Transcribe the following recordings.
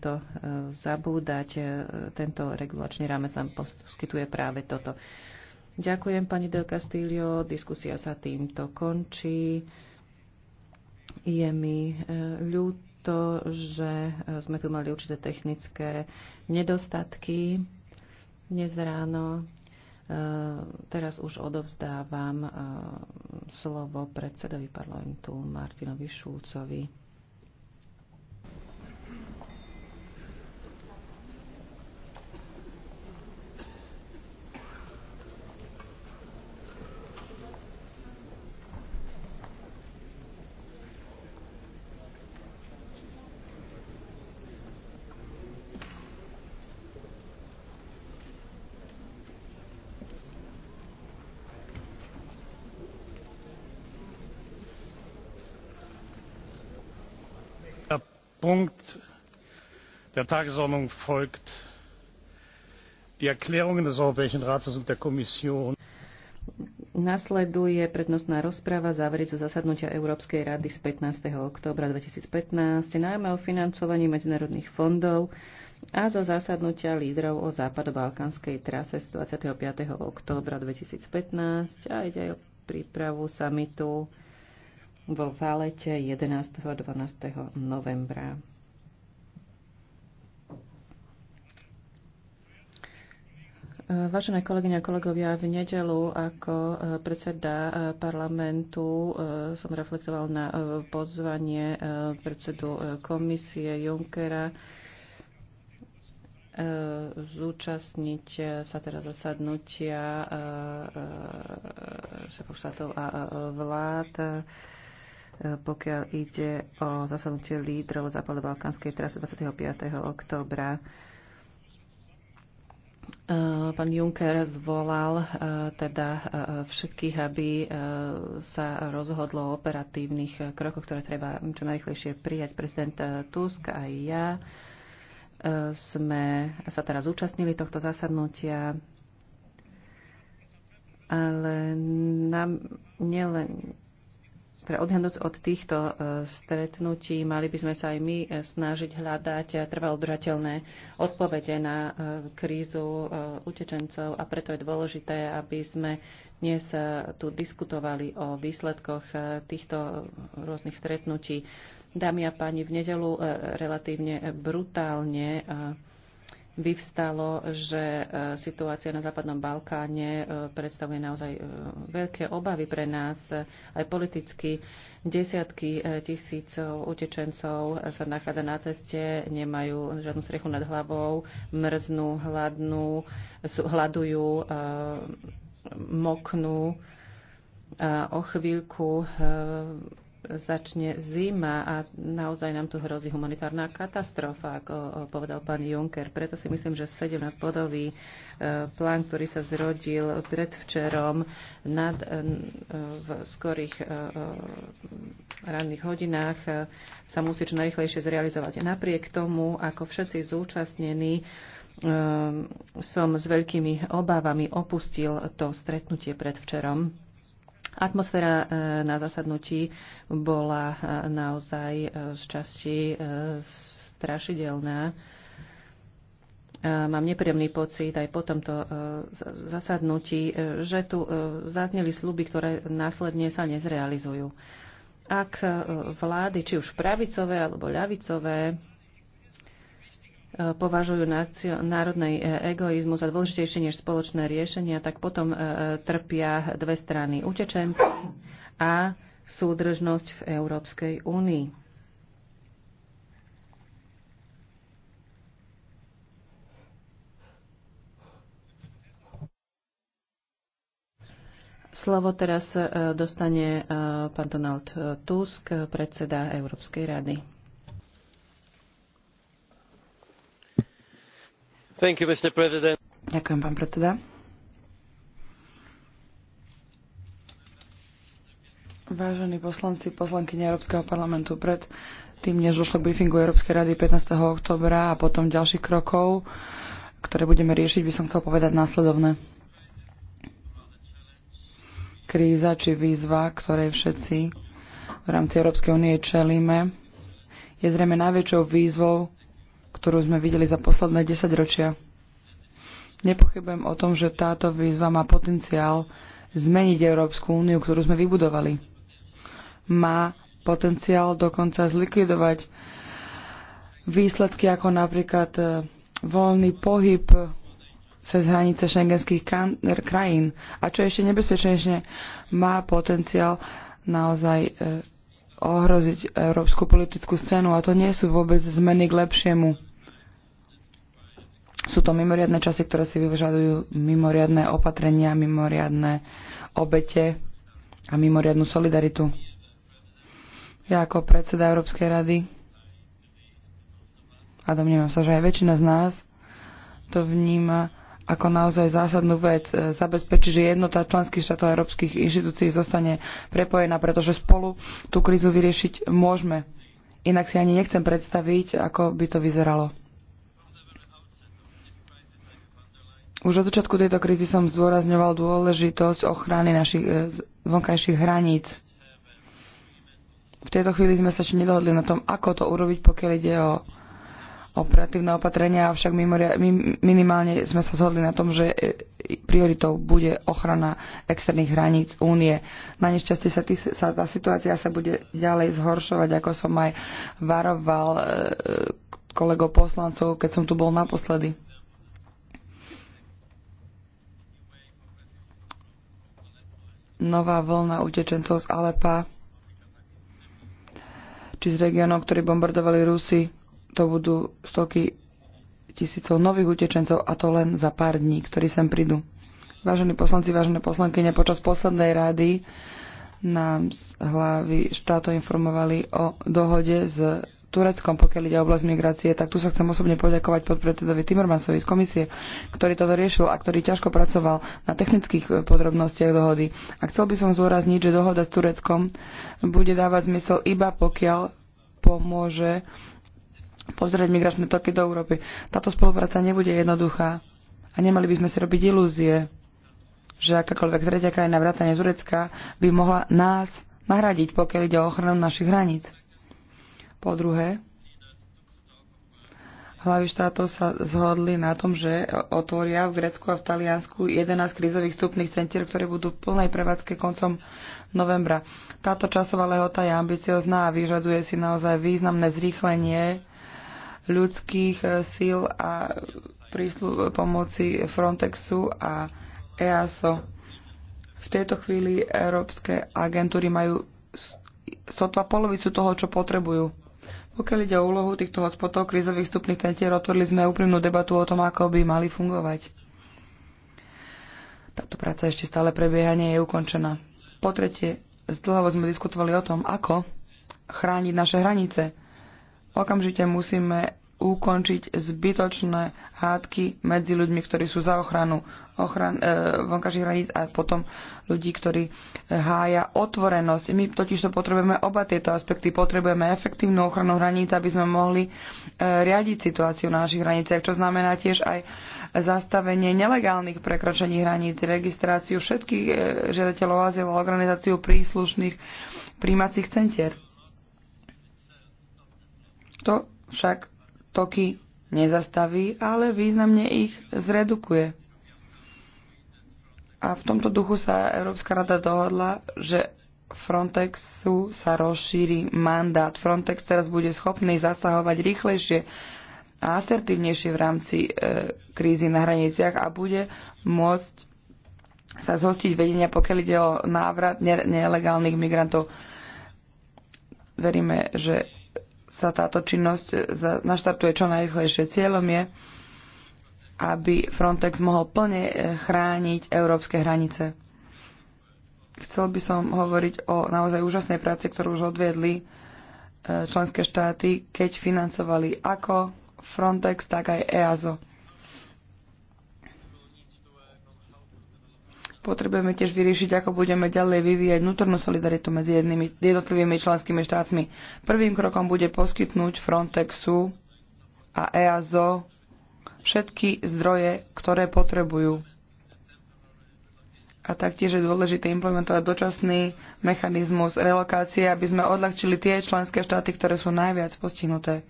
to e, zabúdať. E, tento regulačný rámec nám poskytuje práve toto. Ďakujem, pani Del Castillo. Diskusia sa týmto končí. Je mi e, ľúto, že sme tu mali určité technické nedostatky dnes ráno. Teraz už odovzdávam slovo predsedovi parlamentu Martinovi Šulcovi. der tagesordnung folgt die erklärungen des europäischen rates und der kommission Nasleduje prednostná rozprava závery zo zasadnutia Európskej rady z 15. oktobra 2015, najmä o financovaní medzinárodných fondov a zo zasadnutia lídrov o západobalkánskej trase z 25. októbra 2015 a ide aj o prípravu samitu vo Valete 11. a 12. novembra. Vážené kolegyne a kolegovia, v nedelu ako e, predseda e, parlamentu e, som reflektoval na pozvanie predsedu komisie Junckera zúčastniť sa teda zasadnutia šéfov štátov a vlád pokiaľ ide o zasadnutie lídrov západu balkánskej trasy 25. oktobra. E, pán Juncker zvolal e, teda e, všetkých, aby sa rozhodlo o operatívnych krokoch, ktoré treba čo najrychlejšie prijať. Prezident Tusk a ja sme sa teraz zúčastnili tohto zasadnutia, ale nám nielen teda odhľadnúť od týchto e, stretnutí, mali by sme sa aj my e, snažiť hľadať e, trvalodržateľné odpovede na krízu utečencov a preto je dôležité, aby sme dnes tu diskutovali o výsledkoch týchto rôznych stretnutí. Dámy a páni, v nedelu relatívne brutálne vyvstalo, že e, situácia na Západnom Balkáne e, predstavuje naozaj e, veľké obavy pre nás, aj politicky. Desiatky tisíc utečencov sa nachádza na ceste, nemajú žiadnu strechu nad hlavou, mrznú, hladnú, hľadujú, moknú. A o chvíľku začne zima a naozaj nám tu hrozí humanitárna katastrofa, ako eh, povedal pán Juncker. Preto si myslím, že 17-bodový eh, plán, ktorý sa zrodil predvčerom nad, eh, v skorých ranných hodinách, sa musí čo najrychlejšie zrealizovať. Napriek tomu, ako všetci zúčastnení, som s veľkými obávami opustil to stretnutie predvčerom Atmosféra e, na zasadnutí bola e, naozaj e, z časti strašidelná. Mám nepríjemný pocit aj po tomto zasadnutí, že tu zazneli sluby, ktoré následne sa nezrealizujú. Ak vlády, či už pravicové alebo ľavicové, E, považujú národný e, egoizmu za dôležitejšie než spoločné riešenia, tak potom e, trpia dve strany utečenci a súdržnosť v Európskej únii. Slovo teraz dostane pán Donald Tusk, predseda Európskej rady. Ďakujem, pán predseda. Vážení poslanci, poslankyne Európskeho parlamentu, pred tým, než došlo k briefingu Európskej rady 15. oktobra a potom ďalších krokov, ktoré budeme riešiť, by som chcel povedať následovné. Kríza či výzva, ktorej všetci v rámci Európskej únie čelíme, je zrejme najväčšou výzvou ktorú sme videli za posledné desaťročia. Nepochybujem o tom, že táto výzva má potenciál zmeniť Európsku úniu, ktorú sme vybudovali. Má potenciál dokonca zlikvidovať výsledky ako napríklad e, voľný pohyb cez hranice šengenských krajín. A čo ešte nebezpečnejšie, má potenciál naozaj e, ohroziť európsku politickú scénu. A to nie sú vôbec zmeny k lepšiemu. Sú to mimoriadne časy, ktoré si vyžadujú mimoriadne opatrenia, mimoriadne obete a mimoriadnu solidaritu. Ja ako predseda Európskej rady a domnievam sa, že aj väčšina z nás to vníma ako naozaj zásadnú vec e, zabezpečiť, že jednota členských štátov a európskych inštitúcií zostane prepojená, pretože spolu tú krízu vyriešiť môžeme. Inak si ani nechcem predstaviť, ako by to vyzeralo. Už od začiatku tejto krízy som zdôrazňoval dôležitosť ochrany našich e, vonkajších hraníc. V tejto chvíli sme sa ešte nedohodli na tom, ako to urobiť, pokiaľ ide o operatívne opatrenia, avšak minimálne sme sa zhodli na tom, že e, prioritou bude ochrana externých hraníc únie. Na nešťastie sa, tý, sa tá situácia sa bude ďalej zhoršovať, ako som aj varoval e, kolegov poslancov, keď som tu bol naposledy. nová vlna utečencov z Alepa či z regiónov, ktorí bombardovali Rusy, to budú stoky tisícov nových utečencov a to len za pár dní, ktorí sem prídu. Vážení poslanci, vážené poslankyne, počas poslednej rády nám hlavy štátu informovali o dohode s Tureckom, pokiaľ ide o oblasť migrácie, tak tu sa chcem osobne poďakovať podpredsedovi Timormansovi z komisie, ktorý toto riešil a ktorý ťažko pracoval na technických eh, podrobnostiach dohody. A chcel by som zdôrazniť, že dohoda s Tureckom bude dávať zmysel iba pokiaľ pomôže pozrieť migračné toky do Európy. Táto spolupráca nebude jednoduchá a nemali by sme si robiť ilúzie, že akákoľvek tretia krajina vrátane Turecka by mohla nás nahradiť, pokiaľ ide o ochranu našich hraníc. Po druhé, hlavy štátov sa zhodli na tom, že otvoria v Grécku a v Taliansku 11 krízových stupných centier, ktoré budú v plnej prevádzke koncom novembra. Táto časová lehota je ambiciozná a vyžaduje si naozaj významné zrýchlenie ľudských eh, síl a príslu eh, pomoci Frontexu a EASO. V tejto chvíli európske agentúry majú sotva polovicu toho, čo potrebujú. Pokiaľ ide o úlohu týchto hotspotov krízových vstupných centier, otvorili sme úprimnú debatu o tom, ako by mali fungovať. Táto práca ešte stále prebieha, nie je ukončená. Po tretie, zdlhavo sme diskutovali o tom, ako chrániť naše hranice. Okamžite musíme ukončiť zbytočné hádky medzi ľuďmi, ktorí sú za ochranu ochran, e, vonkajších hraníc a potom ľudí, ktorí e, hája otvorenosť. My totiž to potrebujeme oba tieto aspekty. Potrebujeme efektívnu ochranu hraníc, aby sme mohli e, riadiť situáciu na našich hraniciach, čo znamená tiež aj zastavenie nelegálnych prekročení hraníc, registráciu všetkých e, žiadateľov azylu, organizáciu príslušných príjmacích centier. To však toky nezastaví, ale významne ich zredukuje. A v tomto duchu sa Európska rada dohodla, že Frontexu sa rozšíri mandát. Frontex teraz bude schopný zasahovať rýchlejšie a asertívnejšie v rámci e, krízy na hraniciach a bude môcť sa zhostiť vedenia, pokiaľ ide o návrat nelegálnych migrantov. Veríme, že sa táto činnosť naštartuje čo najrychlejšie. Cieľom je, aby Frontex mohol plne eh, chrániť európske hranice. Chcel by som hovoriť o naozaj úžasnej práci, ktorú už odviedli eh, členské štáty, keď financovali ako Frontex, tak aj EASO. Potrebujeme tiež vyriešiť, ako budeme ďalej vyvíjať vnútornú solidaritu medzi jednými, jednotlivými členskými štátmi. Prvým krokom bude poskytnúť Frontexu a EASO všetky zdroje, ktoré potrebujú. A taktiež je dôležité implementovať dočasný mechanizmus relokácie, aby sme odľahčili tie členské štáty, ktoré sú najviac postihnuté.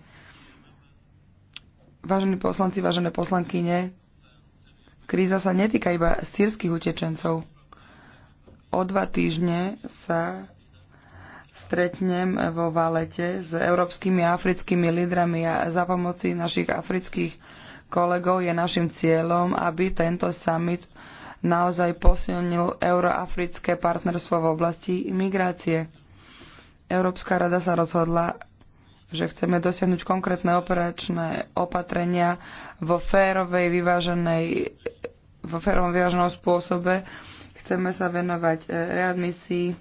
Vážení poslanci, vážené poslankyne, Kríza sa netýka iba sírskych utečencov. O dva týždne sa stretnem vo Valete s európskymi a africkými lídrami a za pomoci našich afrických kolegov je našim cieľom, aby tento summit naozaj posilnil euroafrické partnerstvo v oblasti migrácie. Európska rada sa rozhodla že chceme dosiahnuť konkrétne operačné opatrenia vo férovej, vyváženej, vo férovom vyváženom spôsobe. Chceme sa venovať eh, readmisii,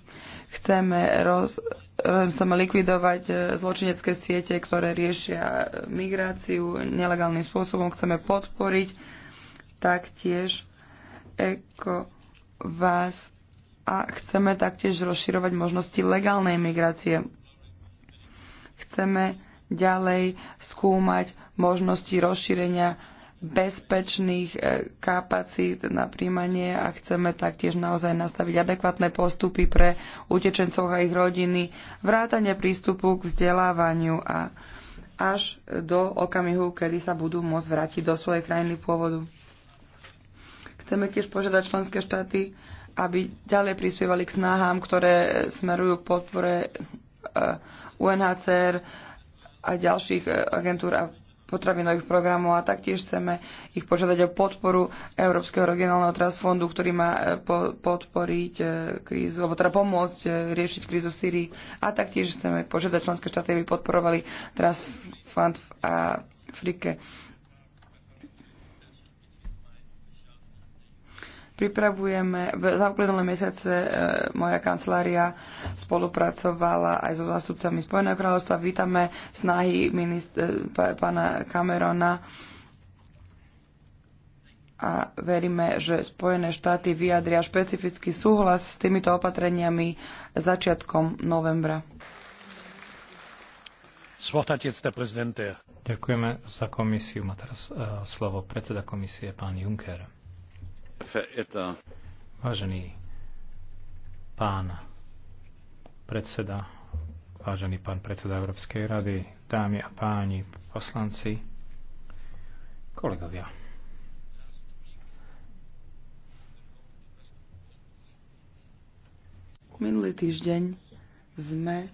chceme, roz, eh, chceme likvidovať eh, zločinecké siete, ktoré riešia migráciu nelegálnym spôsobom. Chceme podporiť taktiež eko vás a chceme taktiež rozširovať možnosti legálnej migrácie Chceme ďalej skúmať možnosti rozšírenia bezpečných e, kapacít na príjmanie a chceme taktiež naozaj nastaviť adekvátne postupy pre utečencov a ich rodiny, vrátanie prístupu k vzdelávaniu a až do okamihu, kedy sa budú môcť vrátiť do svojej krajiny pôvodu. Chceme tiež požiadať členské štáty, aby ďalej prispievali k snahám, ktoré smerujú k podpore Eh, UNHCR a ďalších eh, agentúr a potravinových programov a taktiež chceme ich požiadať o podporu Európskeho regionálneho transfondu, ktorý má eh, podporiť krízu, alebo teda pomôcť riešiť krízu v Syrii. A taktiež chceme požiadať členské štáty, aby podporovali transfond v Afrike. Pripravujeme, v, za uplynulé mesiace e, moja kancelária spolupracovala aj so zástupcami Spojeného kráľovstva. Vítame snahy e, p- pána Camerona a veríme, že Spojené štáty vyjadria špecifický súhlas s týmito opatreniami začiatkom novembra. Ďakujeme za komisiu. Má teraz e, slovo predseda komisie, pán Juncker. Vážený pán predseda, vážený pán predseda Európskej rady, dámy a páni poslanci, kolegovia. Minulý týždeň sme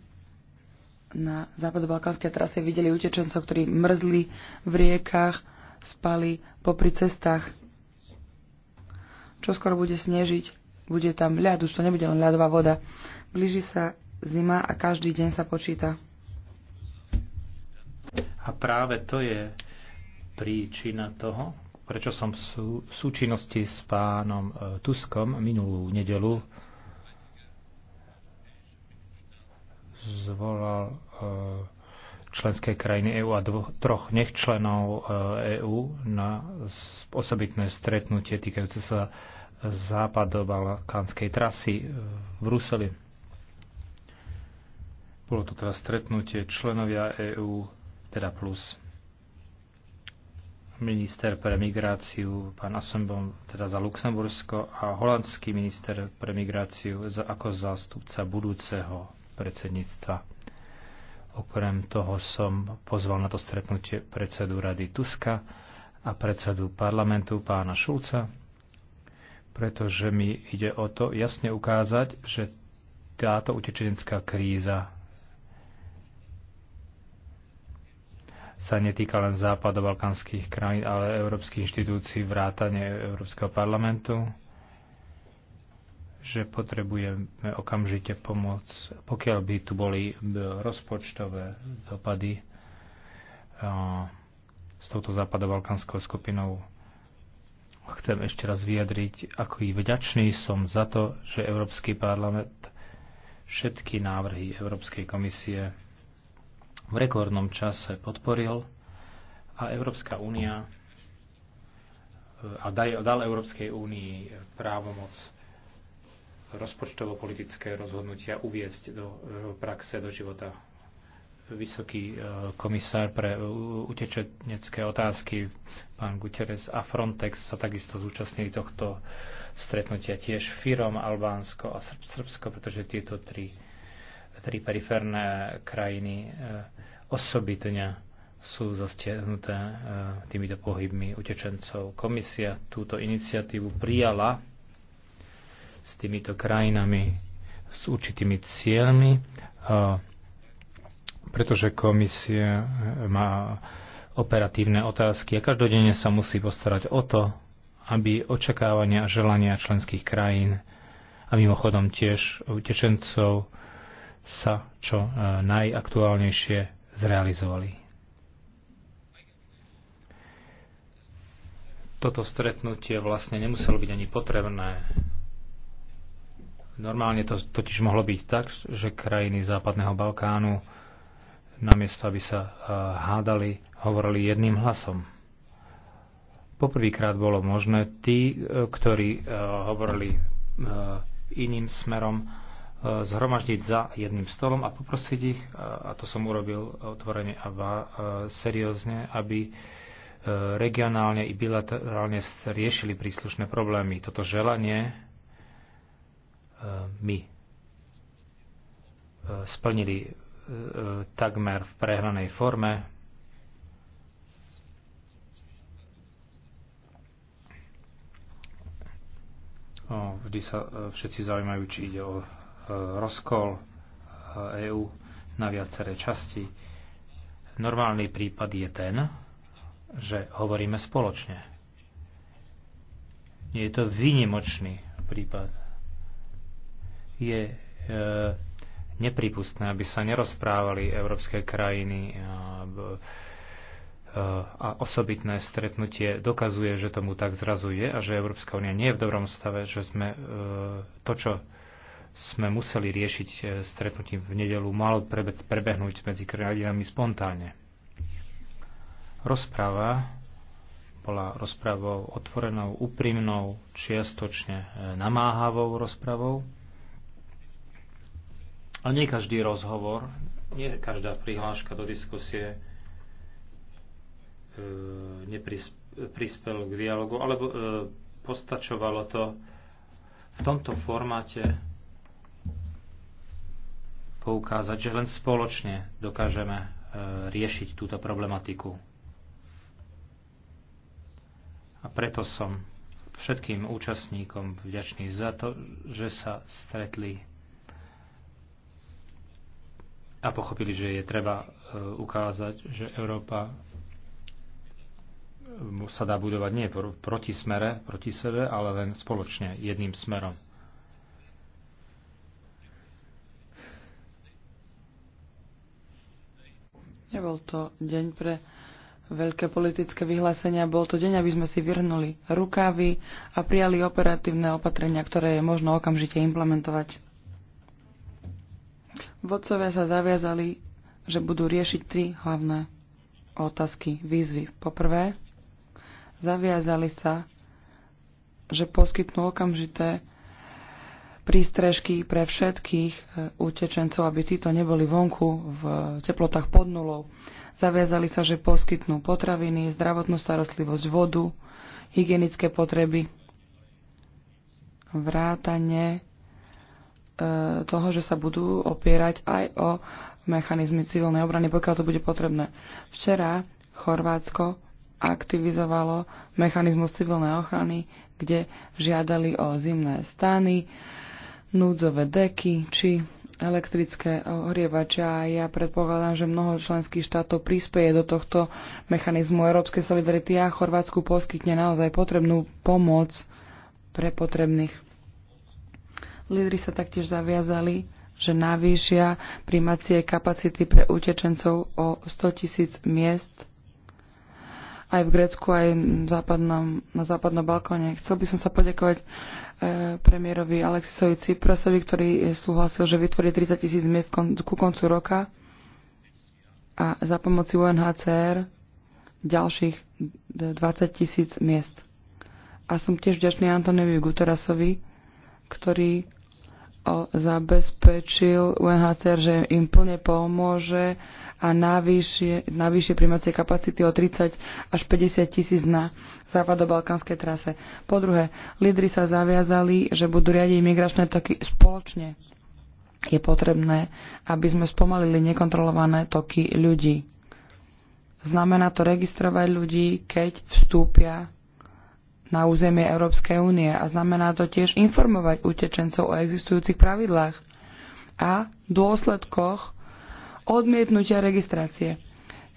na západobalkánskej trase videli utečencov, ktorí mrzli v riekach, spali popri cestách čo skoro bude snežiť, bude tam ľad, už to nebude len ľadová voda. Blíži sa zima a každý deň sa počíta. A práve to je príčina toho, prečo som v sú, v súčinnosti s pánom e, Tuskom minulú nedelu zvolal e, členské krajiny EÚ a dvo, troch nech členov EÚ e na osobitné stretnutie týkajúce sa západobalkánskej trasy e, v Bruseli. Bolo to teraz stretnutie členovia EÚ, teda plus minister pre migráciu, pán Assembom, teda za Luxembursko a holandský minister pre migráciu za, ako zástupca budúceho predsedníctva. Okrem toho som pozval na to stretnutie predsedu Rady Tuska a predsedu parlamentu pána Šulca, pretože mi ide o to jasne ukázať, že táto utečenecká kríza sa netýka len západobalkanských krajín, ale európskych inštitúcií, vrátane Európskeho parlamentu, že potrebujeme okamžite pomoc, pokiaľ by tu boli rozpočtové dopady s touto západobalkanskou skupinou chcem ešte raz vyjadriť, i vďačný som za to, že Európsky parlament všetky návrhy Európskej komisie v rekordnom čase podporil a Európska únia e, a dal Európskej únii právomoc rozpočtovo-politické rozhodnutia uviezť do e, praxe, do života vysoký e, komisár pre utečenecké otázky, pán Guterres a Frontex sa takisto zúčastnili tohto stretnutia tiež Firom, Albánsko a Srbsko, pretože tieto tri, tri periférne krajiny e, osobitne sú zastihnuté e, týmito pohybmi utečencov. Komisia túto iniciatívu prijala s týmito krajinami s určitými cieľmi pretože komisia eh, má operatívne otázky a každodenne sa musí postarať o to, aby očakávania a želania členských krajín a mimochodom tiež utečencov sa čo eh, najaktuálnejšie zrealizovali. Toto stretnutie vlastne nemuselo byť ani potrebné. Normálne to totiž mohlo byť tak, že krajiny Západného Balkánu namiesto aby sa eh, hádali, hovorili jedným hlasom. Poprvýkrát bolo možné tí, eh, ktorí eh, hovorili iným smerom, zhromaždiť za jedným stolom a poprosiť ich, a to som urobil otvorene a seriózne, aby regionálne i bilaterálne riešili príslušné problémy. Toto želanie my splnili takmer v prehranej forme. Vždy sa e, všetci zaujímajú, či ide o e, rozkol EÚ e na viaceré časti. Normálny prípad je ten, že hovoríme spoločne. Je to výnimočný prípad. Je e, nepripustné, aby sa nerozprávali európske krajiny a osobitné stretnutie dokazuje, že tomu tak zrazu je a že Európska únia nie je v dobrom stave, že sme e, to, čo sme museli riešiť e, stretnutím v nedelu, malo prebehnúť medzi krajinami spontánne. Rozpráva bola rozprávou otvorenou, úprimnou, čiastočne e, namáhavou rozpravou a nie každý rozhovor, nie každá prihláška do diskusie e, neprispel k dialogu, alebo e, postačovalo to v tomto formáte poukázať, že len spoločne dokážeme e, riešiť túto problematiku. A preto som všetkým účastníkom vďačný za to, že sa stretli a pochopili, že je treba e, ukázať, že Európa e, sa dá budovať nie proti smere, proti sebe, ale len spoločne, jedným smerom. Nebol to deň pre veľké politické vyhlásenia, bol to deň, aby sme si vyhrnuli rukávy a prijali operatívne opatrenia, ktoré je možno okamžite implementovať. Vodcovia sa zaviazali, že budú riešiť tri hlavné otázky, výzvy. Poprvé, zaviazali sa, že poskytnú okamžité prístrežky pre všetkých e, utečencov, aby títo neboli vonku v teplotách pod nulou. Zaviazali sa, že poskytnú potraviny, zdravotnú starostlivosť, vodu, hygienické potreby, vrátanie toho, že sa budú opierať aj o mechanizmy civilnej obrany, pokiaľ to bude potrebné. Včera Chorvátsko aktivizovalo mechanizmus civilnej ochrany, kde žiadali o zimné stany, núdzové deky či elektrické ohrievače a ja predpokladám, že mnoho členských štátov prispieje do tohto mechanizmu Európskej solidarity a Chorvátsku poskytne naozaj potrebnú pomoc pre potrebných. Lídry sa taktiež zaviazali, že navýšia primacie kapacity pre utečencov o 100 tisíc miest aj v Grécku, aj v západnom, na západnom Balkóne. Chcel by som sa poďakovať e, premiérovi Alexisovi Ciprasovi, ktorý súhlasil, že vytvorí 30 tisíc miest kon, ku koncu roka a za pomoci UNHCR ďalších 20 tisíc miest. A som tiež vďačný Antoniovi Guterasovi, ktorý zabezpečil UNHCR, že im plne pomôže a navýšie, príjmacie kapacity o 30 až 50 tisíc na západobalkánskej trase. Po druhé, lídry sa zaviazali, že budú riadiť migračné toky spoločne. Je potrebné, aby sme spomalili nekontrolované toky ľudí. Znamená to registrovať ľudí, keď vstúpia na územie Európskej únie a znamená to tiež informovať utečencov o existujúcich pravidlách a dôsledkoch odmietnutia registrácie.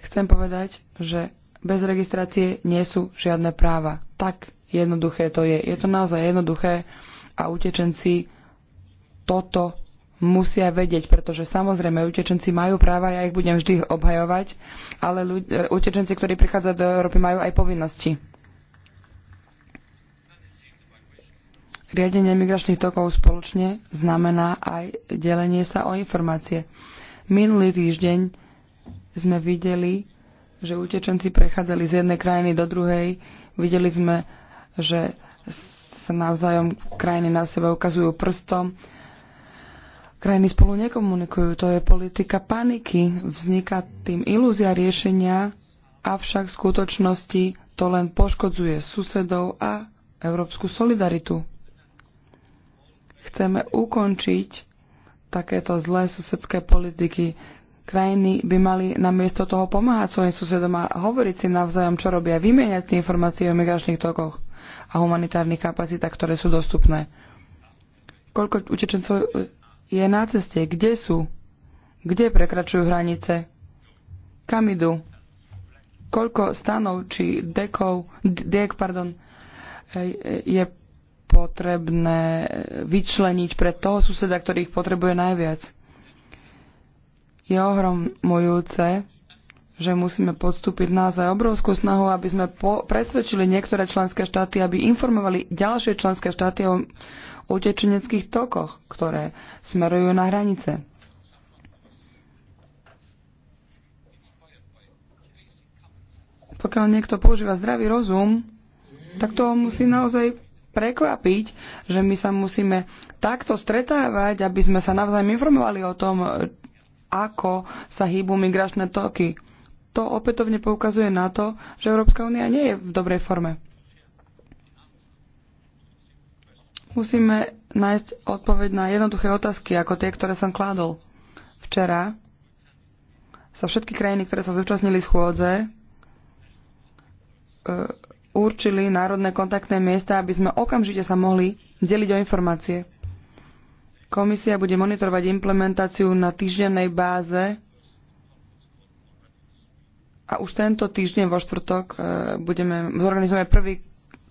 Chcem povedať, že bez registrácie nie sú žiadne práva. Tak jednoduché to je. Je to naozaj jednoduché a utečenci toto musia vedieť, pretože samozrejme utečenci majú práva, ja ich budem vždy obhajovať, ale ľudia, utečenci, ktorí prichádzajú do Európy, majú aj povinnosti. Riadenie migračných tokov spoločne znamená aj delenie sa o informácie. Minulý týždeň sme videli, že utečenci prechádzali z jednej krajiny do druhej. Videli sme, že sa navzájom krajiny na seba ukazujú prstom. Krajiny spolu nekomunikujú. To je politika paniky. Vzniká tým ilúzia riešenia, avšak v skutočnosti to len poškodzuje susedov a európsku solidaritu. Chceme ukončiť takéto zlé susedské politiky. Krajiny by mali namiesto toho pomáhať svojim susedom a hovoriť si navzájom, čo robia, vymieňať si informácie o migračných tokoch a humanitárnych kapacitách, ktoré sú dostupné. Koľko utečencov je na ceste? Kde sú? Kde prekračujú hranice? Kam idú? Koľko stanov či dekov, diek, pardon, je potrebné vyčleniť pre toho suseda, ktorý ich potrebuje najviac. Je ohromujúce, že musíme podstúpiť naozaj obrovskú snahu, aby sme presvedčili niektoré členské štáty, aby informovali ďalšie členské štáty o utečeneckých tokoch, ktoré smerujú na hranice. Pokiaľ niekto používa zdravý rozum, tak to musí naozaj prekvapiť, že my sa musíme takto stretávať, aby sme sa navzájom informovali o tom, ako sa hýbu migračné toky. To opätovne poukazuje na to, že Európska únia nie je v dobrej forme. Musíme nájsť odpoveď na jednoduché otázky, ako tie, ktoré som kládol. Včera sa všetky krajiny, ktoré sa zúčastnili schôdze, e určili národné kontaktné miesta, aby sme okamžite sa mohli deliť o informácie. Komisia bude monitorovať implementáciu na týždennej báze a už tento týždeň vo štvrtok e, budeme, zorganizujeme prvý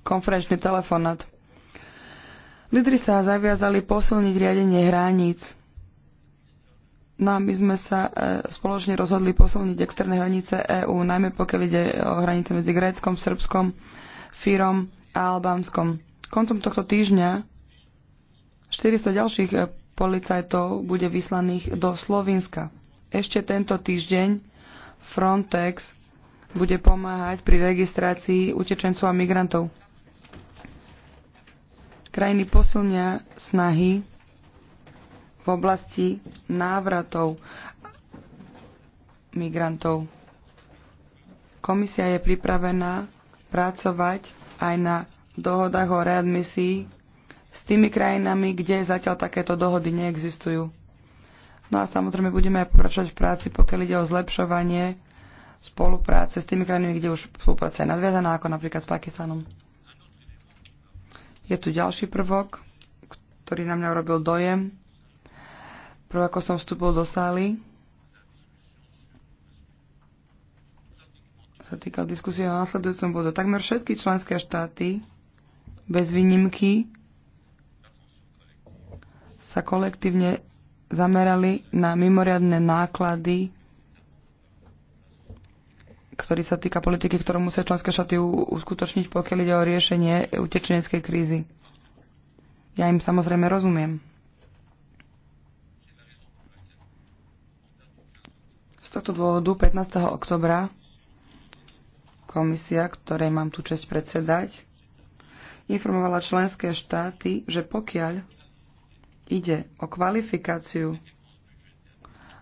konferenčný telefonát. Lídry sa zaviazali posilniť riadenie hraníc No a my sme sa e, spoločne rozhodli posilniť externé hranice EÚ, najmä pokiaľ ide o hranice medzi Gréckom, Srbskom, Fírom a Albánskom. Koncom tohto týždňa 400 ďalších e, policajtov bude vyslaných do Slovinska. Ešte tento týždeň Frontex bude pomáhať pri registrácii utečencov a migrantov. Krajiny posilnia snahy v oblasti návratov migrantov. Komisia je pripravená pracovať aj na dohodách o readmisii s tými krajinami, kde zatiaľ takéto dohody neexistujú. No a samozrejme budeme aj pokračovať v práci, pokiaľ ide o zlepšovanie spolupráce s tými krajinami, kde už spolupráca je nadviazaná, ako napríklad s Pakistanom. Je tu ďalší prvok, ktorý na mňa urobil dojem. Prv ako som vstúpil do sály, sa týkal diskusie o následujúcom bodu. Takmer všetky členské štáty bez výnimky sa kolektívne zamerali na mimoriadne náklady, ktorý sa týka politiky, ktorú musia členské štáty uskutočniť, pokiaľ ide o riešenie utečeneckej krízy. Ja im samozrejme rozumiem. Z tohto dôvodu 15. oktobra komisia, ktorej mám tu čest predsedať, informovala členské štáty, že pokiaľ ide o kvalifikáciu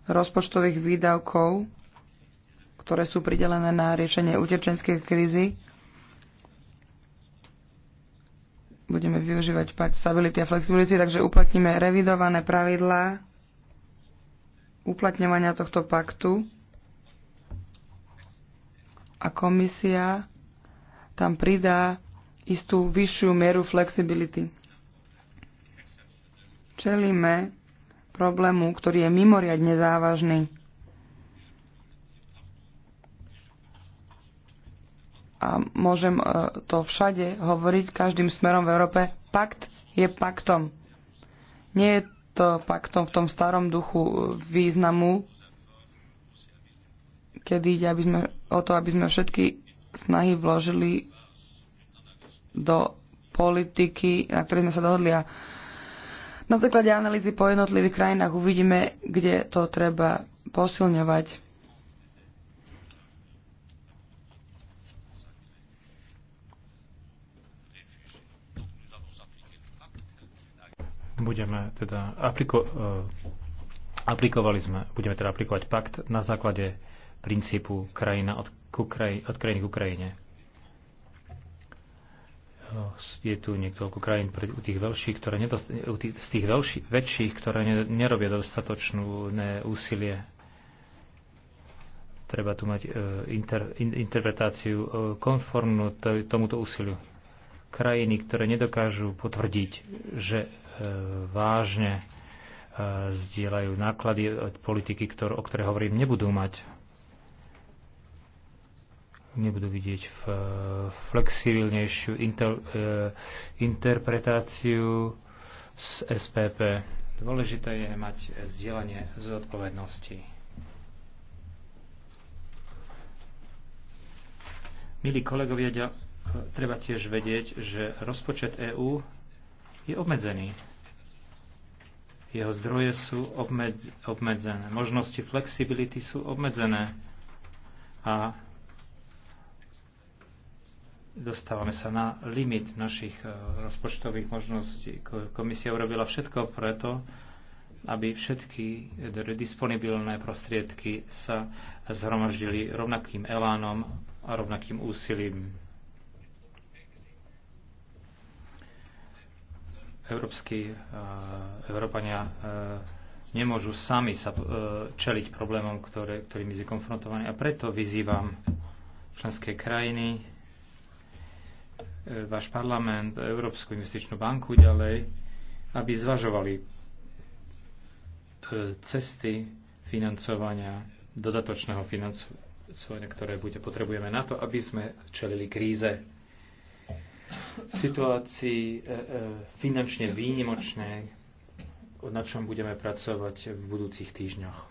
rozpočtových výdavkov, ktoré sú pridelené na riešenie utečenskej krízy, budeme využívať stability a flexibility, takže uplatníme revidované pravidlá uplatňovania tohto paktu a komisia tam pridá istú vyššiu mieru flexibility. Čelíme problému, ktorý je mimoriadne závažný. A môžem e, to všade hovoriť každým smerom v Európe. Pakt je paktom. Nie je to paktom v tom starom duchu významu, kedy ide aby sme, o to, aby sme všetky snahy vložili do politiky, na ktorej sme sa dohodli a na základe analýzy po jednotlivých krajinách uvidíme, kde to treba posilňovať. budeme teda apliko, eh, aplikovali sme, budeme teda aplikovať pakt na základe princípu krajina od, ku kraj, od krajiny k Ukrajine. Eh, je tu niekoľko krajín pre, u tých veľších, ktoré nedos, u tých, z tých veľší, väčších, ktoré ne, nerobia dostatočnú ne, úsilie. Treba tu mať e, inter, in, interpretáciu e, konformnú t, tomuto úsiliu. Krajiny, ktoré nedokážu potvrdiť, že vážne e, zdieľajú náklady od politiky, ktor, o ktoré hovorím, nebudú mať. Nebudú vidieť v e, flexibilnejšiu inter, e, interpretáciu z SPP. Dôležité je mať zdieľanie zodpovednosti. Milí kolegovia, treba tiež vedieť, že rozpočet EÚ je obmedzený. Jeho zdroje sú obmedzené, možnosti flexibility sú obmedzené a dostávame sa na limit našich e, rozpočtových možností. Komisia urobila všetko preto, aby všetky disponibilné prostriedky sa zhromaždili rovnakým elánom a rovnakým úsilím. európsky e, Európania e, nemôžu sami sa e, čeliť problémom, ktoré, ktorými sú konfrontovaní. A preto vyzývam členské krajiny, váš parlament, Európsku investičnú banku ďalej, aby zvažovali cesty financovania, dodatočného financovania, ktoré bude, potrebujeme na to, aby sme čelili kríze situácii e, e, finančne výnimočnej, na čom budeme pracovať v budúcich týždňoch. E,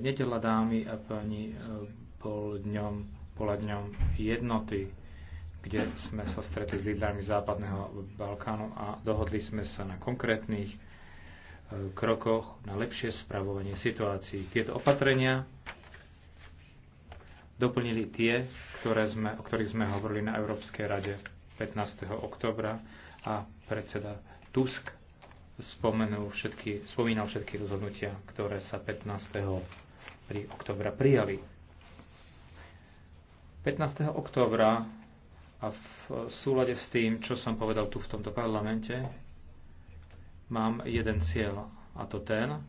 Nedela dámy a pani bol dňom, bola dňom jednoty, kde sme sa stretli s lídrami Západného Balkánu a dohodli sme sa na konkrétnych krokoch na lepšie spravovanie situácií. Tieto opatrenia doplnili tie, ktoré sme, o ktorých sme hovorili na Európskej rade 15. oktobra a predseda Tusk spomenul všetky, spomínal všetky rozhodnutia, ktoré sa 15. Pri oktobra prijali. 15. oktobra a v súlade s tým, čo som povedal tu v tomto parlamente, mám jeden cieľ a to ten,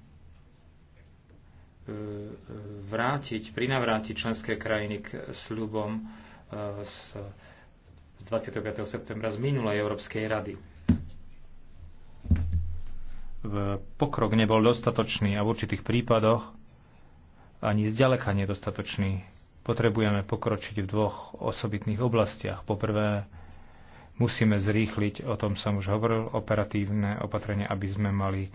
E, vrátiť, prinavrátiť členské krajiny k sľubom e, z 25. septembra z minulej Európskej rady. Pokrok nebol dostatočný a v určitých prípadoch ani zďaleka nedostatočný. Potrebujeme pokročiť v dvoch osobitných oblastiach. Poprvé, musíme zrýchliť, o tom som už hovoril, operatívne opatrenia, aby sme mali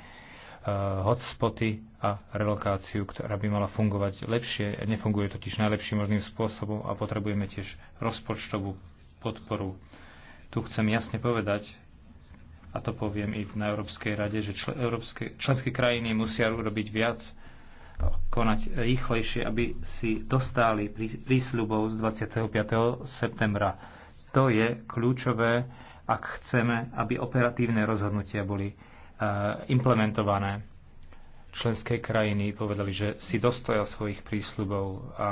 Eh, hotspoty a relokáciu, ktorá by mala fungovať lepšie. Nefunguje totiž najlepším možným spôsobom a potrebujeme tiež rozpočtovú podporu. Tu chcem jasne povedať, a to poviem i na Európskej rade, že čl- európske, členské krajiny musia urobiť viac, konať rýchlejšie, aby si dostali prísľubov z 25. septembra. To je kľúčové, ak chceme, aby operatívne rozhodnutia boli implementované. Členské krajiny povedali, že si dostoja svojich prísľubov a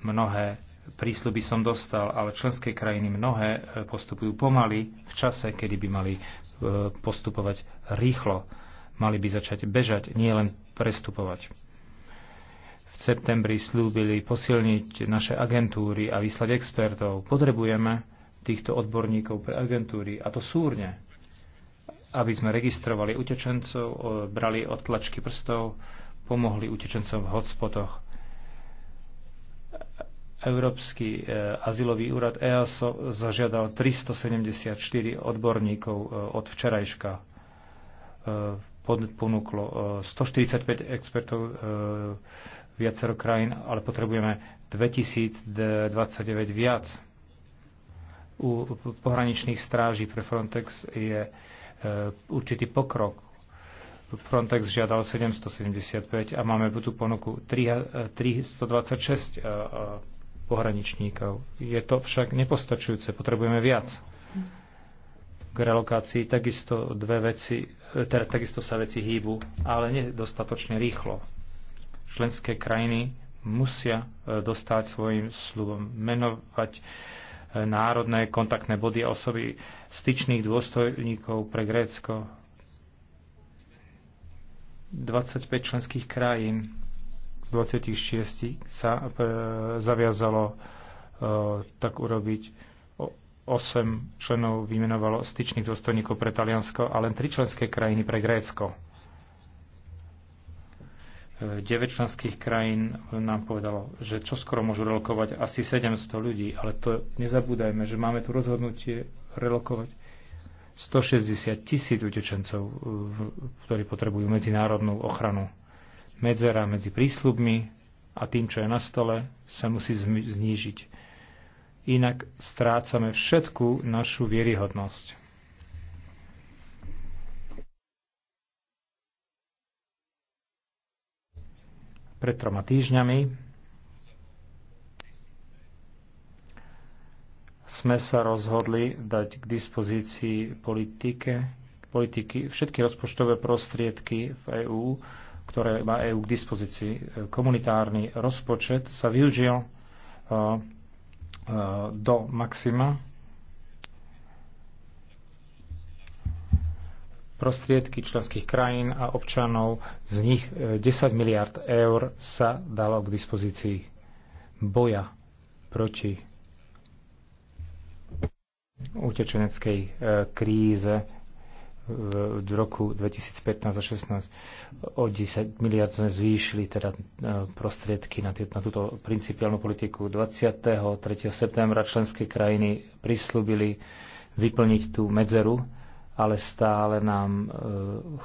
mnohé prísľuby som dostal, ale členské krajiny mnohé e, postupujú pomaly v čase, kedy by mali e, postupovať rýchlo. Mali by začať bežať, nielen prestupovať. V septembri slúbili posilniť naše agentúry a vyslať expertov. Potrebujeme týchto odborníkov pre agentúry a to súrne aby sme registrovali utečencov, e, brali odtlačky prstov, pomohli utečencom v hotspotoch. Európsky e, azylový úrad EASO zažiadal 374 odborníkov e, od včerajška. Ponúklo 145 expertov viacero krajín, ale potrebujeme 2029 viac. U pohraničných stráží pre Frontex je E, určitý pokrok. Frontex žiadal 775 a máme tu ponuku 326 e, e, pohraničníkov. Je to však nepostačujúce, potrebujeme viac. K relokácii takisto, dve veci, teda, takisto sa veci hýbu, ale nedostatočne rýchlo. Členské krajiny musia dostať svojim slubom menovať národné kontaktné body a osoby styčných dôstojníkov pre Grécko. 25 členských krajín z 26 sa e, zaviazalo e, tak urobiť. 8 členov vymenovalo styčných dôstojníkov pre Taliansko a len 3 členské krajiny pre Grécko. 9 členských krajín nám povedalo, že čo skoro môžu relokovať asi 700 ľudí, ale to nezabúdajme, že máme tu rozhodnutie relokovať 160 tisíc utečencov, ktorí potrebujú medzinárodnú ochranu. Medzera medzi prísľubmi a tým, čo je na stole, sa musí znížiť. Inak strácame všetku našu vieryhodnosť. pred troma týždňami sme sa rozhodli dať k dispozícii politike, politiky všetky rozpočtové prostriedky v EÚ, ktoré má EÚ k dispozícii. Komunitárny rozpočet sa využil e, e, do maxima prostriedky členských krajín a občanov, z nich 10 e, miliard eur sa dalo k dispozícii boja proti utečeneckej e, kríze v roku 2015 a 2016 o 10 miliard sme zvýšili teda e, prostriedky na, na túto principiálnu politiku. 23. septembra členské krajiny prislúbili vyplniť tú medzeru ale stále nám e,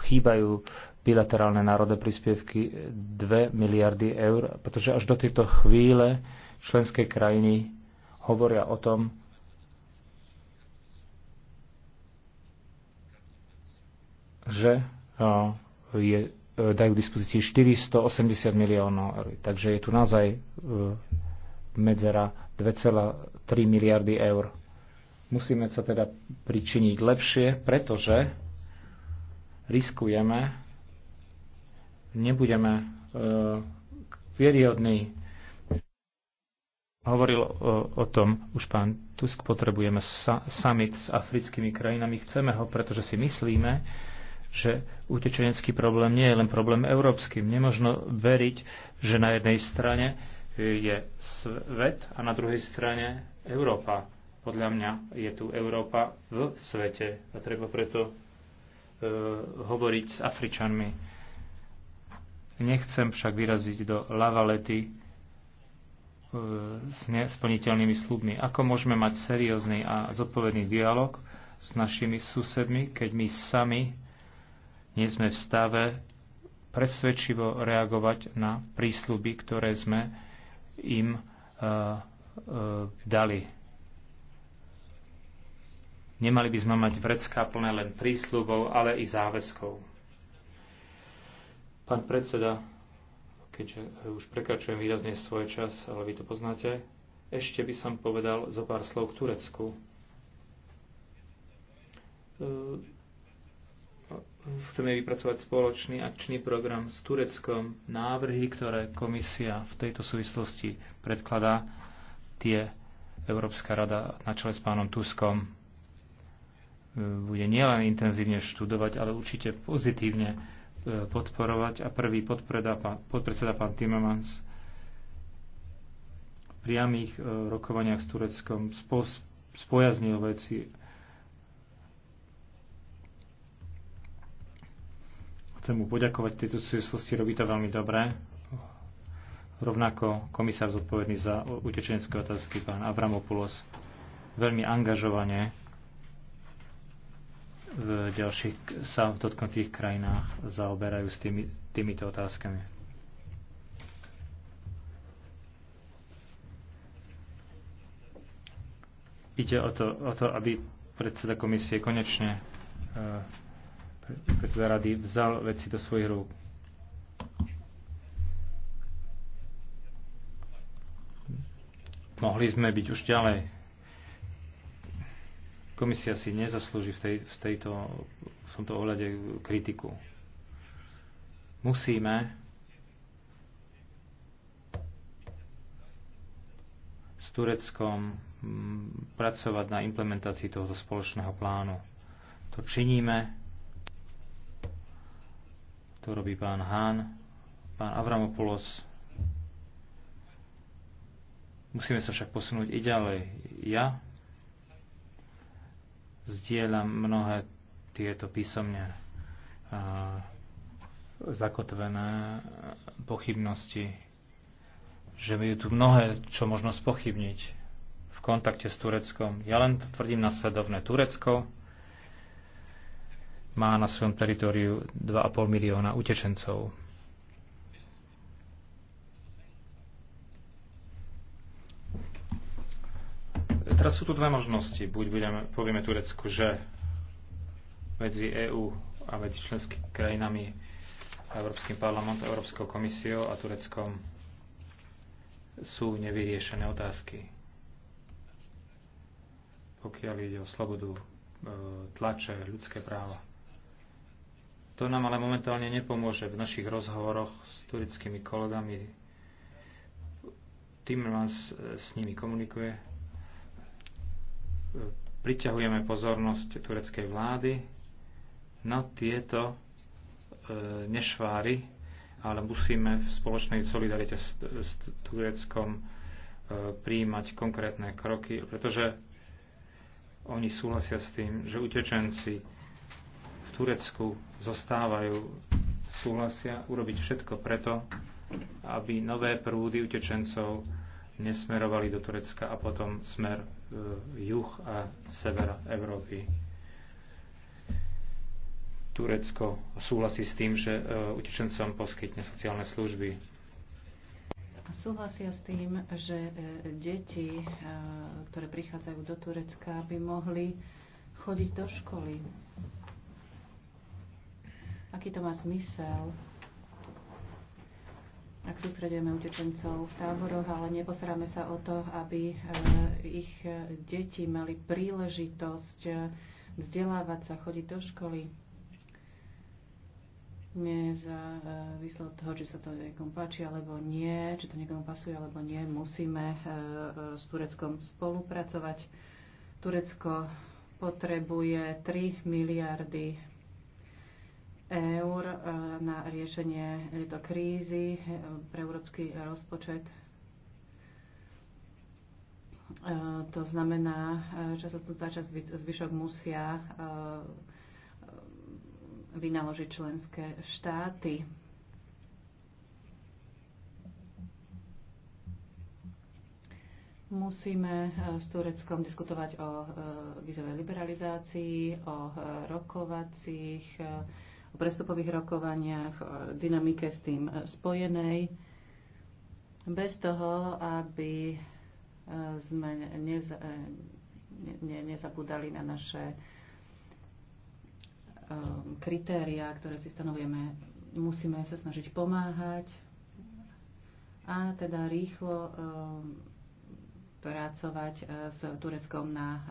chýbajú bilaterálne národné príspevky 2 miliardy eur, pretože až do tejto chvíle členské krajiny hovoria o tom, že e, je, e, dajú k dispozícii 480 miliónov eur. Takže je tu naozaj medzera 2,3 miliardy eur Musíme sa teda pričiniť lepšie, pretože riskujeme, nebudeme e, periodní. Hovoril o, e, o tom už pán Tusk, potrebujeme sa, summit s africkými krajinami, chceme ho, pretože si myslíme, že utečenecký problém nie je len problém európskym. Nemožno veriť, že na jednej strane je svet a na druhej strane Európa. Podľa mňa je tu Európa v svete a treba preto e, hovoriť s Afričanmi. Nechcem však vyraziť do lavalety e, s nesplniteľnými slubmi. Ako môžeme mať seriózny a zodpovedný dialog s našimi susedmi, keď my sami nie sme v stave presvedčivo reagovať na prísluby, ktoré sme im e, e, dali. Nemali by sme mať vrecká plné len prísľubov, ale i záväzkov. Pán predseda, keďže už prekračujem výrazne svoj čas, ale vy to poznáte, ešte by som povedal zo pár slov k Turecku. E, chceme vypracovať spoločný akčný program s Tureckom. Návrhy, ktoré komisia v tejto súvislosti predkladá, tie Európska rada na čele s pánom Tuskom bude nielen intenzívne študovať, ale určite pozitívne e, podporovať a prvý podpredseda pán Timmermans v priamých e, rokovaniach s Tureckom spojaznil veci. Chcem mu poďakovať tieto súvislosti, robí to veľmi dobre. Rovnako komisár zodpovedný za utečenské otázky, pán Avramopoulos, veľmi angažovane v ďalších sa v dotknutých krajinách zaoberajú s tými, týmito otázkami. Ide o to, o to aby predseda komisie konečne eh, predseda rady vzal veci do svojich rúk. Mohli sme byť už ďalej. Komisia si nezaslúži v, tej, v, tejto, v tomto ohľade kritiku. Musíme s Tureckom mm, pracovať na implementácii tohoto spoločného plánu. To činíme, to robí pán Hán, pán Avramopoulos. Musíme sa však posunúť i ďalej. Ja Zdieľam mnohé tieto písomne zakotvené pochybnosti, že je tu mnohé, čo možno spochybniť v kontakte s Tureckom. Ja len tvrdím nasledovné. Turecko má na svojom teritoriu 2,5 milióna utečencov. Teraz sú tu dve možnosti. Buď budeme, povieme Turecku, že medzi EÚ a medzi členskými krajinami Európskym parlamentom, Európskou komisiou a Tureckom sú nevyriešené otázky. Pokiaľ ide o slobodu e, tlače, ľudské práva. To nám ale momentálne nepomôže v našich rozhovoroch s tureckými kolegami. Timmermans s nimi komunikuje priťahujeme pozornosť tureckej vlády na tieto e, nešváry, ale musíme v spoločnej solidarite s, s Tureckom e, príjmať konkrétne kroky, pretože oni súhlasia s tým, že utečenci v Turecku zostávajú, súhlasia urobiť všetko preto, aby nové prúdy utečencov nesmerovali do Turecka a potom smer Eh, juh a sever Európy. Turecko súhlasí s tým, že eh, utečencom poskytne sociálne služby. Súhlasia s tým, že eh, deti, ktoré prichádzajú do Turecka, by mohli chodiť do školy. Aký to má zmysel? ak sústredujeme utečencov v táboroch, ale neposeráme sa o to, aby e, ich e, deti mali príležitosť e, vzdelávať sa, chodiť do školy. za od toho, či sa to niekomu páči alebo nie, či to niekomu pasuje alebo nie, musíme s Tureckom spolupracovať. Turecko potrebuje 3 miliardy eur e, na riešenie tejto krízy e, pre európsky rozpočet. E, to znamená, že sa tu začas zvyšok musia vynaložiť členské štáty. Musíme s Tureckom diskutovať o vízovej liberalizácii, o rokovacích o prestupových rokovaniach, o dynamike s tým spojenej, bez toho, aby e, sme nez, e, ne, nezabúdali na naše e, kritéria, ktoré si stanovujeme. Musíme sa snažiť pomáhať a teda rýchlo pracovať e, s Tureckom na e,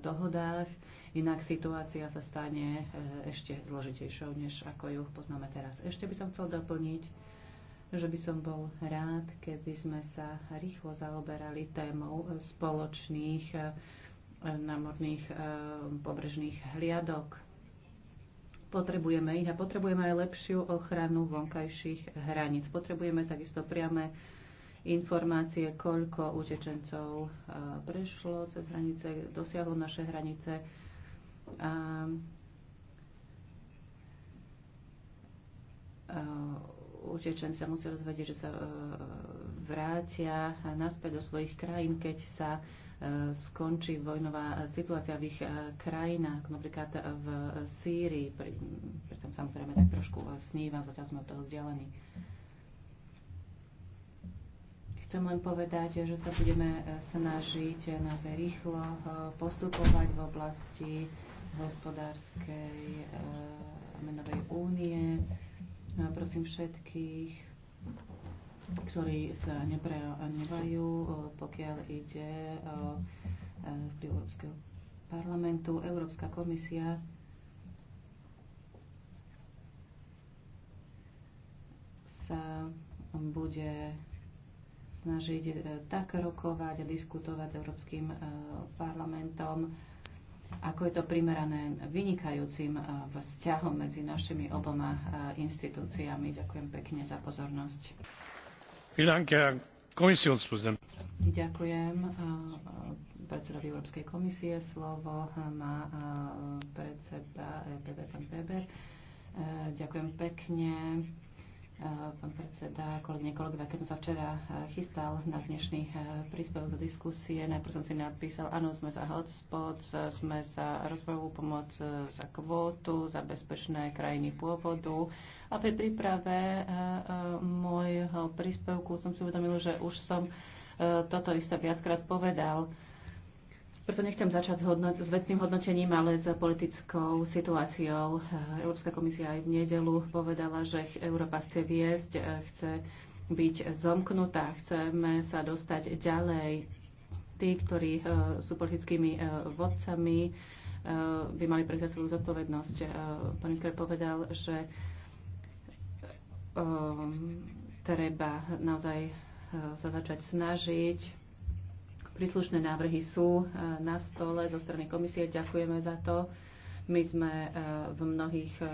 dohodách, inak situácia sa stane e, ešte zložitejšou, než ako ju poznáme teraz. Ešte by som chcel doplniť, že by som bol rád, keby sme sa rýchlo zaoberali témou spoločných námorných pobrežných hliadok. Potrebujeme ich a potrebujeme aj lepšiu ochranu vonkajších hraníc. Potrebujeme takisto priame informácie, koľko utečencov prešlo cez hranice, dosiahlo naše hranice. A utečenci musia dozvedieť, že sa e, vrátia naspäť do svojich krajín, keď sa e, skončí vojnová situácia v ich e, krajinách, napríklad v Sýrii, pri, pri tom samozrejme tak trošku snívam, zatiaľ sme od toho vzdialení. Chcem len povedať, že sa budeme eh, snažiť naozaj rýchlo eh, postupovať v oblasti hospodárskej eh, menovej únie. Prosím všetkých, ktorí sa neprejavajú, pokiaľ ide o vplyv Európskeho parlamentu. Európska komisia sa bude snažiť e, tak rokovať a diskutovať s Európskym e, parlamentom, ako je to primerané vynikajúcim e, vzťahom medzi našimi oboma inštitúciami. Ďakujem pekne za pozornosť. Ďakujem predsedovi Európskej komisie. Slovo má predseda EPB, pán Weber. Ďakujem pekne. Eh, pán predseda, kolegyne, kolegovia, keď som sa včera eh, chystal na dnešný eh, príspevok do diskusie, najprv som si napísal, áno, sme za hotspot, sme za rozvojovú pomoc za kvótu, za bezpečné krajiny pôvodu. A pri príprave môjho príspevku som si uvedomil, že už som toto isté viackrát povedal. Preto nechcem začať s, hodno- s vecným hodnotením, ale s politickou situáciou. Európska komisia aj v nedelu povedala, že Európa chce viesť, eh, chce byť zomknutá, chceme sa dostať ďalej. Tí, ktorí eh, sú politickými eh, vodcami, by mali prevziať svoju zodpovednosť. Pán Juncker povedal, že treba naozaj sa začať snažiť Príslušné návrhy sú e, na stole zo strany komisie. Ďakujeme za to. My sme e, v mnohých e,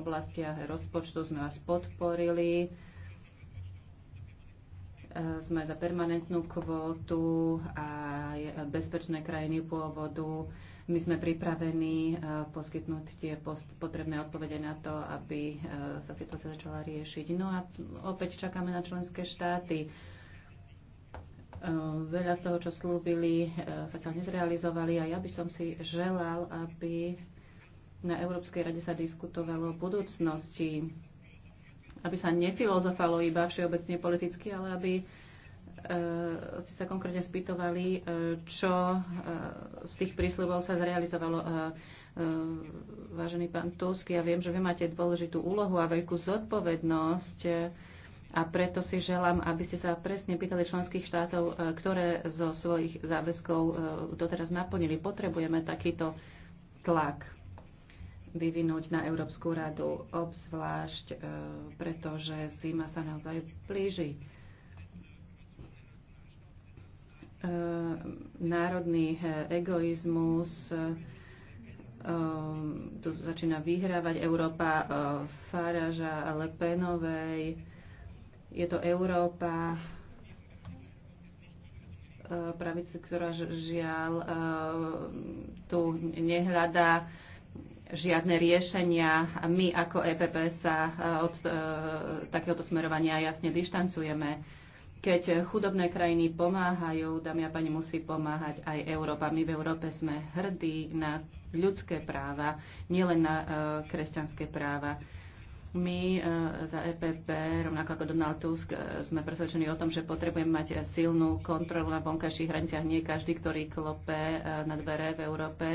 oblastiach rozpočtu sme vás podporili. Sme za permanentnú kvótu a bezpečné krajiny pôvodu. My sme pripravení poskytnúť tie potrebné odpovede na to, aby sa situácia začala riešiť. No a opäť čakáme na členské štáty Eh, veľa z toho, čo slúbili, ťa eh, nezrealizovali a ja by som si želal, aby na Európskej rade sa diskutovalo o budúcnosti, aby sa nefilozofalo iba všeobecne politicky, ale aby eh, ste sa konkrétne spýtovali, čo z tých prísľubov sa zrealizovalo. Vážený pán Tusk, ja viem, že vy máte dôležitú úlohu a veľkú zodpovednosť a preto si želám, aby ste sa presne pýtali členských štátov, e, ktoré zo svojich záväzkov e, doteraz naplnili. Potrebujeme takýto tlak vyvinúť na Európsku radu, obzvlášť e, pretože zima sa naozaj blíži. Národný egoizmus tu začína vyhrávať Európa Faraža, lepenovej. Penovej, je to Európa e, pravice, ktorá žiaľ e, tu nehľadá žiadne riešenia. My ako EPP sa e, od takéhoto smerovania jasne dištancujeme. Keď chudobné krajiny pomáhajú, dámy a pani, musí pomáhať aj Európa. My v Európe sme hrdí na ľudské práva, nielen na kresťanské práva. My e, za EPP, rovnako ako Donald Tusk, e, sme presvedčení o tom, že potrebujeme mať silnú kontrolu na vonkajších hraniciach. Nie každý, ktorý klope e, na dvere v Európe,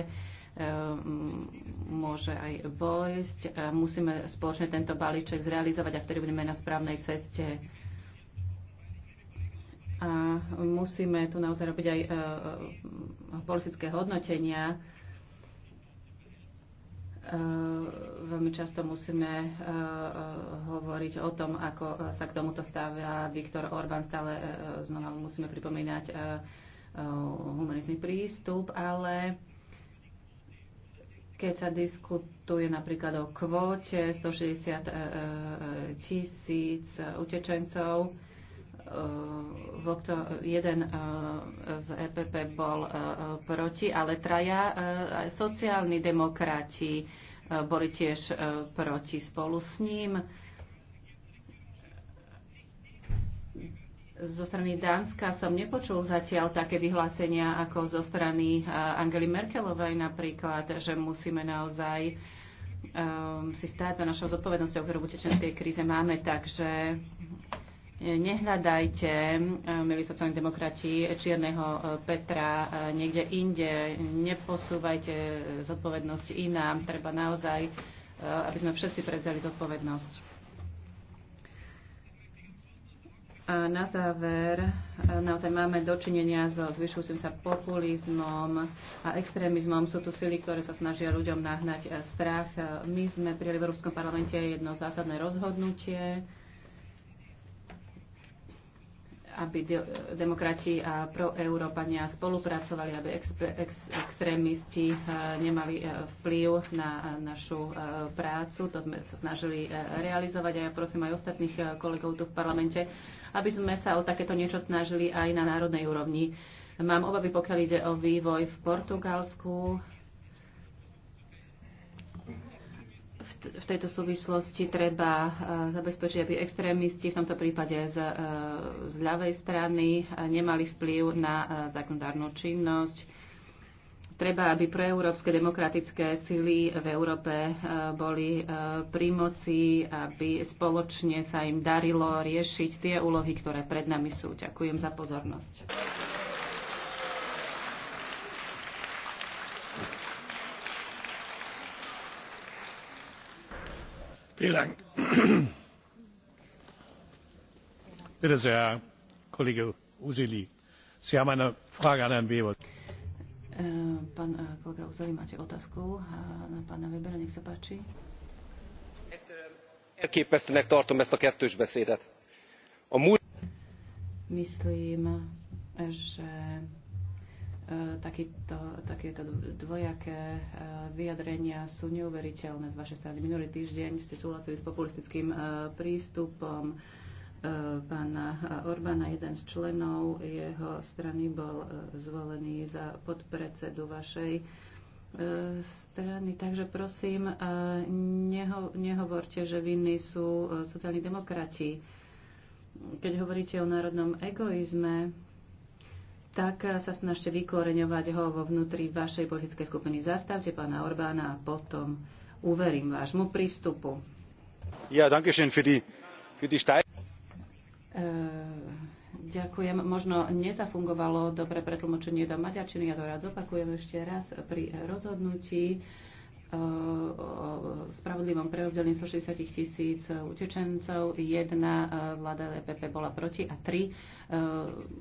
môže aj vojsť. Musíme spoločne tento balíček zrealizovať a vtedy budeme na správnej ceste. A musíme tu naozaj robiť aj politické hodnotenia, Eh, veľmi často musíme eh, eh, hovoriť o tom, ako sa k tomuto stavia Viktor Orbán. Stále znova musíme pripomínať humanitný prístup, ale keď sa diskutuje napríklad o kvote 160 tisíc utečencov, jeden e, z EPP bol e, proti, ale traja e, aj sociálni demokrati boli tiež proti spolu s ním. Zo strany Dánska som nepočul zatiaľ také vyhlásenia ako zo strany Angely Merkelovej napríklad, že musíme naozaj um, si stáť za našou zodpovednosťou, ktorú v utečenskej kríze máme. Takže Nehľadajte, eh, milí sociálni demokrati, čierneho eh, Petra eh, niekde inde. Neposúvajte zodpovednosť inám. Treba naozaj, aby sme všetci prezeli zodpovednosť. A na záver, naozaj máme dočinenia so zvyšujúcim sa populizmom a extrémizmom. Sú tu sily, ktoré sa snažia ľuďom nahnať strach. My sme prijali v Európskom parlamente jedno zásadné rozhodnutie, aby de- demokrati a proeurópania spolupracovali, aby ex- ex- extrémisti eh, nemali eh, vplyv na eh, našu prácu. To sme sa snažili realizovať a ja prosím aj ostatných kolegov tu v parlamente, aby sme sa o takéto niečo snažili aj na národnej úrovni. Mám obavy, pokiaľ ide o vývoj v Portugalsku v tejto súvislosti treba e, zabezpečiť, aby extrémisti, v tomto prípade z, e, z ľavej strany, e, nemali vplyv na zákonodárnu činnosť. Treba, aby proeurópske demokratické sily v Európe boli pri moci, aby spoločne sa im darilo riešiť tie úlohy, ktoré pred nami sú. Ďakujem za pozornosť. herr kollege uzeli sie haben eine frage an herrn weber. Äh, pán äh, kolega uzeli máte otázku äh, na pána webera nech sa páči. elképesztőnek tartom ezt a kettős beszédet. a múlt. E, takýto, takéto dvojaké e, vyjadrenia sú neuveriteľné z vašej strany. Minulý týždeň ste súhlasili s populistickým e, prístupom pána Orbána. Jeden z členov jeho strany bol zvolený za podpredsedu vašej strany. Takže prosím, neho, nehovorte, že vinní sú sociálni demokrati. Keď hovoríte o národnom egoizme, tak eh, sa snažte vykoreňovať ho vo vnútri vašej politickej skupiny. Zastavte pána Orbána a potom uverím vášmu prístupu. Ja, danke schön für die, für die Stein. Eh, ďakujem. Možno nezafungovalo dobre pretlmočenie do maďarčiny, ja to rád zopakujem ešte raz pri rozhodnutí Eh, eh, spravodlivom preozdelení 160 tisíc eh, utečencov. Jedna vláda LPP bola proti a tri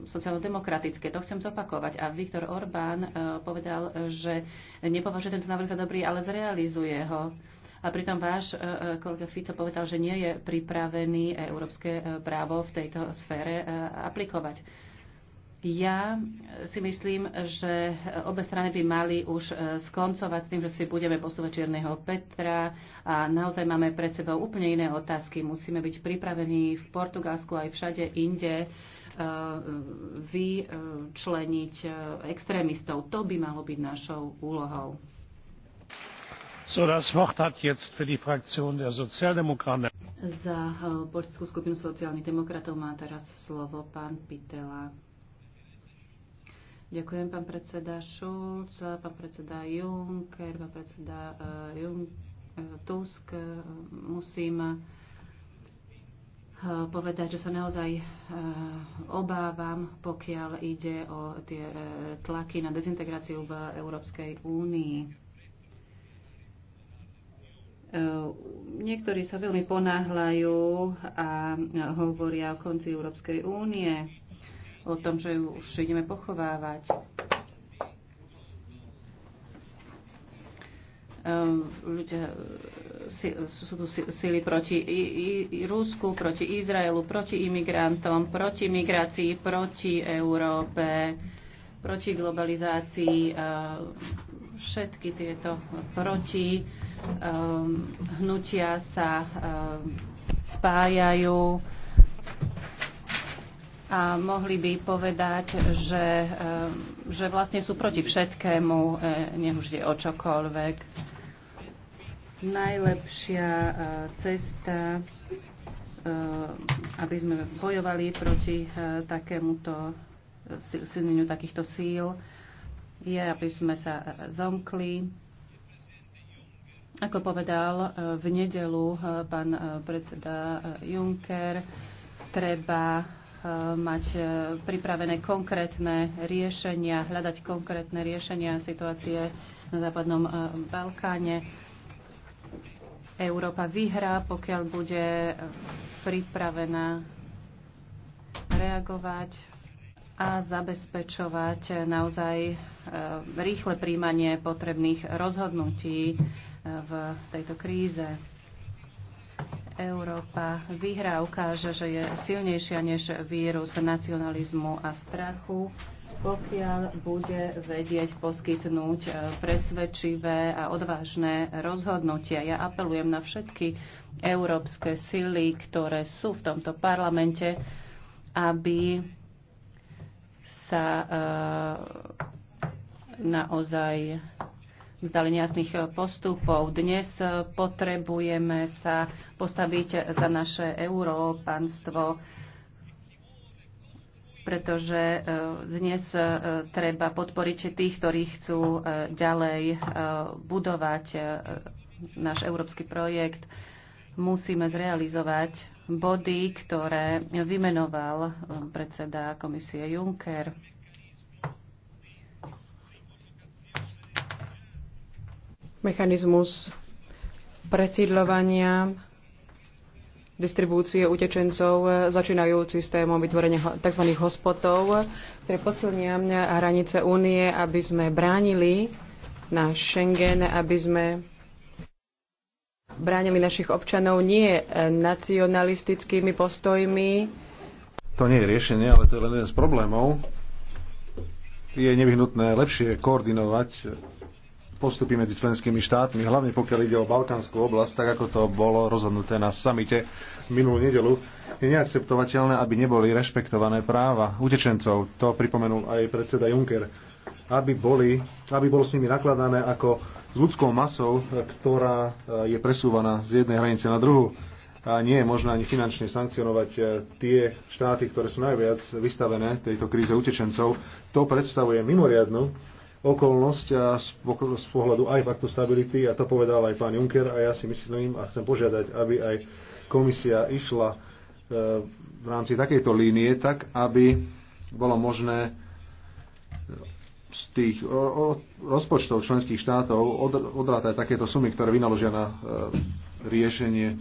sociálno-demokratické. To chcem zopakovať. A Viktor Orbán povedal, že nepovažuje tento návrh za dobrý, ale zrealizuje ho. A pritom váš kolega Fico povedal, že nie je pripravený európske právo v tejto sfére aplikovať. Ja si myslím, že obe strany by mali už e, skoncovať s tým, že si budeme posúvať Čierneho Petra a naozaj máme pred sebou úplne iné otázky. Musíme byť pripravení v Portugalsku aj všade inde e, vyčleniť e, extrémistov. To by malo byť našou úlohou. So, das Wort hat jetzt für die Fraktion der Sozialdemokraten. Za politickú skupinu sociálnych demokratov má teraz slovo pán Pitela. Ďakujem, pán predseda Šulc, pán predseda Juncker, pán predseda eh, eh, Tusk. Musím eh, povedať, že sa naozaj obávam, pokiaľ ide o tie tlaky na dezintegráciu v Európskej únii. Niektorí sa veľmi ponáhľajú a hovoria o konci Európskej únie o tom, že ju už ideme pochovávať. Ehm, ľudia eh, sú tu síly proti Rusku, proti Izraelu, proti imigrantom, proti migrácii, proti Európe, proti globalizácii. Eh, všetky tieto proti ehm, hnutia sa ehm, spájajú a mohli by povedať, že, eh, že vlastne sú proti všetkému, eh, nech už je o čokoľvek. Najlepšia eh, cesta, aby sme bojovali proti takémuto silneniu takýchto síl, je, aby sme sa zomkli. Ako povedal v nedelu pán predseda Juncker, treba Eh, mať eh, pripravené konkrétne riešenia, hľadať konkrétne riešenia situácie na Západnom eh, Balkáne. Európa vyhrá, pokiaľ bude pripravená reagovať a zabezpečovať naozaj rýchle príjmanie potrebných rozhodnutí v tejto kríze. Európa vyhrá, ukáže, že je silnejšia než vírus nacionalizmu a strachu, pokiaľ bude vedieť poskytnúť e, presvedčivé a odvážne rozhodnutia. Ja apelujem na všetky európske sily, ktoré sú v tomto parlamente, aby sa e, naozaj vzdali nejasných e, postupov. Dnes e, potrebujeme sa postaviť za naše európanstvo, pretože e, dnes treba podporiť tých, ktorí chcú ďalej budovať náš európsky projekt. Musíme zrealizovať body, ktoré vymenoval predseda komisie Juncker mechanizmus presídľovania distribúcie utečencov začínajú systémom vytvorenia tzv. hospotov, ktoré posilnia hranice únie, aby sme bránili na Schengen, aby sme bránili našich občanov nie nacionalistickými postojmi. To nie je riešenie, ale to je len jeden z problémov. Je nevyhnutné lepšie koordinovať postupy medzi členskými štátmi, hlavne pokiaľ ide o Balkánsku oblasť, tak ako to bolo rozhodnuté na samite minulú nedelu, je neakceptovateľné, aby neboli rešpektované práva utečencov. To pripomenul aj predseda Juncker. Aby, boli, aby bolo s nimi nakladané ako s ľudskou masou, ktorá eh, je presúvaná z jednej hranice na druhú. A nie je možné ani finančne sankcionovať eh, tie štáty, ktoré sú najviac vystavené tejto kríze utečencov. To predstavuje mimoriadnu okolnosť a z, z pohľadu aj faktu stability a to povedal aj pán Juncker a ja si myslím a chcem požiadať, aby aj komisia išla e, v rámci takejto línie, tak aby bolo možné z tých rozpočtov členských štátov odrátať takéto sumy, ktoré vynaložia na e, riešenie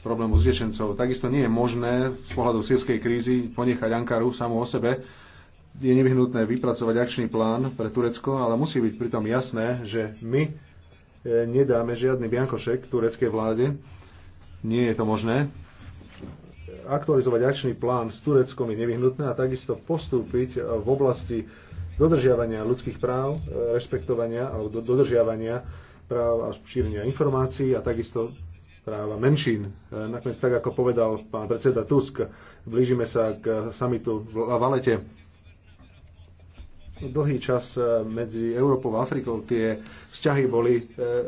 problému zriešencov. Takisto nie je možné z pohľadu sírskej krízy ponechať Ankaru samú o sebe je nevyhnutné vypracovať akčný plán pre Turecko, ale musí byť pritom jasné, že my e, nedáme žiadny biankošek tureckej vláde. Nie je to možné. Aktualizovať akčný plán s Tureckom je nevyhnutné a takisto postúpiť v oblasti dodržiavania ľudských práv, e, rešpektovania alebo dodržiavania práv a šírenia informácií a takisto práva menšín. E, nakoniec, tak ako povedal pán predseda Tusk, blížime sa k samitu v Valete dlhý čas e, medzi Európou a Afrikou tie vzťahy boli e,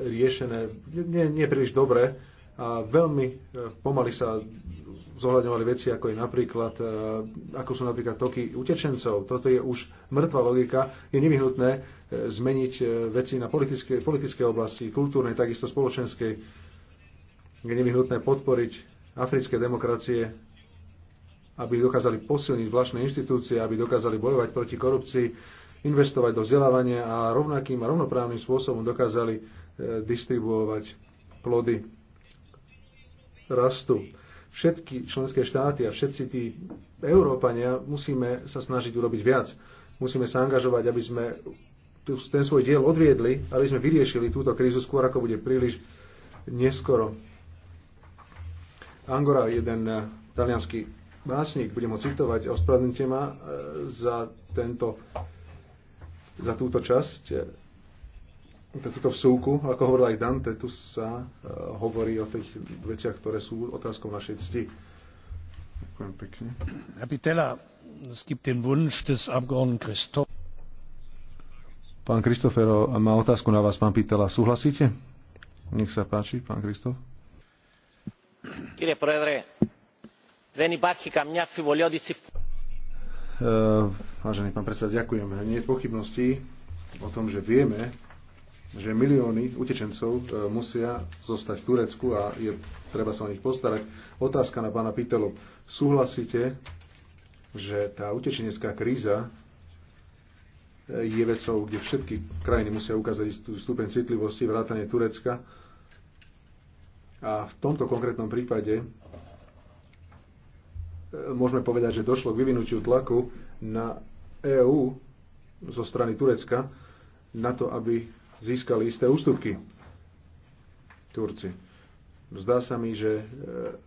riešené nie, nie príliš dobre a veľmi e, pomaly sa zohľadňovali veci, ako je napríklad, ako sú napríklad toky utečencov. Toto je už mŕtva logika. Je nevyhnutné zmeniť veci na politické, politické oblasti, kultúrnej, takisto spoločenskej. Je nevyhnutné podporiť africké demokracie, aby dokázali posilniť vlastné inštitúcie, aby dokázali bojovať proti korupcii, investovať do vzdelávania a rovnakým a rovnoprávnym spôsobom dokázali e, distribuovať plody rastu. Všetky členské štáty a všetci tí Európania musíme sa snažiť urobiť viac. Musíme sa angažovať, aby sme ten svoj diel odviedli, aby sme vyriešili túto krízu skôr, ako bude príliš neskoro. Angora, jeden e, talianský básnik, budem ho citovať, ospravedlňte ma e, za tento za túto časť, e, za túto vsúku. Ako hovoril aj Dante, tu sa uh, hovorí o tých veciach, ktoré sú otázkou našej cti. Ďakujem pekne. Herr Pitella, es gibt den Wunsch des Abgeordneten Christoph. Pán Kristofero, má otázku na vás, pán Pitela. Súhlasíte? Nech sa páči, pán Kristof. Κύριε Πρόεδρε, δεν υπάρχει καμιά αμφιβολία ότι Eh, vážený pán predseda, ďakujem. Nie je pochybností o tom, že vieme, že milióny utečencov eh, musia zostať v Turecku a je treba sa o nich postarať. Otázka na pána Pitelu. Súhlasíte, že tá utečenecká kríza eh, je vecou, kde všetky krajiny musia ukázať istú stupeň citlivosti, vrátane Turecka. A v tomto konkrétnom prípade E, môžeme povedať, že došlo k vyvinutiu tlaku na EÚ zo strany Turecka na to, aby získali isté ústupky Turci. Zdá sa mi, že e,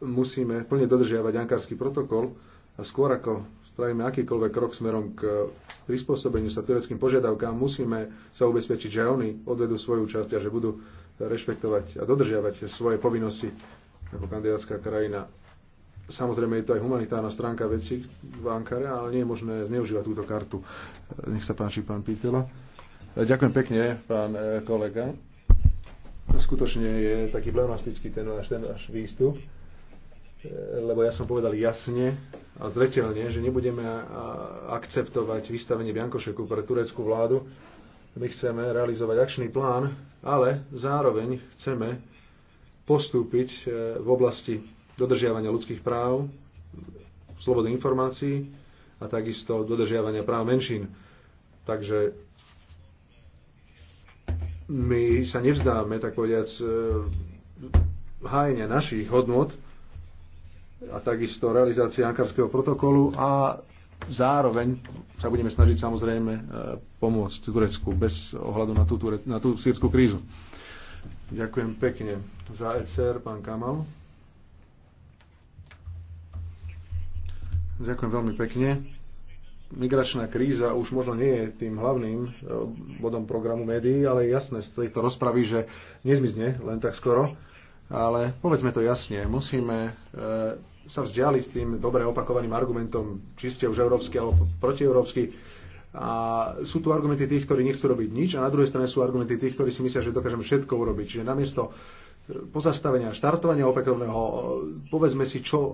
musíme plne dodržiavať ankarský protokol a skôr ako spravíme akýkoľvek krok smerom k prispôsobeniu sa tureckým požiadavkám, musíme sa ubezpečiť, že oni odvedú svoju časť a že budú rešpektovať a dodržiavať svoje povinnosti ako kandidátska krajina Samozrejme je to aj humanitárna stránka veci v Ankare, ale nie je možné zneužívať túto kartu. Nech sa páči, pán Pítela. Ďakujem pekne, pán eh, kolega. Skutočne je taký pleonastický ten náš ten výstup eh, lebo ja som povedal jasne a zreteľne, že nebudeme eh, akceptovať vystavenie Biankošeku pre tureckú vládu. My chceme realizovať akčný plán, ale zároveň chceme postúpiť v oblasti dodržiavania ľudských práv, slobody informácií a takisto dodržiavania práv menšín. Takže my sa nevzdáme, tak povediac, e, hájenia našich hodnot a takisto realizácia Ankarského protokolu a zároveň sa budeme snažiť samozrejme e, pomôcť Turecku bez ohľadu na tú, na tú sírskú krízu. Ďakujem pekne za ECR, pán Kamal. Ďakujem veľmi pekne. Migračná kríza už možno nie je tým hlavným eh, bodom programu médií, ale je jasné z tejto rozpravy, že nezmizne len tak skoro. Ale povedzme to jasne, musíme eh, sa vzdialiť tým dobre opakovaným argumentom, či ste už európsky alebo protieurópsky. A sú tu argumenty tých, ktorí nechcú robiť nič a na druhej strane sú argumenty tých, ktorí si myslia, že dokážeme všetko urobiť. Čiže namiesto pozastavenia štartovania opätovného, e, povedzme si, čo e,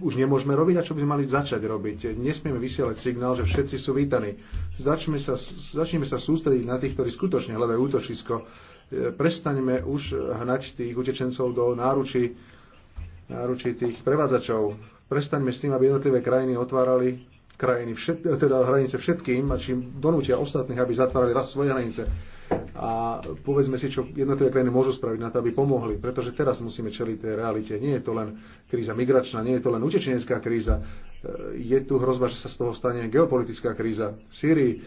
už nemôžeme robiť a čo by sme mali začať robiť. Nesmieme vysielať signál, že všetci sú vítaní. Začneme sa, začneme sa sústrediť na tých, ktorí skutočne hľadajú útočisko. E, prestaňme už hnať tých utečencov do náručí, náručí tých prevádzačov. Prestaňme s tým, aby jednotlivé krajiny otvárali krajiny, všet, teda hranice všetkým a čím donútia ostatných, aby zatvárali raz svoje hranice a povedzme si, čo jednotlivé krajiny môžu spraviť na to, aby pomohli. Pretože teraz musíme čeliť tej realite. Nie je to len kríza migračná, nie je to len utečenecká kríza. E, je tu hrozba, že sa z toho stane geopolitická kríza. V Syrii e,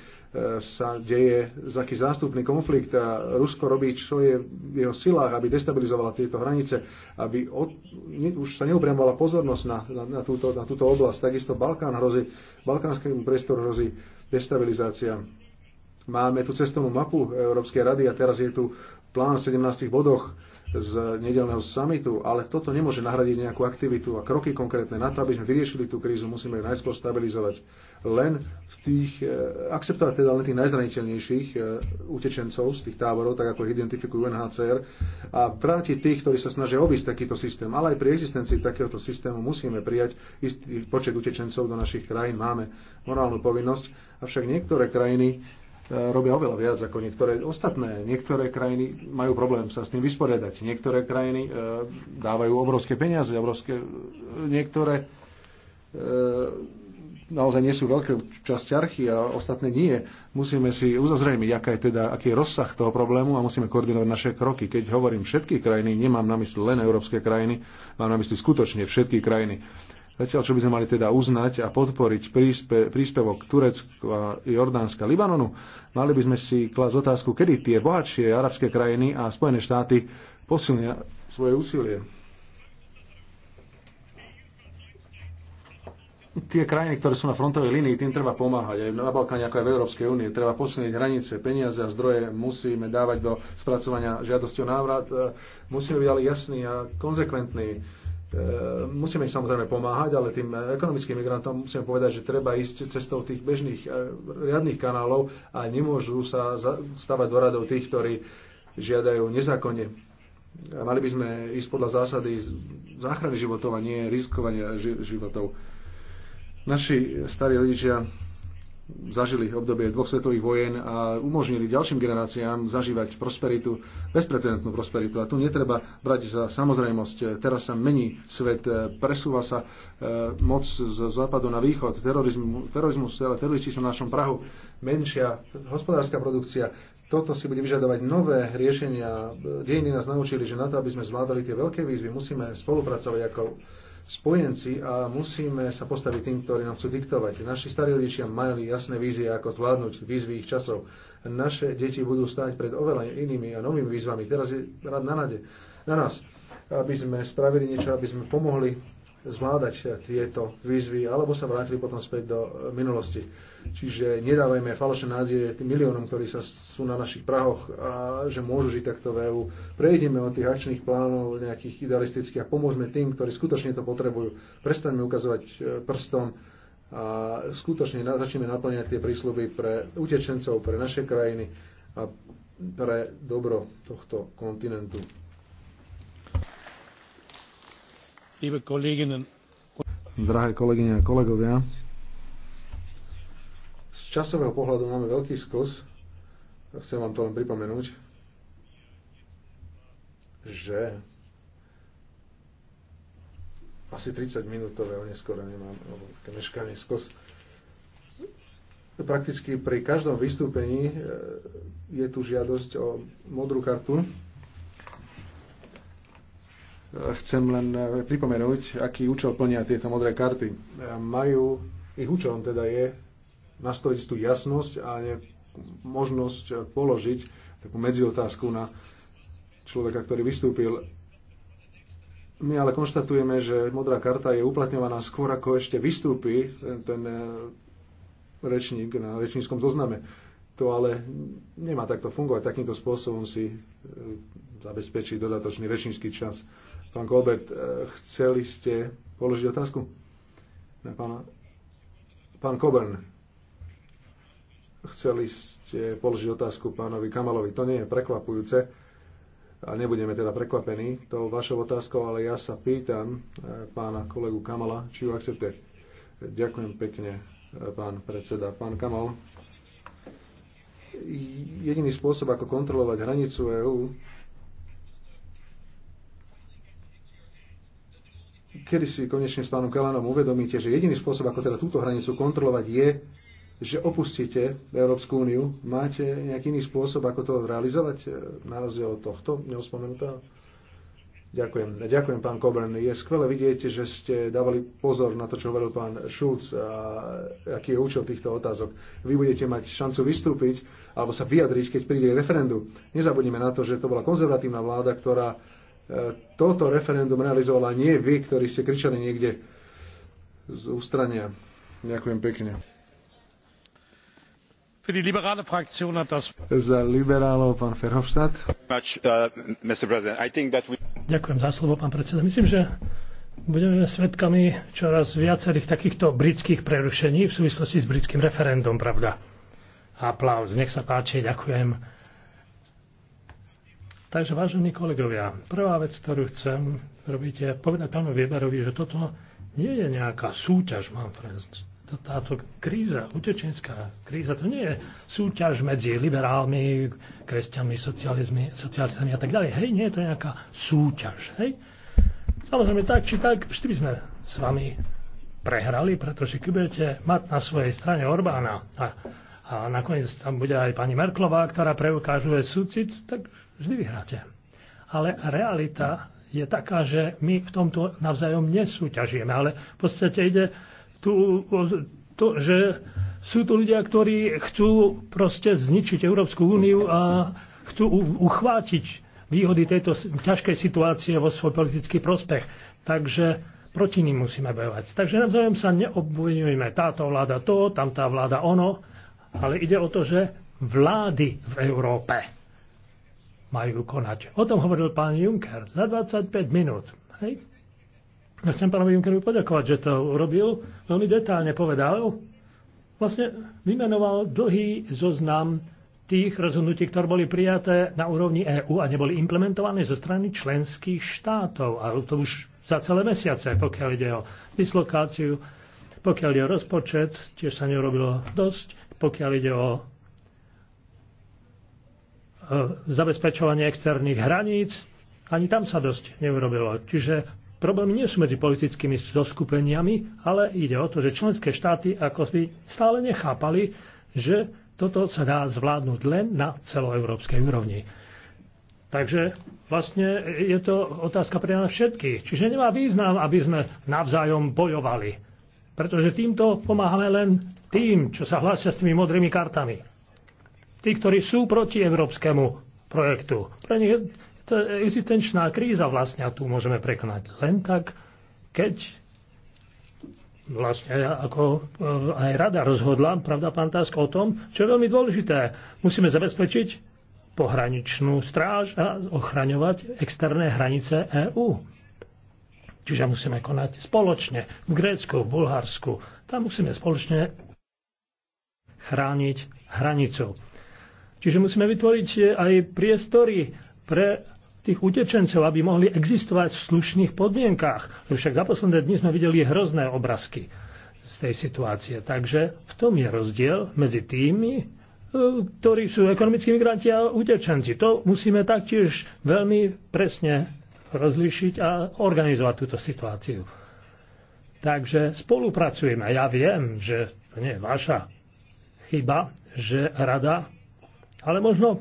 sa deje taký zástupný konflikt a Rusko robí, čo je v jeho silách, aby destabilizovala tieto hranice, aby od, ne, už sa neupriamovala pozornosť na, na, na, túto, na túto oblasť. Takisto Balkán hrozí, balkánskému priestoru hrozí destabilizácia Máme tu cestovnú mapu Európskej rady a teraz je tu plán v 17 bodoch z nedelného samitu, ale toto nemôže nahradiť nejakú aktivitu a kroky konkrétne na to, aby sme vyriešili tú krízu, musíme ju najskôr stabilizovať. Len v tých, e, akceptovať teda len tých najzraniteľnejších e, utečencov z tých táborov, tak ako ich identifikujú NHCR, a vrátiť tých, ktorí sa snažia obísť takýto systém. Ale aj pri existencii takéhoto systému musíme prijať istý počet utečencov do našich krajín. Máme morálnu povinnosť, avšak niektoré krajiny E, robia oveľa viac ako niektoré ostatné. Niektoré krajiny majú problém sa s tým vysporiadať. Niektoré krajiny e, dávajú obrovské peniaze, obrovské, e, niektoré naozaj nie sú veľké časť archy a ostatné nie. Musíme si uzazrejmiť, aká je teda, aký je rozsah toho problému a musíme koordinovať naše kroky. Keď hovorím všetky krajiny, nemám na mysli len európske krajiny, mám na mysli skutočne všetky krajiny. Zatiaľ, čo by sme mali teda uznať a podporiť príspe, príspevok Turecka, Jordánska, Libanonu, mali by sme si klasť otázku, kedy tie bohatšie arabské krajiny a Spojené štáty posilnia svoje úsilie. Tie krajiny, ktoré sú na frontovej línii, tým treba pomáhať. Aj na Balkáne, ako aj v Európskej únie. Treba posilniť hranice, peniaze a zdroje musíme dávať do spracovania žiadosti o návrat. Musíme byť ale jasní a konzekventní E, musíme ich samozrejme pomáhať, ale tým ekonomickým migrantom musíme povedať, že treba ísť cestou tých bežných e, riadných kanálov a nemôžu sa stavať do radov tých, ktorí žiadajú nezákonne. Mali by sme ísť podľa zásady záchrany životov a nie riskovania životov. Naši starí rodičia zažili obdobie dvoch svetových vojen a umožnili ďalším generáciám zažívať prosperitu, bezprecedentnú prosperitu. A tu netreba brať za samozrejmosť. Teraz sa mení svet, presúva sa e, moc z západu na východ, terorizmus, ale teroristi sú v našom Prahu, menšia hospodárska produkcia. Toto si bude vyžadovať nové riešenia. Dejiny nás naučili, že na to, aby sme zvládali tie veľké výzvy, musíme spolupracovať ako spojenci a musíme sa postaviť tým, ktorí nám chcú diktovať. Naši starí rodičia mali jasné vízie, ako zvládnuť výzvy ich časov. Naše deti budú stáť pred oveľa inými a novými výzvami. Teraz je rád na, nade, na nás, aby sme spravili niečo, aby sme pomohli zvládať tieto výzvy, alebo sa vrátili potom späť do e, minulosti. Čiže nedávajme falošné nádeje tým miliónom, ktorí sa sú na našich prahoch a že môžu žiť takto v EU. Prejdeme od tých akčných plánov nejakých idealistických a pomôžme tým, ktorí skutočne to potrebujú. Prestaňme ukazovať e, prstom a skutočne začneme naplňať tie prísľuby pre utečencov, pre naše krajiny a pre dobro tohto kontinentu. Drahé kolegyne a kolegovia, z časového pohľadu máme veľký skos. Chcem vám to len pripomenúť, že asi 30 minútové neskore nemám alebo také meškanie skos. Prakticky pri každom vystúpení eh, je tu žiadosť o modrú kartu. Chcem len eh, pripomenúť, aký účel plnia tieto modré karty. Eh, majú, ich účelom teda je nastaviť tú jasnosť a ne, možnosť eh, položiť takú medziotázku na človeka, ktorý vystúpil. My ale konštatujeme, že modrá karta je uplatňovaná skôr, ako ešte vystúpi ten rečník na rečníckom zozname. To ale nemá takto fungovať. Takýmto spôsobom si zabezpečí dodatočný rečnícky čas. Pán Kolbert, eh, chceli ste položiť otázku? Na pána... Pán Coburn, chceli ste položiť otázku pánovi Kamalovi. To nie je prekvapujúce a nebudeme teda prekvapení tou vašou otázkou, ale ja sa pýtam eh, pána kolegu Kamala, či ju akceptuje. Ďakujem pekne, eh, pán predseda. Pán Kamal, jediný spôsob, ako kontrolovať hranicu EÚ, kedy si konečne s pánom Kelanom uvedomíte, že jediný spôsob, ako teda túto hranicu kontrolovať, je, že opustíte Európsku úniu. Máte nejaký iný spôsob, ako to realizovať, e, na rozdiel od tohto neospomenutého? Ďakujem. Ďakujem, pán Coburn. Je skvelé vidieť, že ste dávali pozor na to, čo hovoril pán Schulz a aký je účel týchto otázok. Vy budete mať šancu vystúpiť alebo sa vyjadriť, keď príde referendum. Nezabudnime na to, že to bola konzervatívna vláda, ktorá E, toto referendum realizovala nie vy, ktorí ste kričali niekde z ústrania. Ďakujem pekne. Za liberálov pán Ferhofstadt. Uh, ďakujem za slovo, pán predseda. Myslím, že budeme svedkami čoraz viacerých takýchto britských prerušení v súvislosti s britským referendum, pravda? Aplauz, nech sa páči, ďakujem. Takže, vážení kolegovia, prvá vec, ktorú chcem robiť, je povedať pánu Vieberovi, že toto nie je nejaká súťaž, mám friends. Táto kríza, utečenská kríza, to nie je súťaž medzi liberálmi, kresťanmi, socializmi, socialistami a tak ďalej. Hej, nie je to nejaká súťaž. Hej? Samozrejme, tak či tak, vždy by sme s vami prehrali, pretože keď budete mať na svojej strane Orbána a a nakoniec tam bude aj pani Merklová, ktorá preukážuje súcit, tak vždy vyhráte. Ale realita je taká, že my v tomto navzájom nesúťažíme, ale v podstate ide tu o to, že sú tu ľudia, ktorí chcú proste zničiť Európsku úniu a chcú uchvátiť výhody tejto ťažkej situácie vo svoj politický prospech. Takže proti ním musíme bojovať. Takže navzájom sa neobvinujeme. Táto vláda to, tam tá vláda ono, ale ide o to, že vlády v Európe majú konať. O tom hovoril pán Juncker za 25 minút. Hej? Ja chcem pánovi Junckerovi poďakovať, že to urobil. Veľmi detálne povedal. Vlastne vymenoval dlhý zoznam tých rozhodnutí, ktoré boli prijaté na úrovni EÚ a neboli implementované zo strany členských štátov. A to už za celé mesiace, pokiaľ ide o dislokáciu, pokiaľ ide o rozpočet, tiež sa neurobilo dosť, pokiaľ ide o E, zabezpečovanie externých hraníc, ani tam sa dosť neurobilo. Čiže problém nie sú medzi politickými zoskupeniami, ale ide o to, že členské štáty ako by stále nechápali, že toto sa dá zvládnuť len na celoeurópskej úrovni. Takže vlastne je to otázka pre nás všetkých. Čiže nemá význam, aby sme navzájom bojovali. Pretože týmto pomáhame len tým, čo sa hlásia s tými modrými kartami tí, ktorí sú proti európskemu projektu. Pre nich to existenčná kríza vlastne a tu môžeme prekonať len tak, keď vlastne ako e, aj rada rozhodla, pravda pán Tásk, o tom, čo je veľmi dôležité. Musíme zabezpečiť pohraničnú stráž a ochraňovať externé hranice EÚ. Čiže musíme konať spoločne v Grécku, v Bulharsku. Tam musíme spoločne chrániť hranicu. Čiže musíme vytvoriť e, aj priestory pre tých utečencov, aby mohli existovať v slušných podmienkách. Lebo však za posledné dni sme videli hrozné obrazky z tej situácie. Takže v tom je rozdiel medzi tými, e, ktorí sú ekonomickí migranti a utečenci. To musíme taktiež veľmi presne rozlíšiť a organizovať túto situáciu. Takže spolupracujeme. Ja viem, že to nie je vaša chyba, že rada ale možno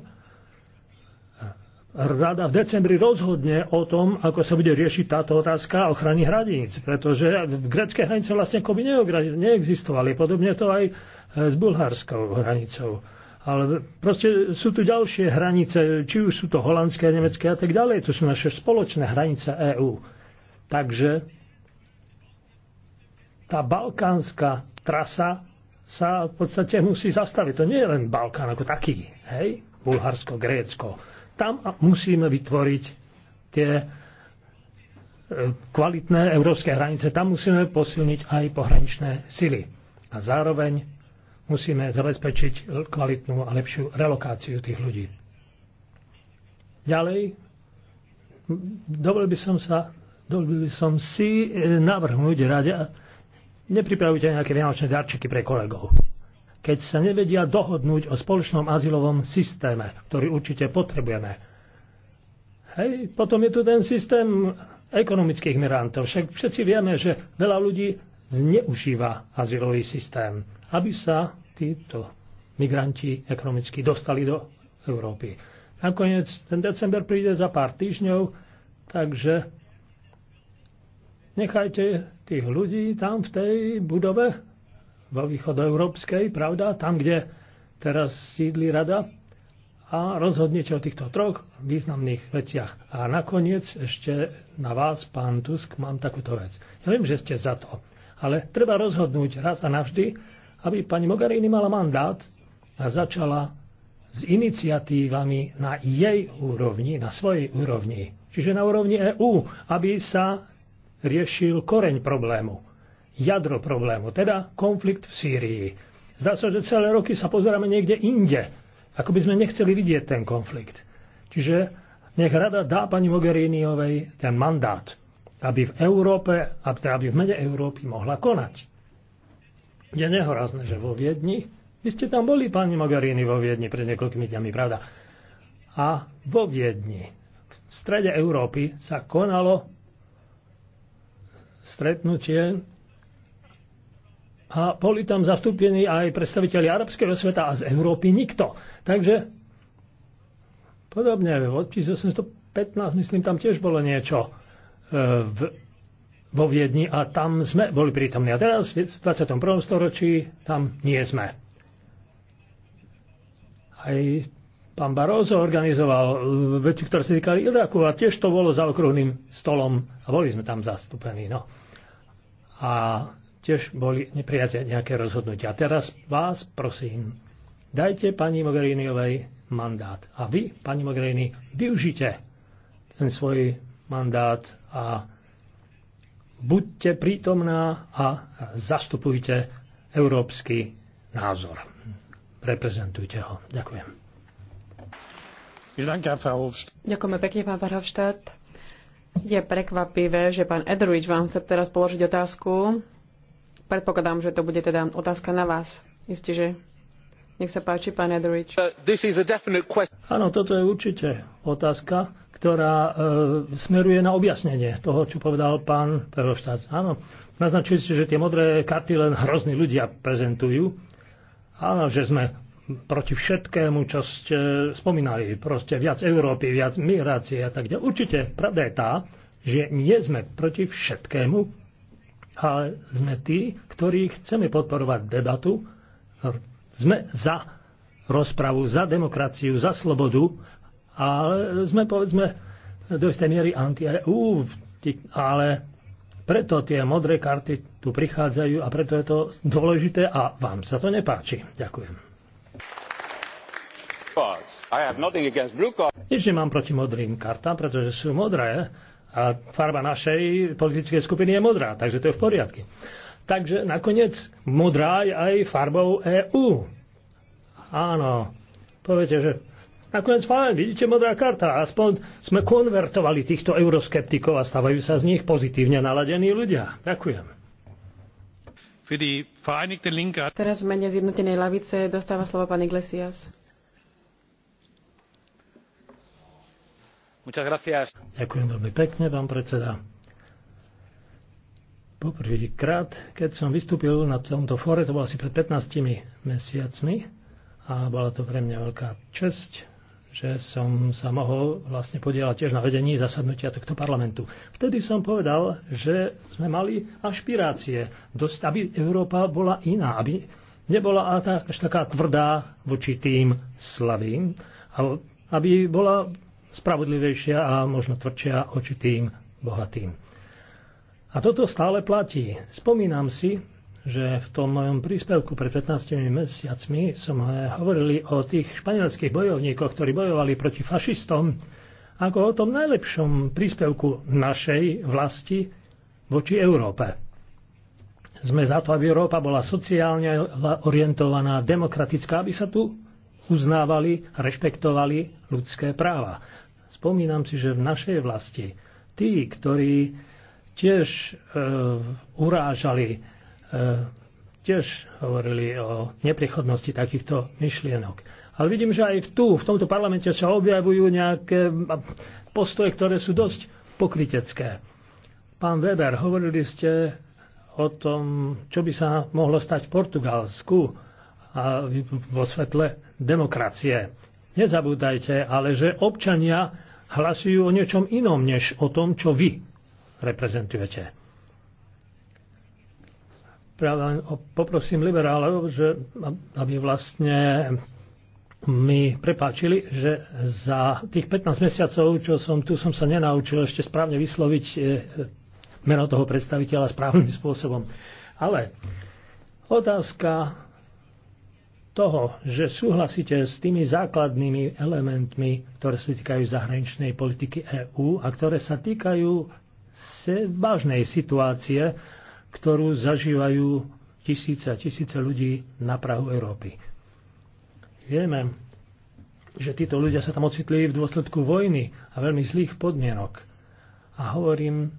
rada v decembri rozhodne o tom, ako sa bude riešiť táto otázka ochrany hraníc, pretože v grecké hranice vlastne koby neexistovali. Podobne to aj e, s bulharskou hranicou. Ale proste sú tu ďalšie hranice, či už sú to holandské, nemecké a tak ďalej. To sú naše spoločné hranice EÚ. Takže tá balkánska trasa sa v podstate musí zastaviť. To nie je len Balkán ako taký, hej? Bulharsko, Grécko. Tam musíme vytvoriť tie e, kvalitné európske hranice. Tam musíme posilniť aj pohraničné sily. A zároveň musíme zabezpečiť kvalitnú a lepšiu relokáciu tých ľudí. Ďalej, dovolil by som, sa, dovolil by som si e, navrhnúť rade, nepripravujte nejaké vianočné darčeky pre kolegov. Keď sa nevedia dohodnúť o spoločnom azylovom systéme, ktorý určite potrebujeme. Hej, potom je tu ten systém ekonomických migrantov. Však všetci vieme, že veľa ľudí zneužíva azylový systém, aby sa títo migranti ekonomicky dostali do Európy. Nakoniec ten december príde za pár týždňov, takže Nechajte tých ľudí tam v tej budove, vo východoeurópskej, pravda, tam, kde teraz sídli rada a rozhodnete o týchto troch významných veciach. A nakoniec ešte na vás, pán Tusk, mám takúto vec. Ja viem, že ste za to, ale treba rozhodnúť raz a navždy, aby pani Mogherini mala mandát a začala s iniciatívami na jej úrovni, na svojej úrovni, čiže na úrovni EÚ, aby sa riešil koreň problému, jadro problému, teda konflikt v Sýrii. Zdá sa, že celé roky sa pozeráme niekde inde, ako by sme nechceli vidieť ten konflikt. Čiže nech rada dá pani Mogheriniovej ten mandát, aby v Európe, aby v mene Európy mohla konať. Je nehorazné, že vo Viedni, vy ste tam boli, pani Mogherini, vo Viedni pred niekoľkými dňami, pravda? A vo Viedni, v strede Európy, sa konalo stretnutie a boli tam zastúpení aj predstaviteľi arabského sveta a z Európy nikto. Takže podobne od 1815, myslím, tam tiež bolo niečo e, v, vo Viedni a tam sme boli prítomní. A teraz v 21. storočí tam nie sme. Aj pán Barozo organizoval veci, ktoré sa týkali Iraku a tiež to bolo za okruhným stolom a boli sme tam zastúpení. No a tiež boli neprijaté nejaké rozhodnutia. Teraz vás prosím, dajte pani Mogheriniovej mandát. A vy, pani Mogherini, využite ten svoj mandát a buďte prítomná a zastupujte európsky názor. Reprezentujte ho. Ďakujem. Ďakujem pekne, pán Verhofstadt. Je prekvapivé, že pán Edridge vám chce teraz položiť otázku. Predpokladám, že to bude teda otázka na vás. Isté, že nech sa páči, pán Edridge. Uh, Áno, toto je určite otázka, ktorá e, smeruje na objasnenie toho, čo povedal pán Perlštác. Áno, naznačili ste, že tie modré karty len hrozní ľudia prezentujú. Áno, že sme proti všetkému, čo ste spomínali, proste viac Európy, viac migrácie a tak ďalej. Určite pravda je tá, že nie sme proti všetkému, ale sme tí, ktorí chceme podporovať debatu, sme za rozpravu, za demokraciu, za slobodu, ale sme povedzme do istej miery anti-EU, ale preto tie modré karty tu prichádzajú a preto je to dôležité a vám sa to nepáči. Ďakujem. Nič nemám proti modrým kartám, pretože sú modré a farba našej politickej skupiny je modrá, takže to je v poriadku. Takže nakoniec modrá je aj farbou EU. Áno, poviete, že nakoniec fajn, vidíte modrá karta, aspoň sme konvertovali týchto euroskeptikov a stavajú sa z nich pozitívne naladení ľudia. Ďakujem. Teraz v mene zjednotenej lavice dostáva slovo pán Iglesias. Ďakujem veľmi pekne, pán predseda. Poprvýkrát, keď som vystúpil na tomto fóre, to bolo asi pred 15 mesiacmi a bola to pre mňa veľká česť, že som sa mohol vlastne podielať tiež na vedení zasadnutia tohto parlamentu. Vtedy som povedal, že sme mali ašpirácie, dosť, aby Európa bola iná, aby nebola až taká tvrdá voči tým slabým, aby bola spravodlivejšia a možno tvrdšia oči tým bohatým. A toto stále platí. Spomínam si, že v tom mojom príspevku pred 15 mesiacmi som e, hovorili o tých španielských bojovníkoch, ktorí bojovali proti fašistom, ako o tom najlepšom príspevku našej vlasti voči Európe. Sme za to, aby Európa bola sociálne orientovaná, demokratická, aby sa tu uznávali, rešpektovali ľudské práva. Spomínam si, že v našej vlasti tí, ktorí tiež e, urážali, e, tiež hovorili o neprechodnosti takýchto myšlienok. Ale vidím, že aj tu, v tomto parlamente sa objavujú nejaké postoje, ktoré sú dosť pokrytecké. Pán Weber, hovorili ste o tom, čo by sa mohlo stať v Portugalsku a vo svetle demokracie. Nezabúdajte ale, že občania hlasujú o niečom inom, než o tom, čo vy reprezentujete. Práve poprosím liberálov, že, aby vlastne mi prepáčili, že za tých 15 mesiacov, čo som tu, som sa nenaučil ešte správne vysloviť e, meno toho predstaviteľa správnym spôsobom. Ale otázka toho, že súhlasíte s tými základnými elementmi, ktoré sa týkajú zahraničnej politiky EÚ a ktoré sa týkajú vážnej situácie, ktorú zažívajú tisíce a tisíce ľudí na Prahu Európy. Vieme, že títo ľudia sa tam ocitli v dôsledku vojny a veľmi zlých podmienok. A hovorím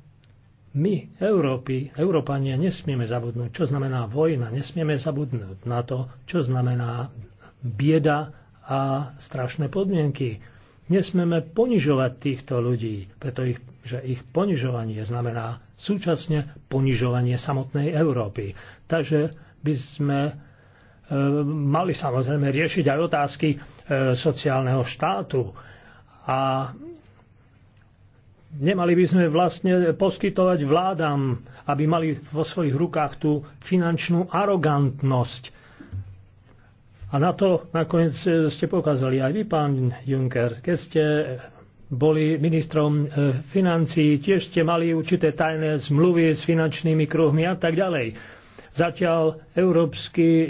my, Európy, Európania, nesmieme zabudnúť, čo znamená vojna, nesmieme zabudnúť na to, čo znamená bieda a strašné podmienky. Nesmieme ponižovať týchto ľudí, pretože ich, že ich ponižovanie znamená súčasne ponižovanie samotnej Európy. Takže by sme e, mali samozrejme riešiť aj otázky e, sociálneho štátu a Nemali by sme vlastne poskytovať vládam, aby mali vo svojich rukách tú finančnú arogantnosť. A na to nakoniec e, ste pokázali aj vy, pán Juncker, keď ste boli ministrom e, financí, tiež ste mali určité tajné zmluvy s finančnými kruhmi a tak ďalej. Zatiaľ európsky e,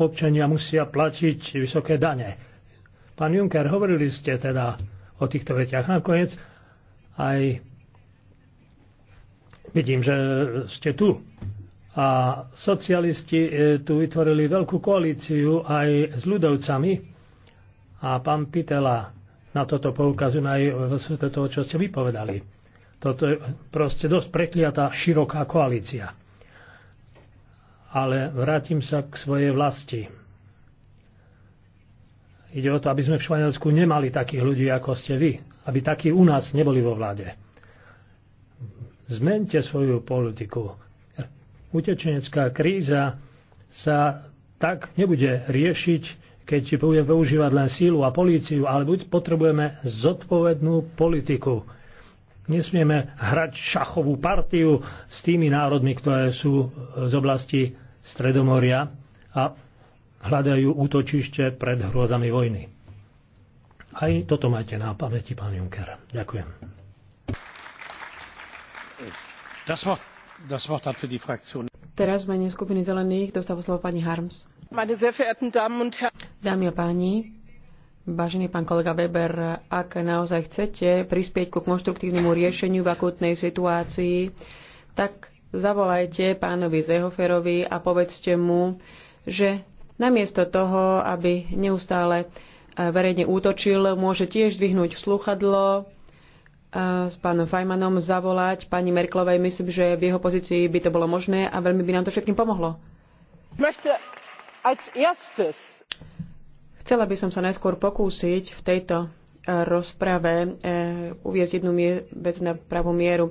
občania musia platiť vysoké dane. Pán Juncker, hovorili ste teda o týchto veciach. Nakoniec aj vidím, že ste tu. A socialisti e, tu vytvorili veľkú koalíciu aj s ľudovcami. A pán Pitela, na toto poukazujem aj v svete toho, čo ste vypovedali. Toto je proste dosť prekliatá široká koalícia. Ale vrátim sa k svojej vlasti. Ide o to, aby sme v Španielsku nemali takých ľudí, ako ste vy, aby takí u nás neboli vo vláde. Zmente svoju politiku. Utečenecká kríza sa tak nebude riešiť, keď si budeme používať len sílu a políciu, ale buď potrebujeme zodpovednú politiku. Nesmieme hrať šachovú partiu s tými národmi, ktoré sú z oblasti Stredomoria a hľadajú útočište pred hrôzami vojny. Aj toto majte na pamäti, pán Juncker. Ďakujem. Das Wort, das Wort hat für die Fraktion. Teraz v mene skupiny zelených dostáva slovo pani Harms. Meine sehr verehrten Damen und Herren. Dámy a páni, vážený pán kolega Weber, ak naozaj chcete prispieť ku konštruktívnemu riešeniu v akutnej situácii, tak zavolajte pánovi Zehoferovi a povedzte mu, že namiesto toho, aby neustále verejne útočil, môže tiež dvihnúť slúchadlo s pánom Fajmanom, zavolať pani Merklovej. Myslím, že v jeho pozícii by to bolo možné a veľmi by nám to všetkým pomohlo. Chcela by som sa najskôr pokúsiť v tejto e, rozprave e, uviezť jednu vec na pravú mieru.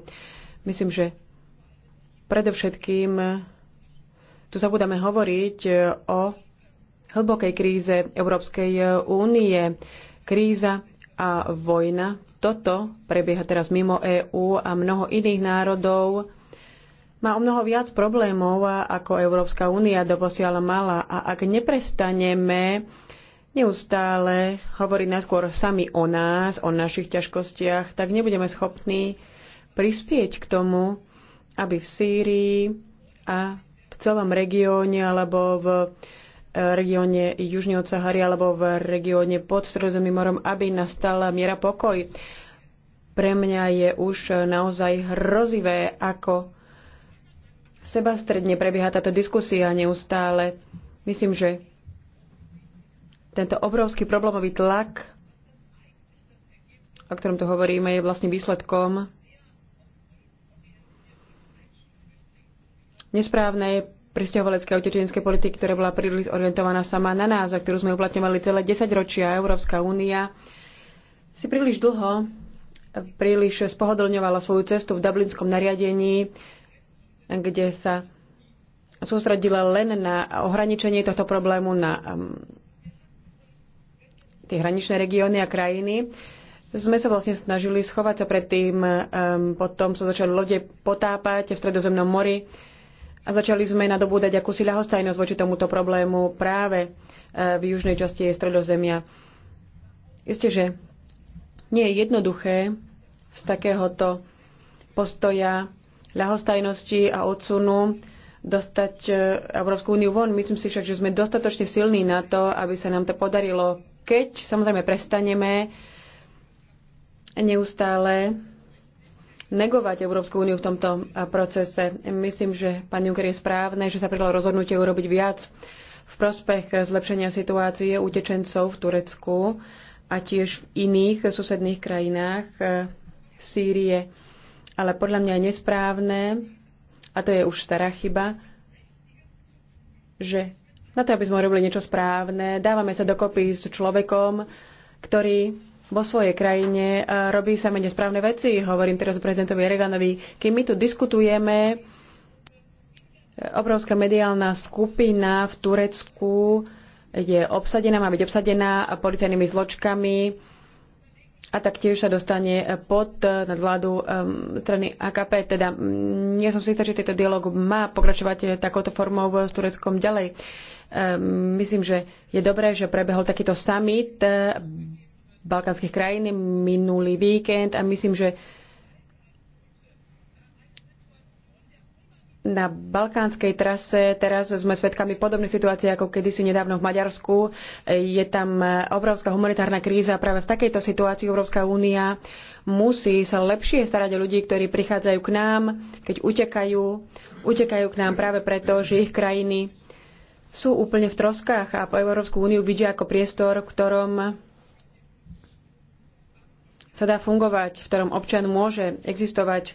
Myslím, že predovšetkým tu zabudáme hovoriť e, o hlbokej kríze Európskej e, únie. Kríza a vojna, toto prebieha teraz mimo EÚ a mnoho iných národov má o mnoho viac problémov, ako Európska únia doposiaľ mala. A ak neprestaneme neustále hovoriť najskôr sami o nás, o našich ťažkostiach, tak nebudeme schopní prispieť k tomu, aby v Sýrii a v celom regióne alebo v regióne Južného Sahary alebo v regióne pod Stredozemným morom, aby nastala miera pokoj. Pre mňa je už naozaj hrozivé, ako sebastredne prebieha táto diskusia neustále. Myslím, že tento obrovský problémový tlak, o ktorom tu hovoríme, je vlastne výsledkom nesprávnej pristahovaleckej a utečenskej politiky, ktorá bola príliš orientovaná sama na nás a ktorú sme uplatňovali celé 10 ročia. Európska únia si príliš dlho príliš spohodlňovala svoju cestu v Dublinskom nariadení, kde sa sústredila len na ohraničenie tohto problému na um, tie hraničné regióny a krajiny sme sa vlastne snažili schovať sa pred tým, um, potom sa začali lode potápať v stredozemnom mori a začali sme nadobúdať akúsi ľahostajnosť voči tomuto problému práve e, v južnej časti stredozemia. Isté, že nie je jednoduché z takéhoto postoja ľahostajnosti a odsunu dostať e, Európsku úniu von. Myslím si však, že sme dostatočne silní na to, aby sa nám to podarilo, keď samozrejme prestaneme neustále negovať Európsku úniu v tomto procese. Myslím, že pán Juncker je správne, že sa pridalo rozhodnutie urobiť viac v prospech zlepšenia situácie utečencov v Turecku a tiež v iných susedných krajinách e, Sýrie. Ale podľa mňa je nesprávne, a to je už stará chyba, že na to, aby sme robili niečo správne, dávame sa dokopy s človekom, ktorý vo svojej krajine e, robí sa menej správne veci. Hovorím teraz o prezidentovi Reganovi. Kým my tu diskutujeme, e, obrovská mediálna skupina v Turecku je obsadená, má byť obsadená policajnými zločkami a taktiež sa dostane pod nadvládu e, strany AKP. Teda nie som si istá, že tento dialog má pokračovať takouto formou s Tureckom ďalej. myslím, že je dobré, že prebehol takýto summit balkánskych krajín minulý víkend a myslím, že na balkánskej trase teraz sme svedkami podobnej situácie ako kedysi nedávno v Maďarsku. Je tam obrovská humanitárna kríza. Práve v takejto situácii Európska únia musí sa lepšie starať o ľudí, ktorí prichádzajú k nám, keď utekajú. Utekajú k nám práve preto, že ich krajiny sú úplne v troskách a po Európsku úniu vidia ako priestor, v ktorom sa dá fungovať, v ktorom občan môže existovať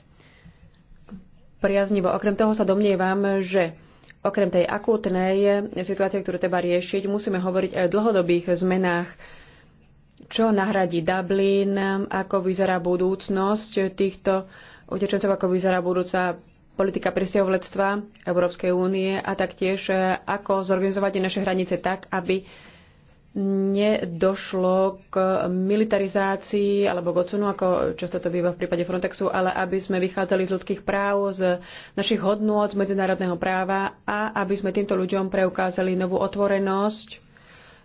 priaznivo. Okrem toho sa domnievam, že okrem tej akútnej situácie, ktorú treba riešiť, musíme hovoriť aj o dlhodobých zmenách, čo nahradí Dublin, ako vyzerá budúcnosť týchto utečencov, ako vyzerá budúca politika prisťahovalectva Európskej únie a taktiež ako zorganizovať naše hranice tak, aby nedošlo k militarizácii alebo k odsunu, ako často to býva v prípade Frontexu, ale aby sme vychádzali z ľudských práv, z našich hodnôt, z medzinárodného práva a aby sme týmto ľuďom preukázali novú otvorenosť,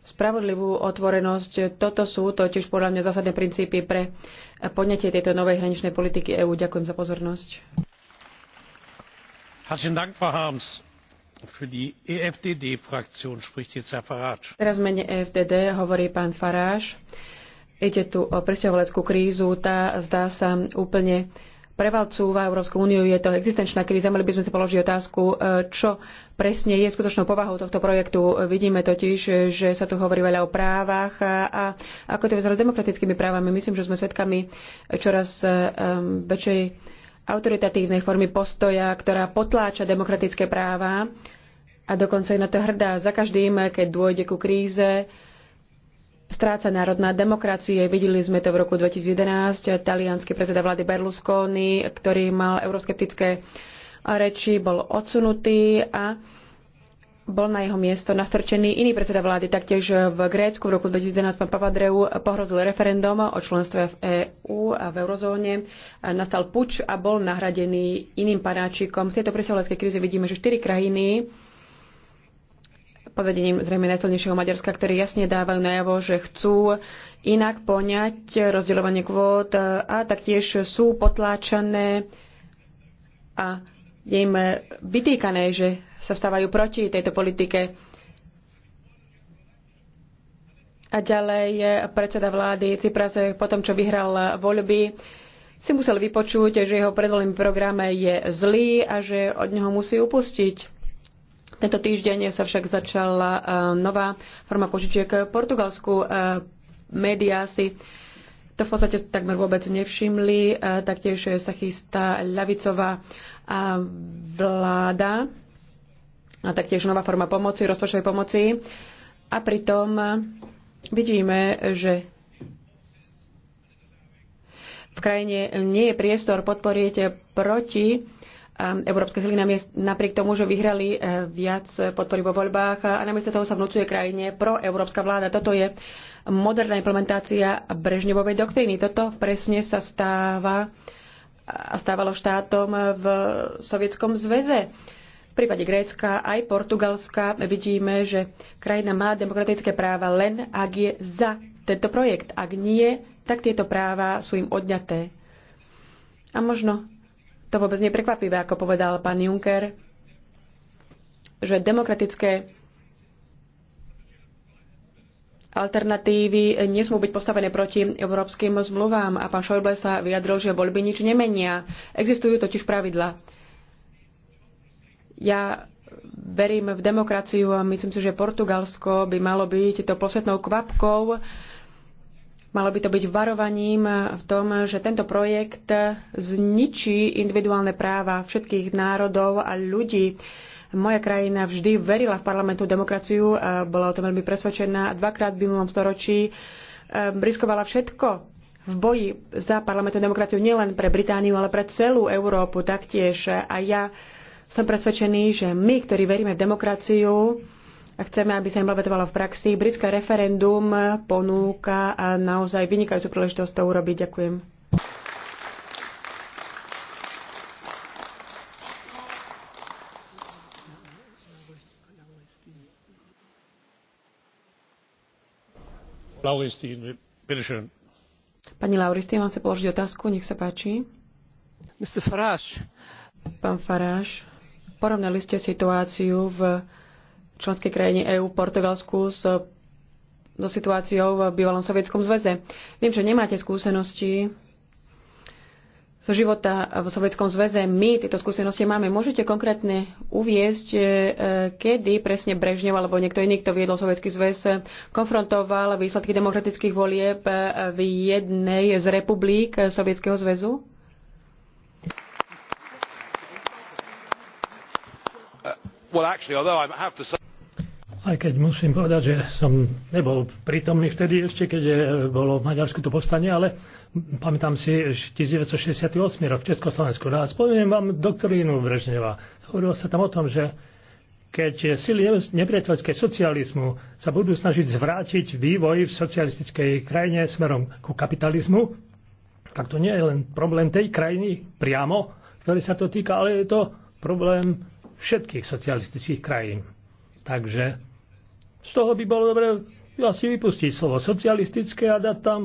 spravodlivú otvorenosť. Toto sú totiž podľa mňa zásadné princípy pre podnetie tejto novej hraničnej politiky EÚ. Ďakujem za pozornosť. Herzlichen Dank, Frau Harms. E Teraz mene EFDD hovorí pán Faráš. Ide tu o presťahovaleckú krízu. Tá zdá sa úplne prevalcúva Európsku úniu. Je to existenčná kríza. Mali by sme si položiť otázku, e, čo presne je skutočnou povahou tohto projektu. Vidíme totiž, že sa tu hovorí veľa o právach a, a ako to vyzerá demokratickými právami. Myslím, že sme svedkami čoraz um, väčšej autoritatívnej formy postoja, ktorá potláča demokratické práva a dokonca je na to hrdá. Za každým, keď dôjde ku kríze, stráca národná demokracie. Videli sme to v roku 2011. Talianský predseda vlády Berlusconi, ktorý mal euroskeptické reči, bol odsunutý a bol na jeho miesto nastrčený iný predseda vlády. Taktiež v Grécku v roku 2011 pán Papadreou pohrozil referendum o členstve v EÚ a v eurozóne. Nastal puč a bol nahradený iným panáčikom. V tejto presiaľovskej kríze vidíme, že štyri krajiny pod vedením zrejme najsilnejšieho Maďarska, ktorí jasne dávajú najavo, že chcú inak poňať rozdeľovanie kvót a taktiež sú potláčané a je im eh, vytýkané, že sa vstávajú proti tejto politike. A ďalej eh, predseda vlády Cipras eh, po tom, čo vyhral voľby, si musel vypočuť, že jeho predvolebný program je zlý a že od neho musí upustiť. Tento týždeň sa však začala nová forma požičiek Portugalsku. Média si to v podstate takmer vôbec nevšimli. Taktiež sa chystá ľavicová a vláda a taktiež nová forma pomoci, rozpočtovej pomoci. A pritom vidíme, že v krajine nie je priestor podporiť proti Európske sily napriek tomu, že vyhrali e, viac podpory vo voľbách a namiesto toho sa vnúcuje krajine proeurópska vláda. Toto je moderná implementácia Brežňovovej doktríny. Toto presne sa stáva a stávalo štátom v Sovietskom zväze. V prípade Grécka aj Portugalska vidíme, že krajina má demokratické práva len ak je za tento projekt. Ak nie, tak tieto práva sú im odňaté. A možno to vôbec neprekvapivé, ako povedal pán Juncker, že demokratické alternatívy nesmú byť postavené proti európskym zmluvám a pán Schäuble sa vyjadril, že voľby nič nemenia. Existujú totiž pravidla. Ja verím v demokraciu a myslím si, že Portugalsko by malo byť to posvetnou kvapkou, malo by to byť varovaním v tom, že tento projekt zničí individuálne práva všetkých národov a ľudí. Moja krajina vždy verila v parlamentu demokraciu, a bola o tom veľmi presvedčená. Dvakrát v minulom storočí e, riskovala všetko v boji za parlamentnú demokraciu nielen pre Britániu, ale pre celú Európu taktiež. A ja som presvedčený, že my, ktorí veríme v demokraciu, a chceme, aby sa implementovalo v praxi. Britské referendum ponúka a naozaj vynikajúcu príležitosť to urobiť. Ďakujem. Pani Lauristín, vám chcem položiť otázku, nech sa páči. Mr. Farage. Pán Farage, porovnali ste situáciu v členskej krajine EÚ v Portugalsku s so situáciou v bývalom sovietskom zväze. Viem, že nemáte skúsenosti zo života v Sovjetskom zväze. My tieto skúsenosti máme. Môžete konkrétne uviezť, e, kedy presne Brežňov alebo niekto iný, kto viedol Sovjetský zväz, konfrontoval výsledky demokratických volieb v jednej z republik Sovietskeho zväzu? Aj keď musím povedať, že som nebol prítomný vtedy ešte, keď e, bolo v Maďarsku to povstanie, ale pamätám si 1968 rok v Československu. No a spomeniem vám doktorínu Brežneva. Hovorilo sa tam o tom, že keď sily nepriateľské socializmu sa budú snažiť zvrátiť vývoj v socialistickej krajine smerom ku kapitalizmu, tak to nie je len problém tej krajiny priamo, ktorý sa to týka, ale je to problém všetkých socialistických krajín. Takže z toho by bolo dobre asi vypustiť slovo socialistické a dať tam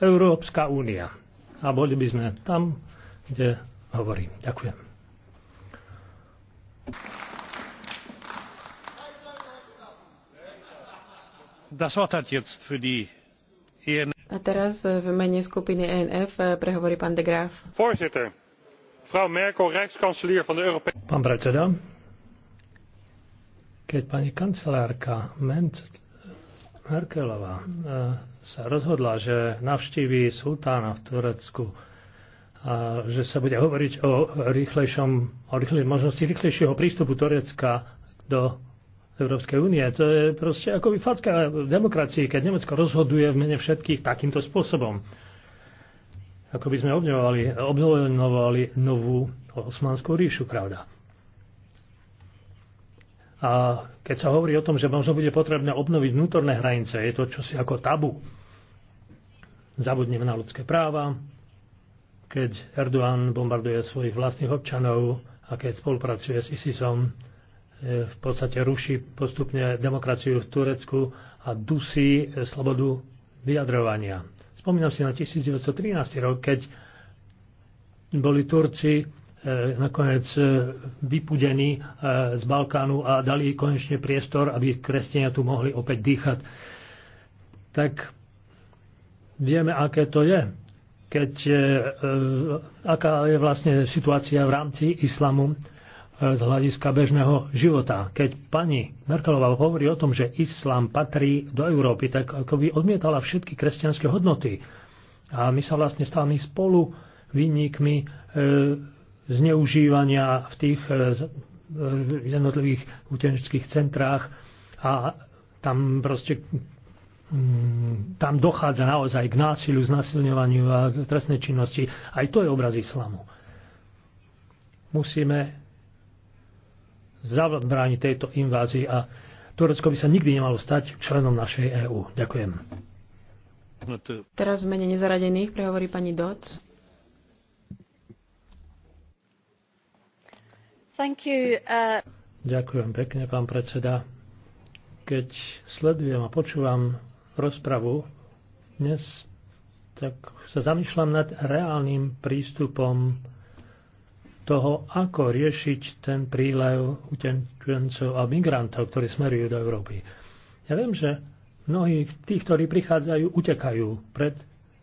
Európska únia. A boli by sme tam, kde hovorím. Ďakujem. E A teraz v mene skupiny ENF prehovorí pán de Graaf. Voorzitter, mevrouw Merkel, rijkskanselier van de Europese... Pán predseda, keď pani kancelárka Merkelová eh, sa rozhodla, že navštíví sultána v Turecku a že sa bude hovoriť o, rýchlejšom, o rýchlej, možnosti rýchlejšieho prístupu Turecka do Európskej únie. To je proste ako facka v demokracii, keď Nemecko rozhoduje v mene všetkých takýmto spôsobom. Ako by sme obnovovali, obnovovali novú osmanskú ríšu, pravda. A keď sa hovorí o tom, že možno bude potrebné obnoviť vnútorné hranice, je to čosi ako tabu. Zabudneme na ľudské práva, keď Erdogan bombarduje svojich vlastných občanov a keď spolupracuje s ISISom, e, v podstate ruší postupne demokraciu v Turecku a dusí e, slobodu vyjadrovania. Spomínam si na 1913 rok, keď boli Turci E, nakoniec e, vypudení e, z Balkánu a dali konečne priestor, aby kresťania tu mohli opäť dýchať. Tak vieme, aké to je, keď, aká je vlastne situácia v rámci islamu z hľadiska bežného života. Keď pani Merkelová hovorí o tom, že islám patrí do Európy, tak ako by odmietala všetky kresťanské hodnoty. A my sa vlastne stávame spolu vinníkmi zneužívania v tých e, e, jednotlivých utenčských centrách a tam proste mm, tam dochádza naozaj k násiliu, znasilňovaniu a k trestnej činnosti. Aj to je obraz islamu. Musíme zabrániť tejto invázii a Turecko by sa nikdy nemalo stať členom našej EÚ. Ďakujem. Teraz v mene nezaradených prehovorí pani Doc. You, uh... Ďakujem pekne, pán predseda. Keď sledujem a počúvam rozpravu dnes, tak sa zamýšľam nad reálnym prístupom toho, ako riešiť ten prílev utečencov a migrantov, ktorí smerujú do Európy. Ja viem, že mnohí tí, ktorí prichádzajú, utekajú pred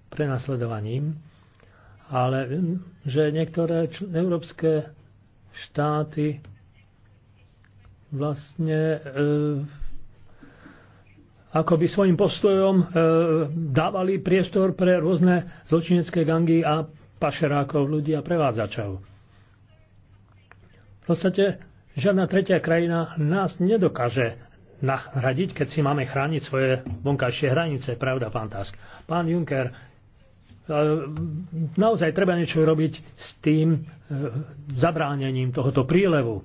prenasledovaním, ale viem, že niektoré európske štáty vlastne e, ako by svojim postojom e, dávali priestor pre rôzne zločinecké gangy a pašerákov ľudí a prevádzačov. V podstate žiadna tretia krajina nás nedokáže nahradiť, keď si máme chrániť svoje vonkajšie hranice. Pravda, pán Task. Pán Juncker, Eh, naozaj treba niečo robiť s tým eh, zabránením tohoto prílevu.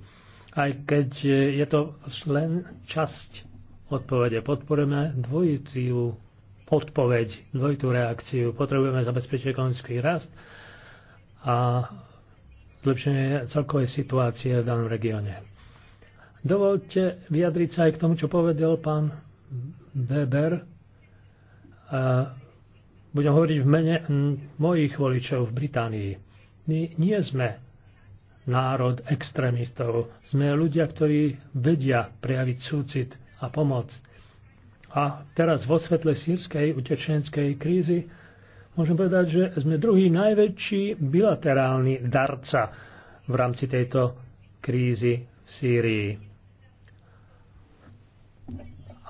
Aj keď eh, je to len časť odpovede. Podporujeme dvojitú odpoveď, dvojitú reakciu. Potrebujeme zabezpečiť ekonomický rast a zlepšenie celkovej situácie v danom regióne. Dovolte vyjadriť sa aj k tomu, čo povedal pán Weber. A budem hovoriť v mene mojich voličov v Británii. My nie sme národ extrémistov. Sme ľudia, ktorí vedia prejaviť súcit a pomoc. A teraz vo svetle sírskej utečenskej krízy môžem povedať, že sme druhý najväčší bilaterálny darca v rámci tejto krízy v Sýrii.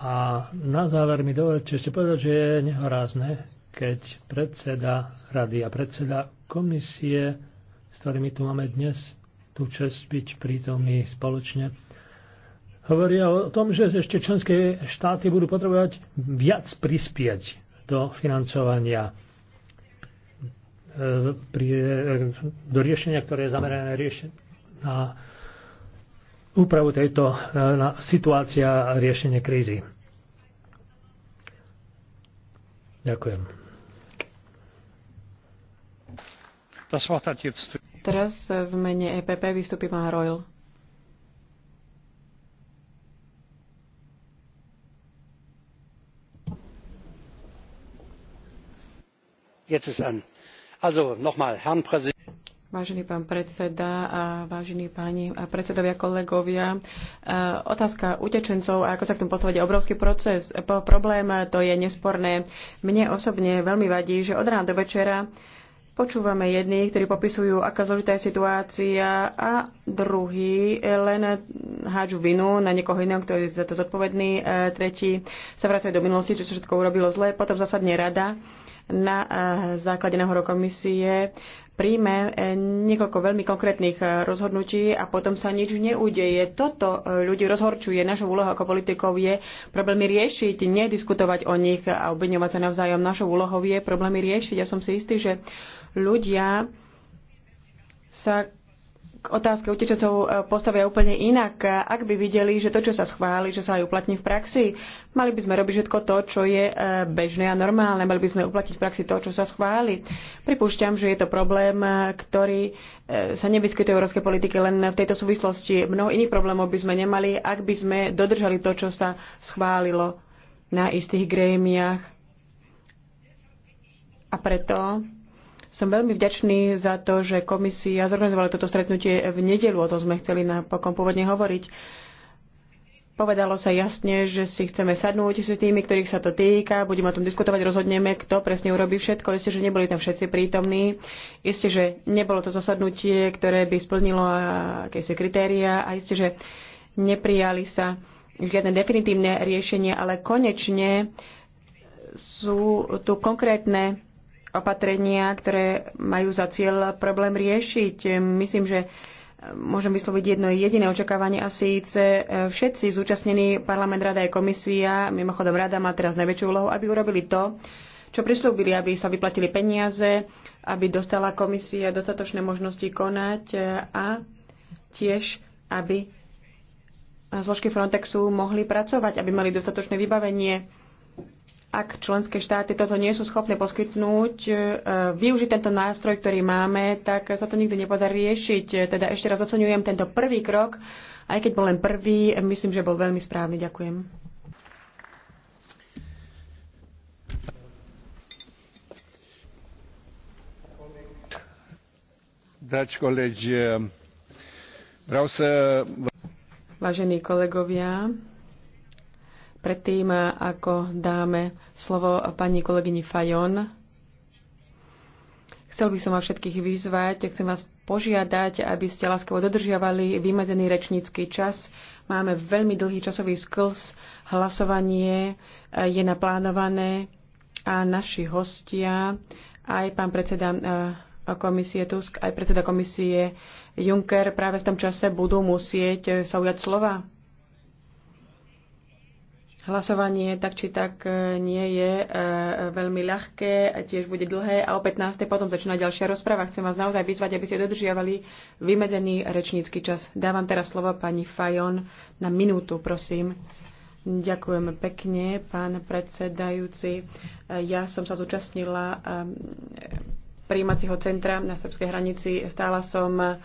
A na záver mi dovolte ešte povedať, že je nehorázne, keď predseda rady a predseda komisie, s ktorými tu máme dnes tú čest byť prítomní spoločne, hovoria o tom, že ešte členské štáty budú potrebovať viac prispieť do financovania e, pri, e, do riešenia, ktoré je zamerané na úpravu tejto e, na situácia a riešenie krízy. Ďakujem. Teraz v mene EPP vystupí pán Royal. Vážený pán predseda a vážení páni a predsedovia kolegovia, e, otázka utečencov a ako sa k tomu postaviť je obrovský proces. E, problém to je nesporné. Mne osobne veľmi vadí, že od rána do večera Počúvame jedných, ktorí popisujú, aká zložitá je situácia a druhý len háču vinu na niekoho iného, ktorý je za to zodpovedný. E, tretí sa vracajú do minulosti, čo sa všetko urobilo zle. Potom zasadne rada na e, základe náhoru komisie príjme e, niekoľko veľmi konkrétnych rozhodnutí a potom sa nič neudeje. Toto ľudí rozhorčuje. Našou úlohou ako politikov je problémy riešiť, nediskutovať o nich a obviňovať sa navzájom. Našou úlohou je problémy riešiť. Ja som si istý, že ľudia sa k otázke utečencov e, postavia úplne inak. Ak by videli, že to, čo sa schváli, že sa aj uplatní v praxi, mali by sme robiť všetko to, čo je e, bežné a normálne. Mali by sme uplatniť v praxi to, čo sa schváli. Pripúšťam, že je to problém, e, ktorý sa nevyskytuje v európskej politike len v tejto súvislosti. Mnoho iných problémov by sme nemali, ak by sme dodržali to, čo sa schválilo na istých grémiách. A preto som veľmi vďačný za to, že komisia zorganizovala toto stretnutie v nedelu, o tom sme chceli napokon pôvodne hovoriť. Povedalo sa jasne, že si chceme sadnúť s tými, ktorých sa to týka, budeme o tom diskutovať, rozhodneme, kto presne urobí všetko. Isté, že neboli tam všetci prítomní. Isté, že nebolo to zasadnutie, ktoré by splnilo akési kritéria a isté, že neprijali sa žiadne definitívne riešenie, ale konečne sú tu konkrétne opatrenia, ktoré majú za cieľ problém riešiť. Myslím, že môžem vysloviť jedno jediné očakávanie a síce e, všetci zúčastnení parlament, rada aj komisia, mimochodom rada má teraz najväčšiu úlohu, aby urobili to, čo prislúbili, aby sa vyplatili peniaze, aby dostala komisia dostatočné možnosti konať e, a tiež, aby zložky Frontexu mohli pracovať, aby mali dostatočné vybavenie ak členské štáty toto nie sú schopné poskytnúť, e, využiť tento nástroj, ktorý máme, tak sa to nikdy nepodarí riešiť. E, teda ešte raz oceňujem tento prvý krok, aj keď bol len prvý, myslím, že bol veľmi správny. Ďakujem. E, Vážení kolegovia, Predtým, ako dáme slovo pani kolegyni Fajon, chcel by som vás všetkých vyzvať, chcem vás požiadať, aby ste láskavo dodržiavali vymedzený rečnícky čas. Máme veľmi dlhý časový skls. hlasovanie je naplánované a naši hostia, aj pán predseda eh, komisie Tusk, aj predseda komisie Juncker práve v tom čase budú musieť sa eh, ujať slova. Hlasovanie tak či tak e, nie je e, veľmi ľahké, tiež bude dlhé a o 15. potom začína ďalšia rozpráva. Chcem vás naozaj vyzvať, aby ste dodržiavali vymedzený rečnícky čas. Dávam teraz slovo pani Fajon na minútu, prosím. Ďakujem pekne, pán predsedajúci. E, ja som sa zúčastnila príjmacieho centra na srbskej hranici. Stála som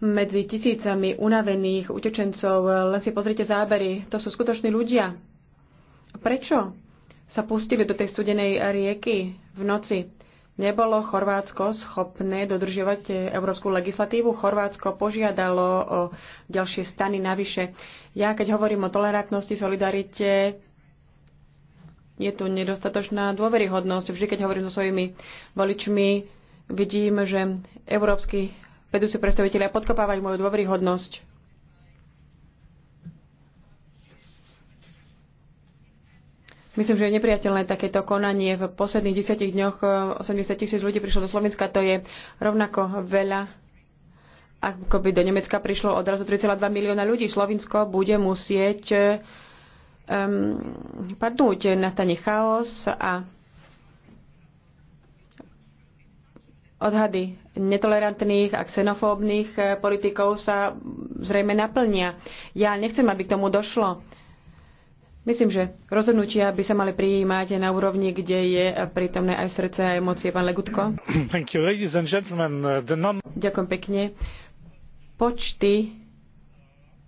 medzi tisícami unavených utečencov. Len si pozrite zábery. To sú skutoční ľudia. Prečo sa pustili do tej studenej rieky v noci? Nebolo Chorvátsko schopné dodržiavať európsku legislatívu. Chorvátsko požiadalo o ďalšie stany navyše. Ja, keď hovorím o tolerantnosti, solidarite, je tu nedostatočná dôveryhodnosť. Vždy, keď hovorím so svojimi voličmi, vidím, že európsky vedúci predstavitelia podkopávajú moju dôveryhodnosť. Myslím, že je nepriateľné takéto konanie. V posledných desiatich dňoch 80 eh, tisíc ľudí prišlo do Slovenska. To je rovnako veľa, ako by do Nemecka prišlo odrazu 3,2 milióna ľudí. Slovensko bude musieť um, padnúť. Nastane chaos a odhady netolerantných a xenofóbnych e, politikov sa zrejme naplnia. Ja nechcem, aby k tomu došlo. Myslím, že rozhodnutia by sa mali prijímať na úrovni, kde je prítomné aj srdce a emócie. Pán Legutko. You, uh, Ďakujem pekne. Počty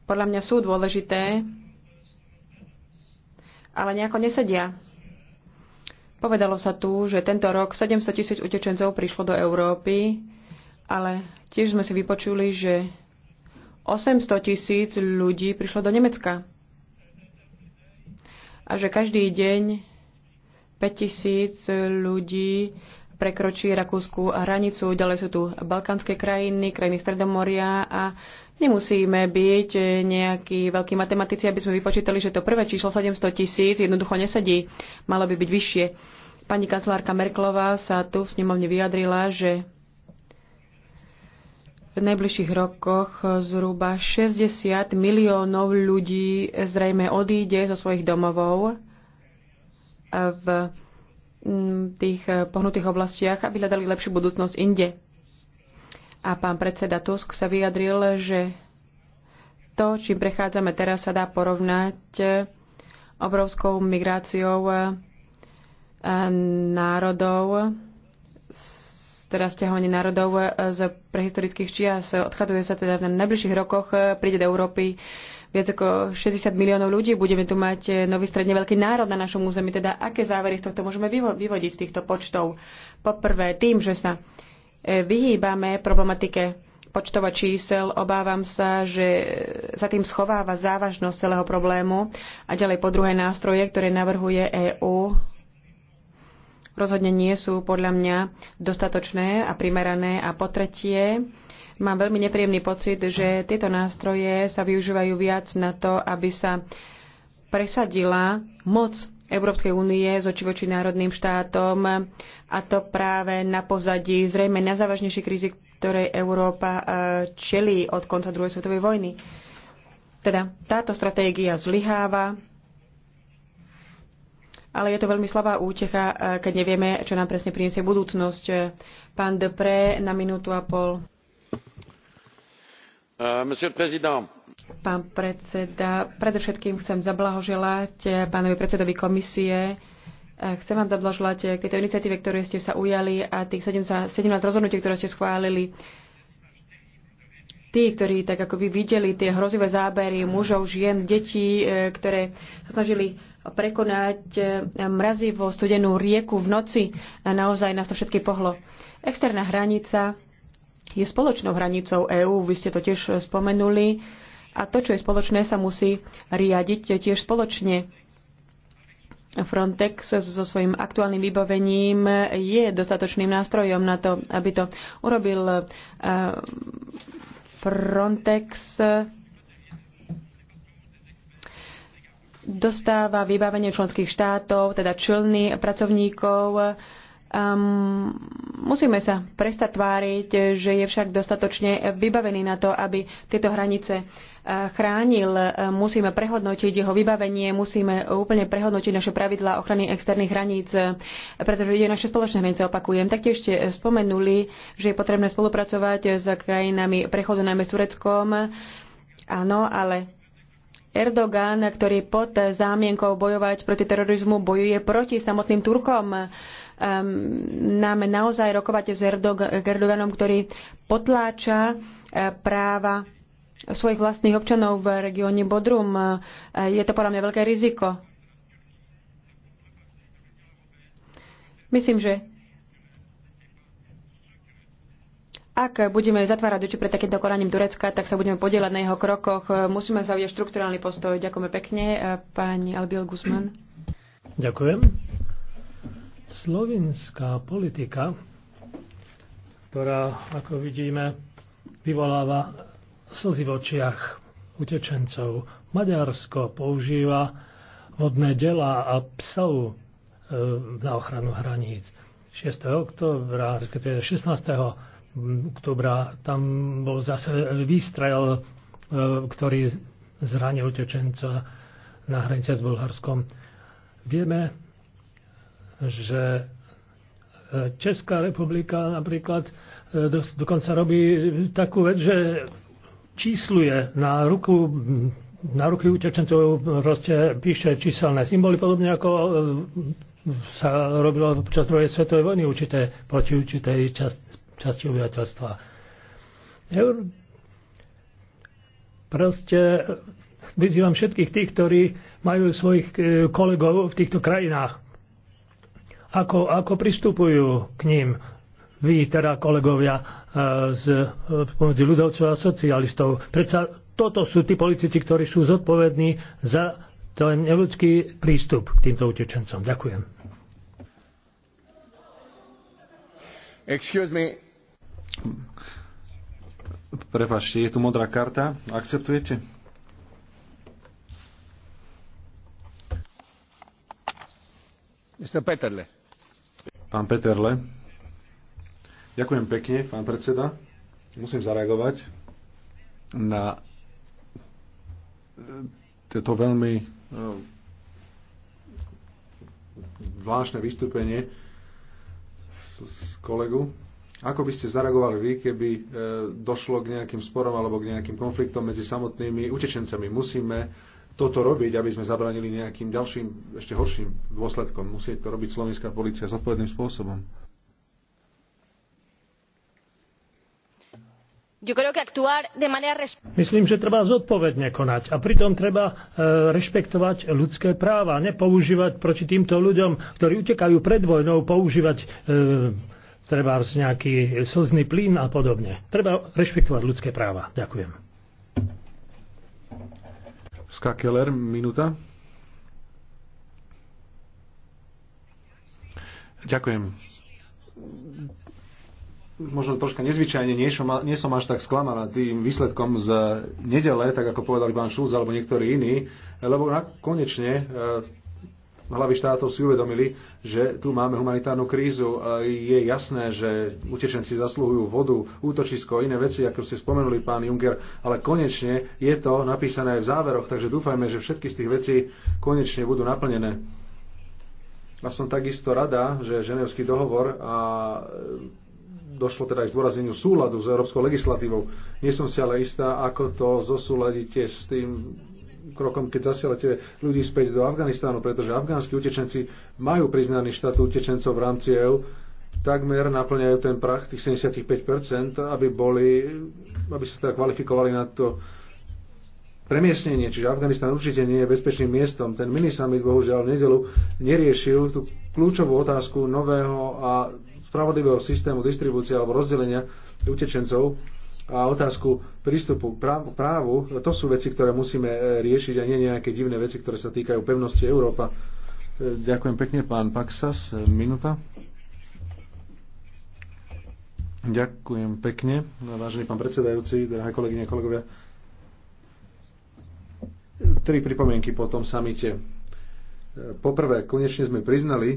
podľa mňa sú dôležité, ale nejako nesedia Povedalo sa tu, že tento rok 700 tisíc utečencov prišlo do Európy, ale tiež sme si vypočuli, že 800 tisíc ľudí prišlo do Nemecka. A že každý deň 5 tisíc ľudí prekročí rakúsku hranicu. Ďalej sú tu balkánske krajiny, krajiny Stredomoria a nemusíme byť nejakí veľkí matematici, aby sme vypočítali, že to prvé číslo 700 tisíc jednoducho nesedí. Malo by byť vyššie. Pani kancelárka Merklová sa tu v snemovne vyjadrila, že v najbližších rokoch zhruba 60 miliónov ľudí zrejme odíde zo svojich domovov v Mm, tých eh, pohnutých oblastiach, aby hľadali lepšiu budúcnosť inde. A pán predseda Tusk sa vyjadril, že to, čím prechádzame teraz, sa dá porovnať eh, obrovskou migráciou eh, národov, teda stiahovanie národov z prehistorických čias. odchaduje sa teda v najbližších rokoch, príde do Európy viac ako 60 miliónov ľudí, budeme tu mať e, nový stredne veľký národ na našom území. Teda aké závery z tohto môžeme vyvo- vyvodiť z týchto počtov? Poprvé, tým, že sa e, vyhýbame problematike počtova čísel, obávam sa, že e, sa tým schováva závažnosť celého problému. A ďalej po druhé nástroje, ktoré navrhuje EÚ, rozhodne nie sú podľa mňa dostatočné a primerané. A po tretie, Mám veľmi nepríjemný pocit, že tieto nástroje sa využívajú viac na to, aby sa presadila moc Európskej únie z oči voči národným štátom a to práve na pozadí zrejme najzávažnejšej krízy, ktorej Európa e, čelí od konca druhej svetovej vojny. Teda táto stratégia zlyháva, ale je to veľmi slabá útecha, e, keď nevieme, čo nám presne priniesie budúcnosť. Pán Depre na minútu a pol. Euh, Pán predseda, predovšetkým chcem zablahoželať eh, pánovi predsedovi komisie. Eh, chcem vám zablahoželať eh, k tejto iniciatíve, ktoré ste sa ujali a tých 17 rozhodnutí, ktoré ste schválili. Tí, ktorí, tak ako vy videli, tie hrozivé zábery mužov, žien, detí, ktoré sa snažili prekonať mrazivo studenú rieku v noci, naozaj nás to všetky pohlo. Externá hranica, je spoločnou hranicou EÚ, vy ste to tiež spomenuli, a to, čo je spoločné, sa musí riadiť tiež spoločne. Frontex so svojím aktuálnym vybavením je dostatočným nástrojom na to, aby to urobil eh, Frontex. Dostáva vybavenie členských štátov, teda člny pracovníkov, Um, musíme sa prestať tváriť, že je však dostatočne vybavený na to, aby tieto hranice eh, chránil. Ehm, musíme prehodnotiť jeho vybavenie, musíme úplne prehodnotiť naše pravidlá ochrany externých hraníc, eh, pretože ide naše spoločné hranice, opakujem. Taktiež ste spomenuli, že je potrebné spolupracovať s krajinami prechodu najmä s Tureckom. Áno, ale Erdogan, ktorý pod zámienkou bojovať proti terorizmu bojuje proti samotným Turkom. Ehm, nám naozaj rokovať s Erdoganom, ktorý potláča e, práva svojich vlastných občanov v regióne Bodrum. E, je to podľa mňa veľké riziko. Myslím, že ak budeme zatvárať oči pred takýmto koraním Turecka, tak sa budeme podielať na jeho krokoch. E, musíme zaujať štruktúrálny postoj. Ďakujeme pekne, pani Albiel Guzman. Ďakujem. Slovinská politika, ktorá, ako vidíme, vyvoláva slzy v očiach utečencov. Maďarsko používa vodné dela a psov e, na ochranu hraníc. 6. oktobra, respektíve 16. oktobra, tam bol zase výstrel, e, ktorý zranil utečenca na hranice s Bulharskom. Vieme, že e, Česká republika napríklad e, dokonca robí takú vec, že čísluje na ruku na ruky utečencov proste píše číselné symboly, podobne ako e, sa robilo počas druhej svetovej vojny určité, proti určitej čas, časti obyvateľstva. Eur... Proste vyzývam všetkých tých, ktorí majú svojich kolegov v týchto krajinách, ako, ako pristupujú k ním vy, teda kolegovia e, z, e, pomedzi ľudovcov a socialistov. Predsa toto sú tí politici, ktorí sú zodpovední za ten neľudský prístup k týmto utečencom. Ďakujem. Excuse me. Prepašte, je tu modrá karta. Akceptujete? Mr. Peterle. Pán Peterle. Ďakujem pekne, pán predseda. Musím zareagovať na eh, tieto veľmi eh, zvláštne vystúpenie z kolegu. Ako by ste zareagovali vy, keby eh, došlo k nejakým sporom alebo k nejakým konfliktom medzi samotnými utečencami? Musíme toto robiť, aby sme zabranili nejakým ďalším, ešte horším dôsledkom. Musí to robiť slovenská policia zodpovedným spôsobom. Myslím, že treba zodpovedne konať a pritom treba e, rešpektovať ľudské práva, nepoužívať proti týmto ľuďom, ktorí utekajú pred vojnou, používať e, treba nejaký slzný plyn a podobne. Treba rešpektovať ľudské práva. Ďakujem. Ska Keller, minúta. Ďakujem. Možno troška nezvyčajne, nie som, nie som až tak sklamaná tým výsledkom z nedele, tak ako povedali pán Šulc alebo niektorí iní, lebo na, konečne e, hlavy štátov si uvedomili, že tu máme humanitárnu krízu. Je jasné, že utečenci zasluhujú vodu, útočisko, iné veci, ako ste spomenuli, pán Juncker, ale konečne je to napísané aj v záveroch, takže dúfajme, že všetky z tých vecí konečne budú naplnené. Ja som takisto rada, že Ženevský dohovor a e, došlo teda aj k zdôrazneniu súladu s európskou legislatívou. Nie som si ale istá, ako to zosúladíte s tým krokom, keď zasielate ľudí späť do Afganistánu, pretože afgánsky utečenci majú priznaný štát utečencov v rámci EU, takmer naplňajú ten prach tých 75%, aby, boli, aby sa teda kvalifikovali na to premiesnenie. Čiže Afganistan určite nie je bezpečným miestom. Ten minisamit bohužiaľ v nedelu neriešil tú kľúčovú otázku nového a spravodlivého systému distribúcie alebo rozdelenia utečencov a otázku prístupu k právu, to sú veci, ktoré musíme e, riešiť a nie nejaké divné veci, ktoré sa týkajú pevnosti Európa. E, ďakujem pekne, pán Paxas. E, minúta. Ďakujem pekne, vážený pán predsedajúci, drahé kolegyne a kolegovia. Tri pripomienky po tom samite. Poprvé, konečne sme priznali,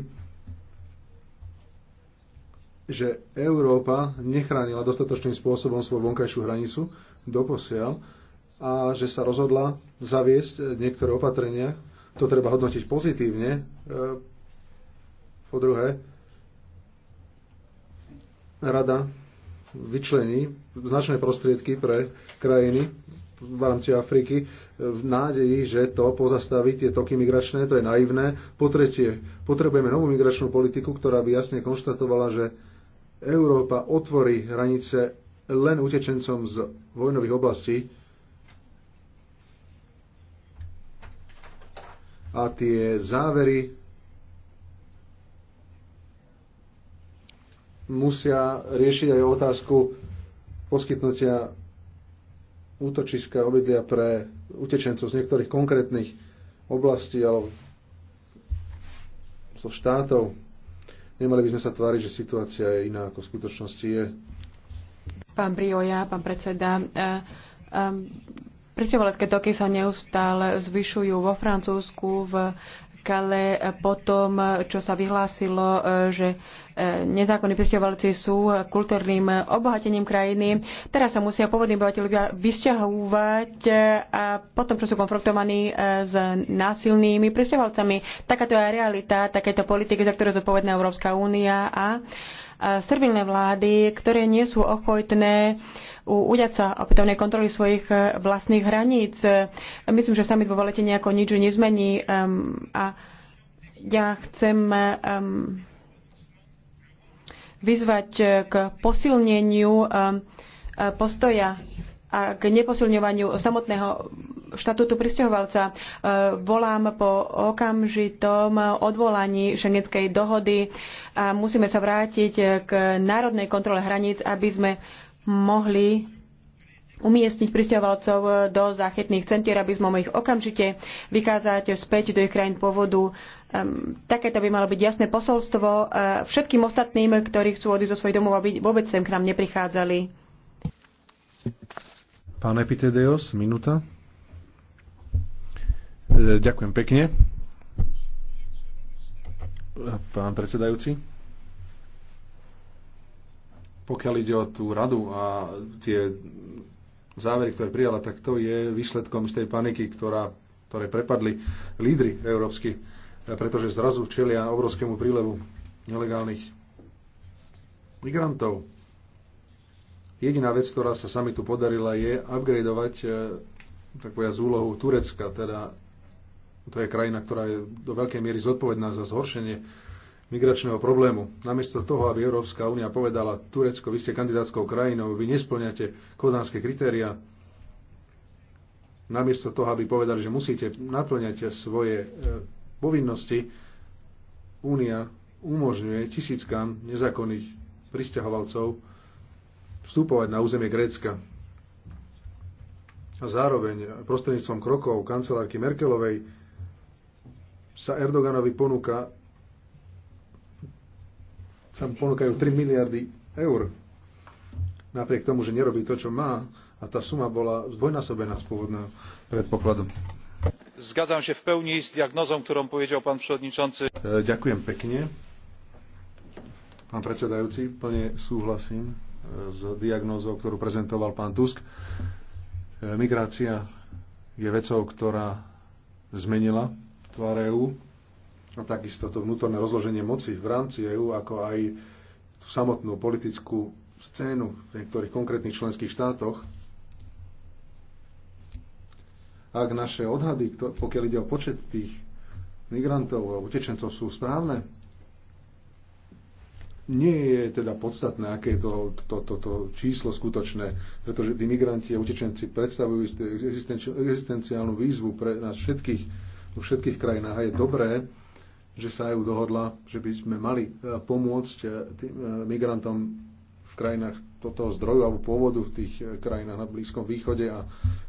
že Európa nechránila dostatočným spôsobom svoju vonkajšiu hranicu doposiaľ a že sa rozhodla zaviesť niektoré opatrenia. To treba hodnotiť pozitívne. E, po druhé, rada vyčlení značné prostriedky pre krajiny v rámci Afriky v nádeji, že to pozastaví tie toky migračné, to je naivné. Po tretie, potrebujeme novú migračnú politiku, ktorá by jasne konštatovala, že Európa otvorí hranice len utečencom z vojnových oblastí a tie závery musia riešiť aj otázku poskytnutia útočiska obydlia pre utečencov z niektorých konkrétnych oblastí alebo zo štátov Nemali by sme sa tváriť, že situácia je iná, ako v skutočnosti je. Pán Brioja, pán predseda, eh, eh, Prisťovalecké toky sa neustále zvyšujú vo Francúzsku, v Kale po tom, čo sa vyhlásilo, že e, nezákonní pristahovalci sú kultúrnym obohatením krajiny. Teraz sa musia pôvodní obyvateľia vysťahovať e, a potom, čo sú konfrontovaní e, s násilnými pristahovalcami. Takáto je realita, takéto politiky, za ktoré zodpovedná Európska únia a servilné vlády, ktoré nie sú ochotné ujať sa opätovnej kontroly svojich e, vlastných hraníc. Myslím, že sami vo valete nejako nič nezmení a ja chcem vyzvať e, k posilneniu e, postoja a k neposilňovaniu samotného štatútu pristahovalca. E, volám po okamžitom odvolaní šengenskej dohody a musíme sa vrátiť k národnej kontrole hraníc, aby sme mohli umiestniť pristahovalcov do záchytných centier, aby sme mohli ich okamžite vykázať späť do ich krajín pôvodu. Ehm, takéto by malo byť jasné posolstvo e, všetkým ostatným, ktorí chcú odísť zo svojich domov, aby vôbec sem k nám neprichádzali. Pán Epitedeos, minúta. E, ďakujem pekne. Pán predsedajúci. Pokiaľ ide o tú radu a tie závery, ktoré prijala, tak to je výsledkom z tej paniky, ktorá, ktoré prepadli lídry európsky, pretože zrazu čelia obrovskému prílevu nelegálnych migrantov. Jediná vec, ktorá sa sami tu podarila, je upgradovať e, takú z úlohu Turecka, teda to je krajina, ktorá je do veľkej miery zodpovedná za zhoršenie migračného problému. Namiesto toho, aby Európska únia povedala Turecko, vy ste kandidátskou krajinou, vy nesplňate kodánske kritéria, namiesto toho, aby povedali, že musíte naplňať svoje e, povinnosti, únia umožňuje tisíckam nezákonných pristahovalcov vstupovať na územie Grécka. A zároveň prostredníctvom krokov kancelárky Merkelovej sa Erdoganovi ponúka sa ponúkajú 3 miliardy eur. Napriek tomu, že nerobí to, čo má, a tá suma bola zdvojnásobená z pôvodného predpokladu. Zgadzam sa v pełni s diagnozą, ktorú povedal pán przewodniczący. E, ďakujem pekne. Pán predsedajúci, plne súhlasím e, s diagnózou, ktorú prezentoval pán Tusk. E, migrácia je vecou, ktorá zmenila tvár EÚ a takisto to vnútorné rozloženie moci v rámci EÚ, ako aj tú samotnú politickú scénu v niektorých konkrétnych členských štátoch. Ak naše odhady, pokiaľ ide o počet tých migrantov a utečencov sú správne, nie je teda podstatné, aké je to, to, to, to číslo skutočné, pretože tí migranti a utečenci predstavujú existenciálnu výzvu pre nás všetkých vo všetkých krajinách. A je dobré, že sa EU dohodla, že by sme mali e, pomôcť e, tým e, migrantom v krajinách toho zdroju alebo pôvodu v tých krajinách na Blízkom východe a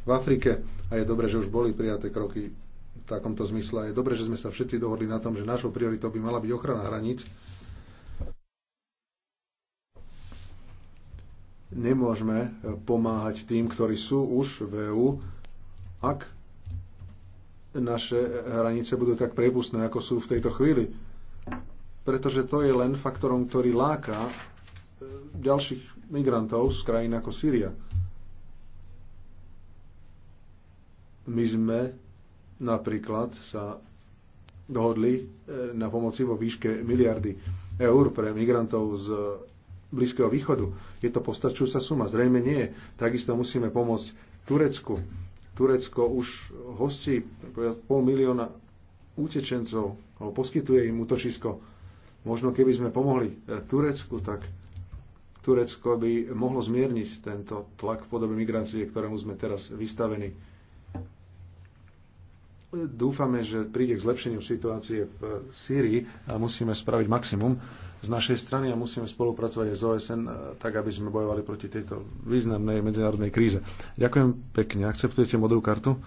v Afrike. A je dobré, že už boli prijaté kroky v takomto zmysle. Je dobré, že sme sa všetci dohodli na tom, že našou prioritou by mala byť ochrana hraníc. Nemôžeme pomáhať tým, ktorí sú už v EÚ, ak naše hranice budú tak priepustné, ako sú v tejto chvíli. Pretože to je len faktorom, ktorý láka e, ďalších migrantov z krajín ako Sýria. My sme napríklad sa dohodli e, na pomoci vo výške miliardy eur pre migrantov z Blízkeho východu. Je to postačujúca suma? Zrejme nie. Takisto musíme pomôcť Turecku Turecko už hostí pol milióna utečencov, alebo poskytuje im útočisko. Možno keby sme pomohli e, Turecku, tak Turecko by mohlo zmierniť tento tlak v podobe migrácie, ktorému sme teraz vystavení. Dúfame, že príde k zlepšeniu situácie v e, Sýrii a musíme spraviť maximum, z našej strany a musíme spolupracovať aj s OSN, e, tak aby sme bojovali proti tejto významnej medzinárodnej kríze. Ďakujem pekne. Akceptujete modrú kartu?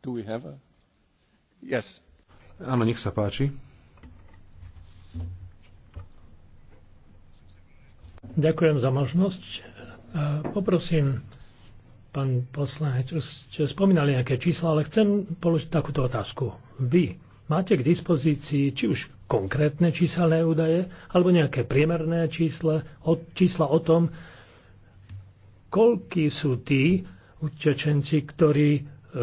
Do we have a... Yes. Áno, nech sa páči. Ďakujem za možnosť. E, poprosím, pán poslanec, ste spomínali nejaké čísla, ale chcem položiť takúto otázku vy máte k dispozícii či už konkrétne číselné údaje alebo nejaké priemerné čísla, čísla o tom, koľkí sú tí utečenci, ktorí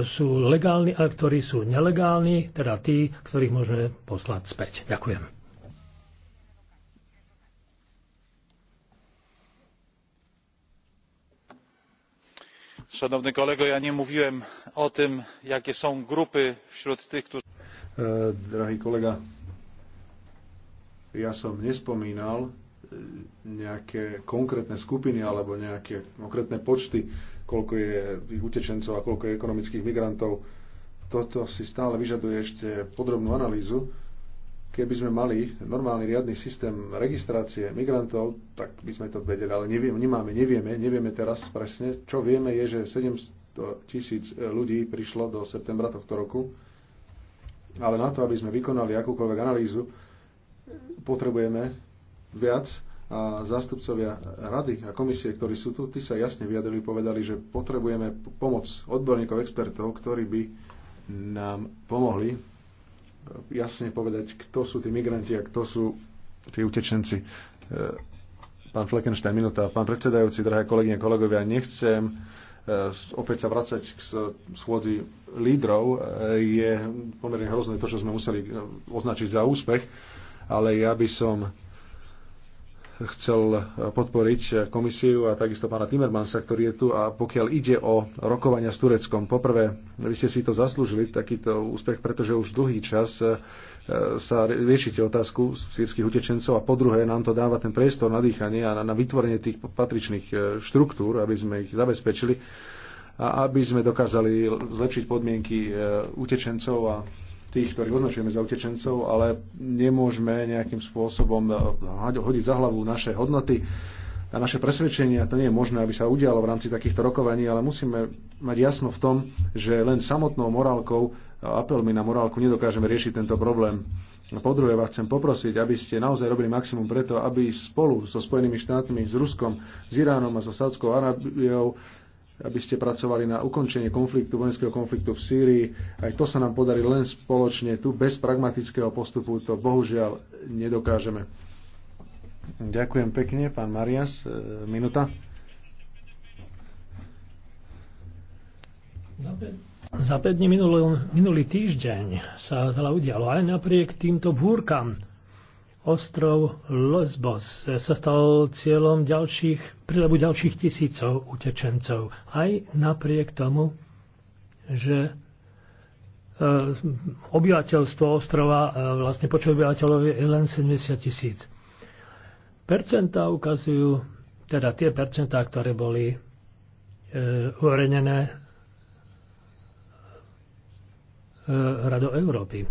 sú legálni a ktorí sú nelegálni, teda tí, ktorých môžeme poslať späť. Ďakujem. szanowny kolego ja nie mówiłem o tym jakie są grupy wśród tych którzy. E, drahý kolega ja som nespomínal e, nejaké konkrétne skupiny alebo nejaké konkrétne počty, koľko je utečencov a koľko je ekonomických migrantov. Toto si stále vyžaduje ešte podrobnú analýzu Keby sme mali normálny riadny systém registrácie migrantov, tak by sme to vedeli, ale neviem, nemáme, nevieme, nevieme teraz presne. Čo vieme je, že 700 tisíc ľudí prišlo do septembra tohto roku, ale na to, aby sme vykonali akúkoľvek analýzu, potrebujeme viac a zástupcovia rady a komisie, ktorí sú tu, tí sa jasne vyjadrili, povedali, že potrebujeme pomoc odborníkov, expertov, ktorí by nám pomohli jasne povedať, kto sú tí migranti a kto sú tí utečenci. E, pán Fleckenstein, minúta. Pán predsedajúci, drahé kolegyne, kolegovia, nechcem e, opäť sa vracať k schôdzi lídrov. E, je pomerne hrozné to, čo sme museli označiť za úspech, ale ja by som chcel podporiť komisiu a takisto pána Timmermansa, ktorý je tu. A pokiaľ ide o rokovania s Tureckom, poprvé, vy ste si to zaslúžili, takýto úspech, pretože už dlhý čas e, sa riešite otázku sírskych utečencov a po druhé nám to dáva ten priestor na dýchanie a na vytvorenie tých patričných e, štruktúr, aby sme ich zabezpečili a aby sme dokázali zlepšiť podmienky e, utečencov a tých, ktorých označujeme za utečencov, ale nemôžeme nejakým spôsobom eh, hodiť za hlavu naše hodnoty a naše presvedčenia. To nie je možné, aby sa udialo v rámci takýchto rokovaní, ale musíme mať jasno v tom, že len samotnou morálkou, apelmi na morálku nedokážeme riešiť tento problém. Po druhé vás chcem poprosiť, aby ste naozaj robili maximum preto, aby spolu so Spojenými štátmi, s Ruskom, s Iránom a so Sádskou Arábiou aby ste pracovali na ukončenie konfliktu, vojenského konfliktu v Sýrii. Aj to sa nám podarí len spoločne. Tu bez pragmatického postupu to bohužiaľ nedokážeme. Ďakujem pekne, pán Marias. E, Minúta. Za 5 dní minulý, minulý týždeň sa veľa udialo aj napriek týmto búrkam Ostrov Lesbos sa stal cieľom ďalších, prílebu ďalších tisícov utečencov. Aj napriek tomu, že e, obyvateľstvo ostrova, e, vlastne počet obyvateľov je len 70 tisíc. Percentá ukazujú, teda tie percentá, ktoré boli e, uverejnené e, Európy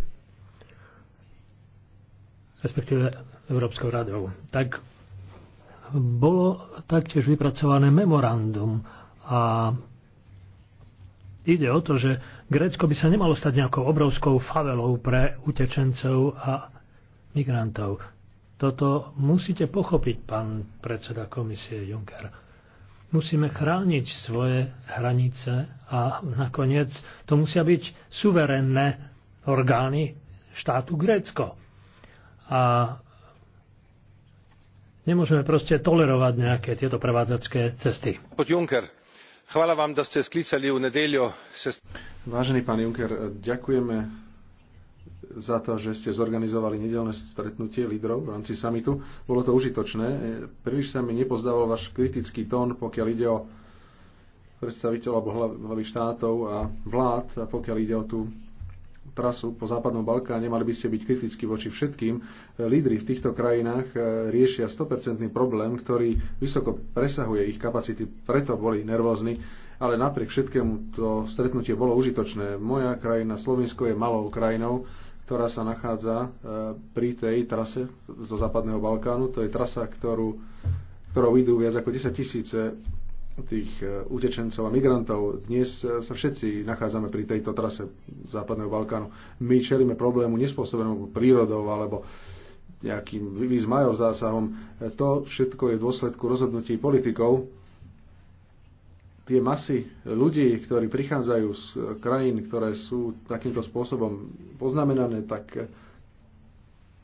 respektíve Európskou radou, tak bolo taktiež vypracované memorandum a ide o to, že Grécko by sa nemalo stať nejakou obrovskou favelou pre utečencov a migrantov. Toto musíte pochopiť, pán predseda komisie Juncker. Musíme chrániť svoje hranice a nakoniec to musia byť suverenné orgány štátu Grécko a nemôžeme proste tolerovať nejaké tieto prevádzacké cesty. Juncker, vám, da ste sklicali v nedeľu. Vážený pán Juncker, ďakujeme za to, že ste zorganizovali nedelné stretnutie lídrov v rámci samitu. Bolo to užitočné. Príliš sa mi nepozdával váš kritický tón, pokiaľ ide o predstaviteľov alebo hlavy štátov a vlád, a pokiaľ ide o tú trasu po západnom Balkáne, mali by ste byť kriticky voči všetkým. Lídry v týchto krajinách e, riešia 100% problém, ktorý vysoko presahuje ich kapacity, preto boli nervózni, ale napriek všetkému to stretnutie bolo užitočné. Moja krajina, Slovensko, je malou krajinou, ktorá sa nachádza e, pri tej trase zo západného Balkánu. To je trasa, ktorú, ktorou idú viac ako 10 tisíce tých e, utečencov a migrantov. Dnes e, sa všetci nachádzame pri tejto trase Západného Balkánu. My čelíme problému nespôsobenému prírodou alebo nejakým výzmajov zásahom. E, to všetko je v dôsledku rozhodnutí politikov. Tie masy ľudí, ktorí prichádzajú z krajín, ktoré sú takýmto spôsobom poznamenané, tak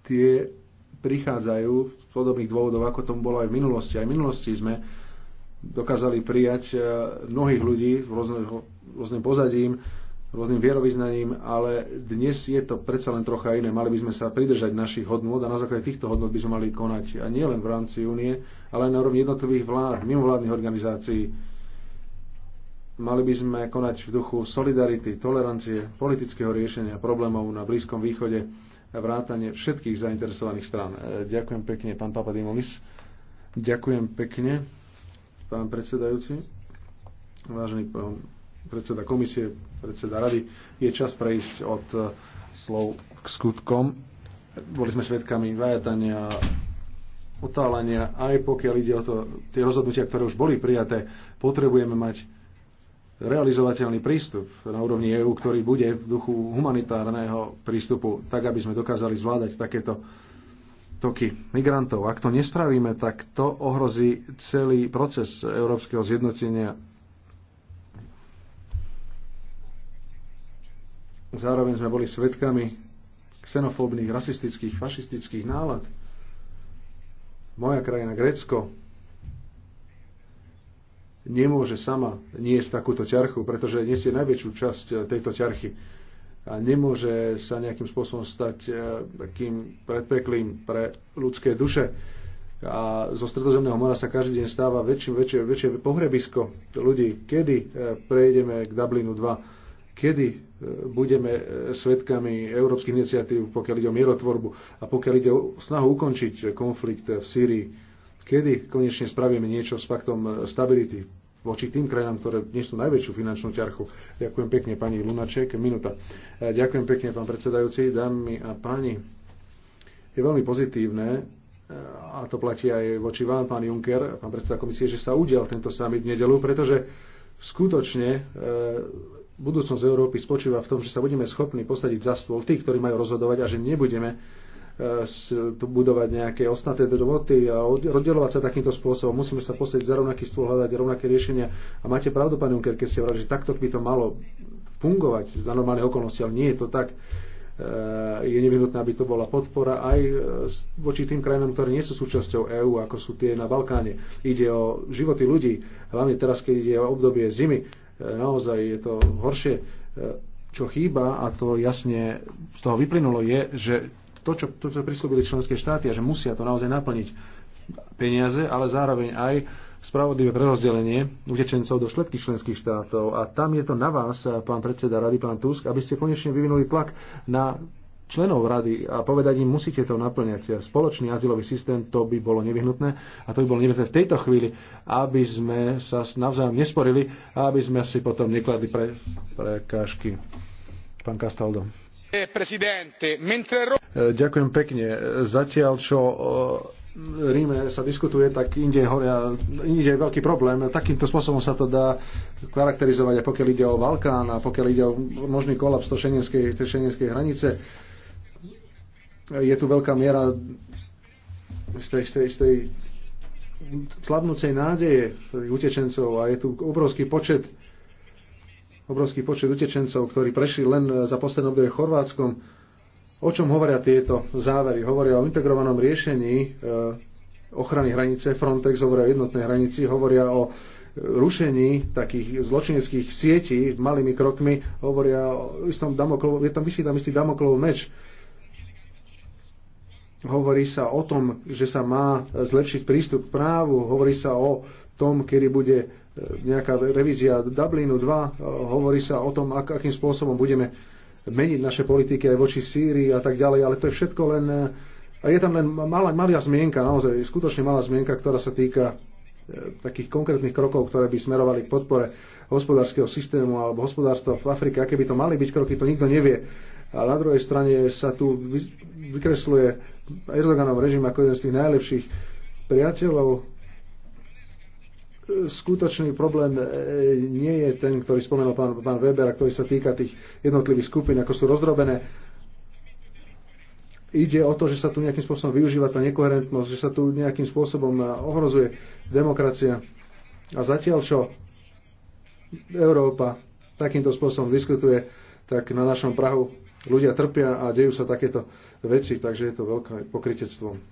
tie prichádzajú z podobných dôvodov, ako tomu bolo aj v minulosti. Aj v minulosti sme dokázali prijať e, mnohých ľudí s rôznym pozadím, rôznym vierovýznaním, ale dnes je to predsa len trocha iné. Mali by sme sa pridržať našich hodnot a na základe týchto hodnot by sme mali konať. A nie len v rámci únie, ale aj na úrovni jednotlivých vlád, mimovládnych organizácií. Mali by sme konať v duchu solidarity, tolerancie, politického riešenia problémov na Blízkom východe a vrátanie všetkých zainteresovaných strán. E, ďakujem pekne, pán Papadimonis. Ďakujem pekne pán predsedajúci, vážený pán predseda komisie, predseda rady, je čas prejsť od eh, slov k skutkom. Boli sme svedkami vajatania, otálania, aj pokiaľ ide o to, tie rozhodnutia, ktoré už boli prijaté, potrebujeme mať realizovateľný prístup na úrovni EÚ, ktorý bude v duchu humanitárneho prístupu, tak aby sme dokázali zvládať takéto toky migrantov. Ak to nespravíme, tak to ohrozí celý proces európskeho zjednotenia. Zároveň sme boli svedkami xenofóbnych, rasistických, fašistických nálad. Moja krajina, Grécko, nemôže sama niesť takúto ťarchu, pretože nesie najväčšiu časť tejto ťarchy a nemôže sa nejakým spôsobom stať e, takým predpeklým pre ľudské duše. A zo Stredozemného mora sa každý deň stáva väčšie, väčšie, väčšie pohrebisko ľudí. Kedy e, prejdeme k Dublinu 2? Kedy e, budeme svetkami európskych iniciatív, pokiaľ ide o mierotvorbu a pokiaľ ide o snahu ukončiť konflikt v Sýrii? Kedy konečne spravíme niečo s faktom stability? voči tým krajinám, ktoré dnes sú najväčšiu finančnú ťarchu. Ďakujem pekne pani Lunaček, minúta. E, ďakujem pekne pán predsedajúci, dámy a páni. Je veľmi pozitívne, e, a to platí aj voči vám, pán Juncker, pán predseda komisie, že sa udial tento summit v nedelu, pretože skutočne e, budúcnosť Európy spočíva v tom, že sa budeme schopní posadiť za stôl tých, ktorí majú rozhodovať a že nebudeme budovať nejaké ostatné domoty a rodelovať sa takýmto spôsobom. Musíme sa posieť za rovnaký stôl, hľadať rovnaké riešenia. A máte pravdu, pán Juncker, keď ste hovorili, že takto by to malo fungovať za normálnych okolnosti, ale nie je to tak. E, je nevyhnutné, aby to bola podpora aj e, voči tým krajinám, ktoré nie sú súčasťou EÚ, ako sú tie na Balkáne. Ide o životy ľudí, hlavne teraz, keď ide o obdobie zimy. E, naozaj je to horšie. Čo chýba, a to jasne z toho vyplynulo, je, že to, čo, to, čo prislúbili členské štáty a že musia to naozaj naplniť peniaze, ale zároveň aj spravodlivé prerozdelenie utečencov do všetkých členských štátov. A tam je to na vás, pán predseda rady, pán Tusk, aby ste konečne vyvinuli tlak na členov rady a povedať im, musíte to naplňať. Spoločný azylový systém, to by bolo nevyhnutné a to by bolo nevyhnutné v tejto chvíli, aby sme sa navzájom nesporili a aby sme si potom nekladli pre, prekážky. Pán Castaldo. E, ďakujem pekne. Zatiaľ, čo e, Ríme sa diskutuje, tak inde, horia, inde je veľký problém. Takýmto spôsobom sa to dá charakterizovať, a pokiaľ ide o Balkán a pokiaľ ide o možný kolaps to šengenskej, šengenskej hranice. Je tu veľká miera z tej, z tej, z tej slabnúcej nádeje utečencov a je tu obrovský počet obrovský počet utečencov, ktorí prešli len e, za posledné obdobie Chorvátskom. O čom hovoria tieto závery? Hovoria o integrovanom riešení e, ochrany hranice, Frontex hovoria o jednotnej hranici, hovoria o e, rušení takých zločineckých sietí malými krokmi, hovoria o istom damoklov, je tam vysí tam istý damoklov meč. Hovorí sa o tom, že sa má zlepšiť prístup k právu, hovorí sa o tom, kedy bude nejaká revízia Dublinu 2, e, hovorí sa o tom, ak, akým spôsobom budeme meniť naše politiky aj voči Sýrii a tak ďalej, ale to je všetko len... E, a je tam len malá, malá zmienka, naozaj skutočne malá zmienka, ktorá sa týka e, takých konkrétnych krokov, ktoré by smerovali k podpore hospodárskeho systému alebo hospodárstva v Afrike. Aké by to mali byť kroky, to nikto nevie. A na druhej strane sa tu vykresluje Erdoganov režim ako jeden z tých najlepších priateľov skutočný problém e, e, nie je ten, ktorý spomenul pán, pán Weber, a ktorý sa týka tých jednotlivých skupín, ako sú rozdrobené. Ide o to, že sa tu nejakým spôsobom využíva tá nekoherentnosť, že sa tu nejakým spôsobom e, ohrozuje demokracia. A zatiaľ, čo Európa takýmto spôsobom diskutuje, tak na našom Prahu ľudia trpia a dejú sa takéto veci, takže je to veľké pokritectvo.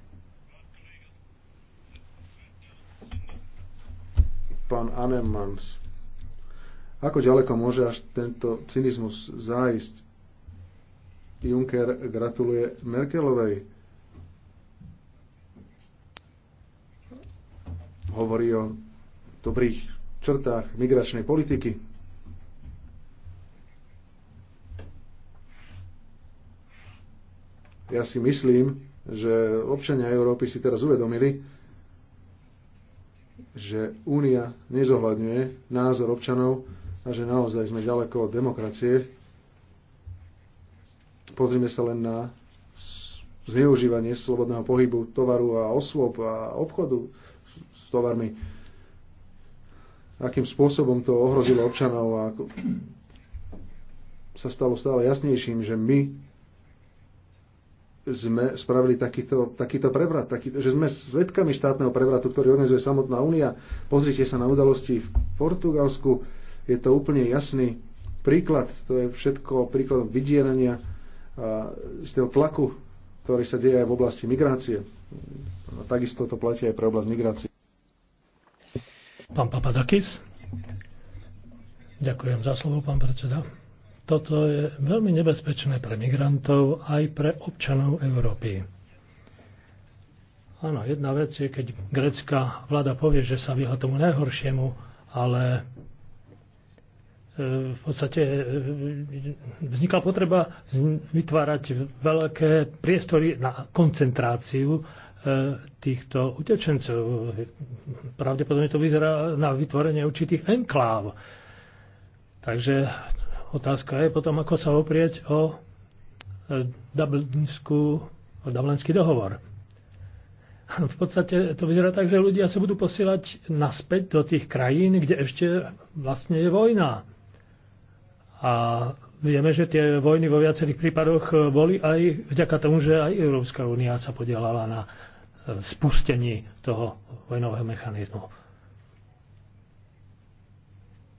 pán Anemans. Ako ďaleko môže až tento cynizmus zájsť? Juncker gratuluje Merkelovej. Hovorí o dobrých črtách migračnej politiky. Ja si myslím, že občania Európy si teraz uvedomili, že Únia nezohľadňuje názor občanov a že naozaj sme ďaleko od demokracie. Pozrime sa len na zneužívanie slobodného pohybu tovaru a osôb a obchodu s tovarmi. Akým spôsobom to ohrozilo občanov a sa stalo stále jasnejším, že my sme spravili takýto, takýto prevrat, taký, že sme svetkami štátneho prevratu, ktorý organizuje samotná únia. Pozrite sa na udalosti v Portugalsku, je to úplne jasný príklad, to je všetko príkladom vydierania z toho tlaku, ktorý sa deje aj v oblasti migrácie. A takisto to platí aj pre oblasť migrácie. Pán Papadakis. Ďakujem za slovo, pán predseda. Toto je veľmi nebezpečné pre migrantov aj pre občanov Európy. Áno, jedna vec je, keď grecká vláda povie, že sa vyhla tomu najhoršiemu, ale e, v podstate e, vznikla potreba vytvárať veľké priestory na koncentráciu e, týchto utečencov. Pravdepodobne to vyzerá na vytvorenie určitých enkláv. Takže Otázka je potom, ako sa oprieť o e, Dublinskú, o Dublinský dohovor. V podstate to vyzerá tak, že ľudia sa budú posielať naspäť do tých krajín, kde ešte vlastne je vojna. A vieme, že tie vojny vo viacerých prípadoch boli aj vďaka tomu, že aj Európska únia sa podielala na e, spustení toho vojnového mechanizmu.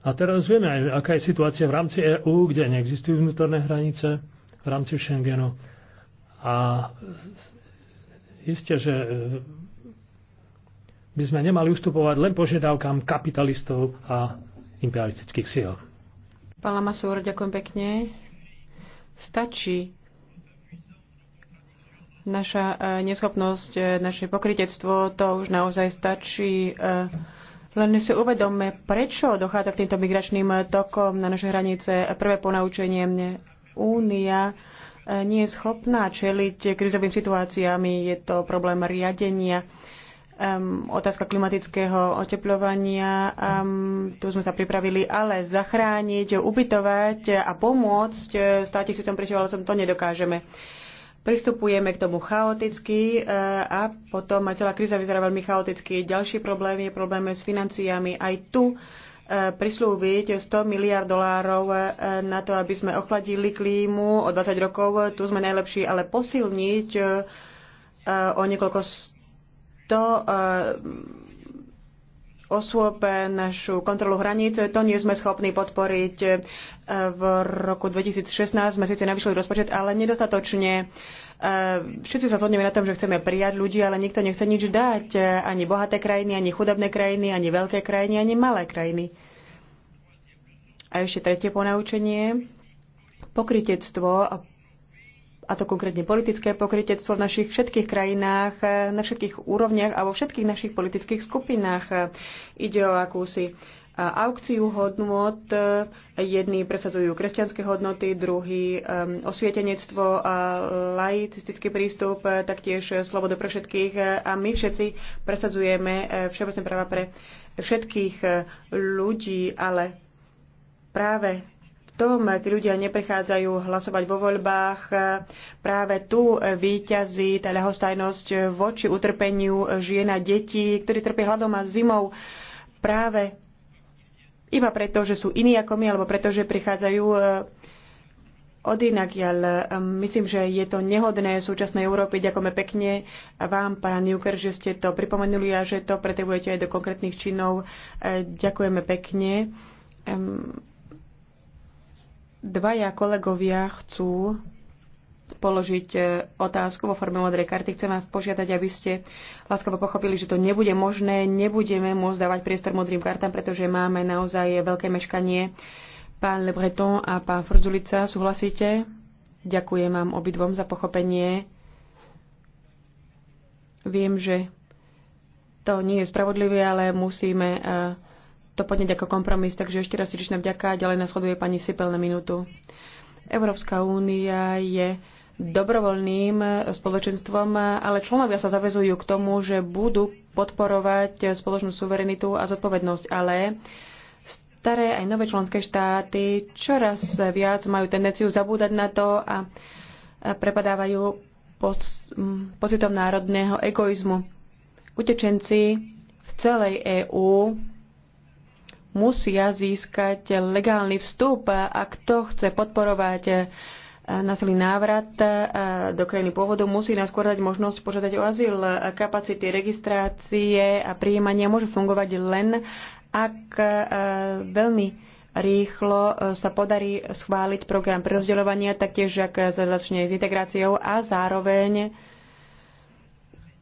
A teraz vieme aj, aká je situácia v rámci EÚ, kde neexistujú vnútorné hranice, v rámci Schengenu. A isté, že by sme nemali ustupovať len požiadavkám kapitalistov a imperialistických síl. Pán Lamasúr, ďakujem pekne. Stačí naša eh, neschopnosť, eh, naše pokritectvo, to už naozaj stačí. E, len si uvedomme, prečo dochádza k týmto migračným tokom na naše hranice. Prvé ponaučenie Únia e, nie je schopná čeliť krizovým situáciám. Je to problém riadenia, um, otázka klimatického oteplovania. Um, tu sme sa pripravili, ale zachrániť, ubytovať a pomôcť e, si tom prišielcom to nedokážeme. Pristupujeme k tomu chaoticky e, a potom aj celá kríza vyzerá veľmi chaoticky. Ďalší problém je problém s financiami. Aj tu e, prislúbiť 100 miliard dolárov e, na to, aby sme ochladili klímu o 20 rokov, tu sme najlepší, ale posilniť o niekoľko 100 osôb, našu kontrolu hraníc, to nie sme schopní podporiť. V roku 2016 sme síce navýšili rozpočet, ale nedostatočne. Eh, všetci sa zhodneme na tom, že chceme prijať ľudí, ale nikto nechce nič dať. Ani bohaté krajiny, ani chudobné krajiny, ani veľké krajiny, ani malé krajiny. A ešte tretie ponaučenie. a a to konkrétne politické pokrytectvo v našich všetkých krajinách, eh, na všetkých úrovniach a vo všetkých našich politických skupinách. Ide o akúsi eh, aukciu hodnot. Jedni presadzujú kresťanské hodnoty, druhý eh, osvietenectvo, laicistický prístup, taktiež slobodu pre všetkých a my všetci presadzujeme všeobecné práva pre všetkých ľudí, ale práve tom, tí ľudia neprechádzajú hlasovať vo voľbách, e, práve tu e, výťazí tá ľahostajnosť e, voči utrpeniu žien a detí, ktorí trpia hladom a zimou práve iba preto, že sú iní ako my, alebo preto, že prichádzajú od inak, ale Myslím, že je to nehodné súčasnej Európy. Ďakujeme pekne vám, pán Juker, že ste to pripomenuli a že to pretevujete aj do konkrétnych činov. Ďakujeme pekne. Dvaja kolegovia chcú položiť e, otázku vo forme modrej karty. Chcem vás požiadať, aby ste láskavo pochopili, že to nebude možné. Nebudeme môcť dávať priestor modrým kartám, pretože máme naozaj veľké meškanie. Pán Le Breton a pán Frzulica, súhlasíte? Ďakujem vám obidvom za pochopenie. Viem, že to nie je spravodlivé, ale musíme uh, to podneť ako kompromis. Takže ešte raz srdečná vďaka. Ďalej nasleduje pani Sipel na minútu. Európska únia je dobrovoľným spoločenstvom, ale členovia sa zavezujú k tomu, že budú podporovať spoločnú suverenitu a zodpovednosť. Ale staré aj nové členské štáty čoraz viac majú tendenciu zabúdať na to a prepadávajú pocitom národného egoizmu. Utečenci v celej EÚ musia získať legálny vstup a kto chce podporovať eh, násilný návrat eh, do krajiny pôvodu, musí najskôr dať možnosť požiadať o azyl. Kapacity registrácie a príjmania môžu fungovať len, ak eh, veľmi rýchlo sa podarí schváliť program prerozdeľovania, taktiež ak začne s integráciou a zároveň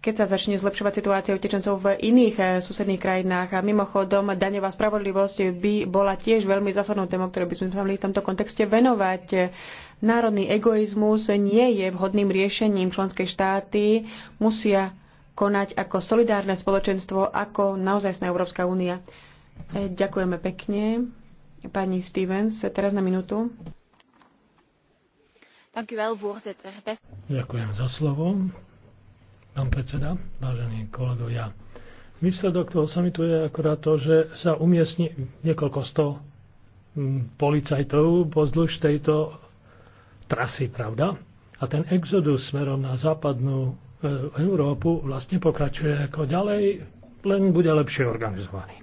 keď sa začne zlepšovať situácia utečencov v iných eh, susedných krajinách. A mimochodom, daňová spravodlivosť by bola tiež veľmi zásadnou témou, ktoré by sme sa mali v tomto kontexte venovať. Národný egoizmus nie je vhodným riešením. Členské štáty musia konať ako solidárne spoločenstvo, ako naozajstná Európska únia. Eh, ďakujeme pekne. Pani Stevens, teraz na minútu. Ďakujem za slovo, pán predseda, vážení kolegovia. Výsledok toho samitu je akorát to, že sa umiestni niekoľko sto mm, policajtov pozdĺž tejto trasy, pravda? A ten exodus smerom na západnú e, Európu vlastne pokračuje ako ďalej, len bude lepšie organizovaný.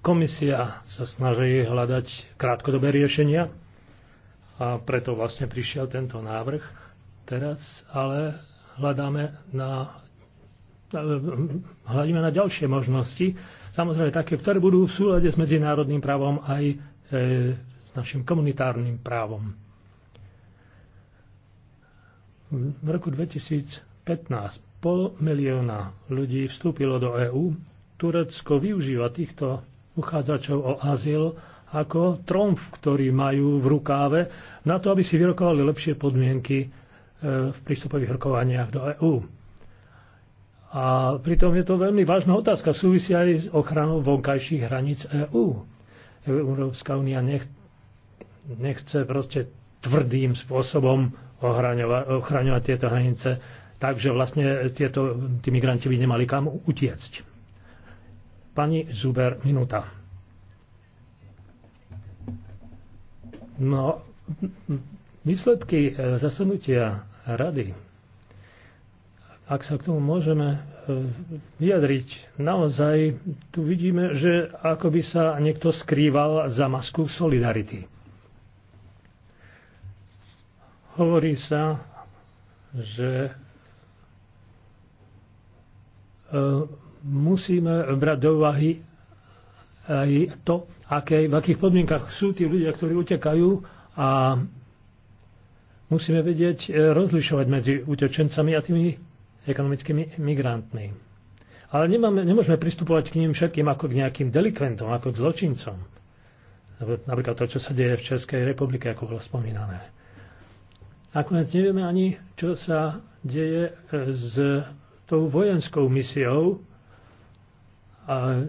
Komisia sa snaží hľadať krátkodobé riešenia a preto vlastne prišiel tento návrh Teraz ale hľadáme na hľadíme na ďalšie možnosti, samozrejme také, ktoré budú v súlade s medzinárodným právom aj e, s našim komunitárnym právom. V roku 2015 pol milióna ľudí vstúpilo do EÚ. Turecko využíva týchto uchádzačov o azyl ako tromf, ktorý majú v rukáve, na to, aby si vyrokovali lepšie podmienky v prístupových rokovaniach do EÚ. A pritom je to veľmi vážna otázka, Súvisia aj s ochranou vonkajších hraníc EÚ. Európska únia nech, nechce proste tvrdým spôsobom ochraňovať, ochraňovať tieto hranice, takže vlastne tieto, tí migranti by nemali kam utiecť. Pani Zuber, minúta. No, výsledky zasadnutia rady. Ak sa k tomu môžeme e, vyjadriť, naozaj tu vidíme, že ako by sa niekto skrýval za masku solidarity. Hovorí sa, že e, musíme brať do úvahy aj to, aké, v akých podmienkach sú tí ľudia, ktorí utekajú a Musíme vedieť e, rozlišovať medzi utečencami a tými ekonomickými migrantmi. Ale nemáme, nemôžeme pristupovať k ním všetkým ako k nejakým delikventom, ako k zločincom. Napríklad to, čo sa deje v Českej republike, ako bolo spomínané. Nakoniec nevieme ani, čo sa deje e, s tou vojenskou misiou. A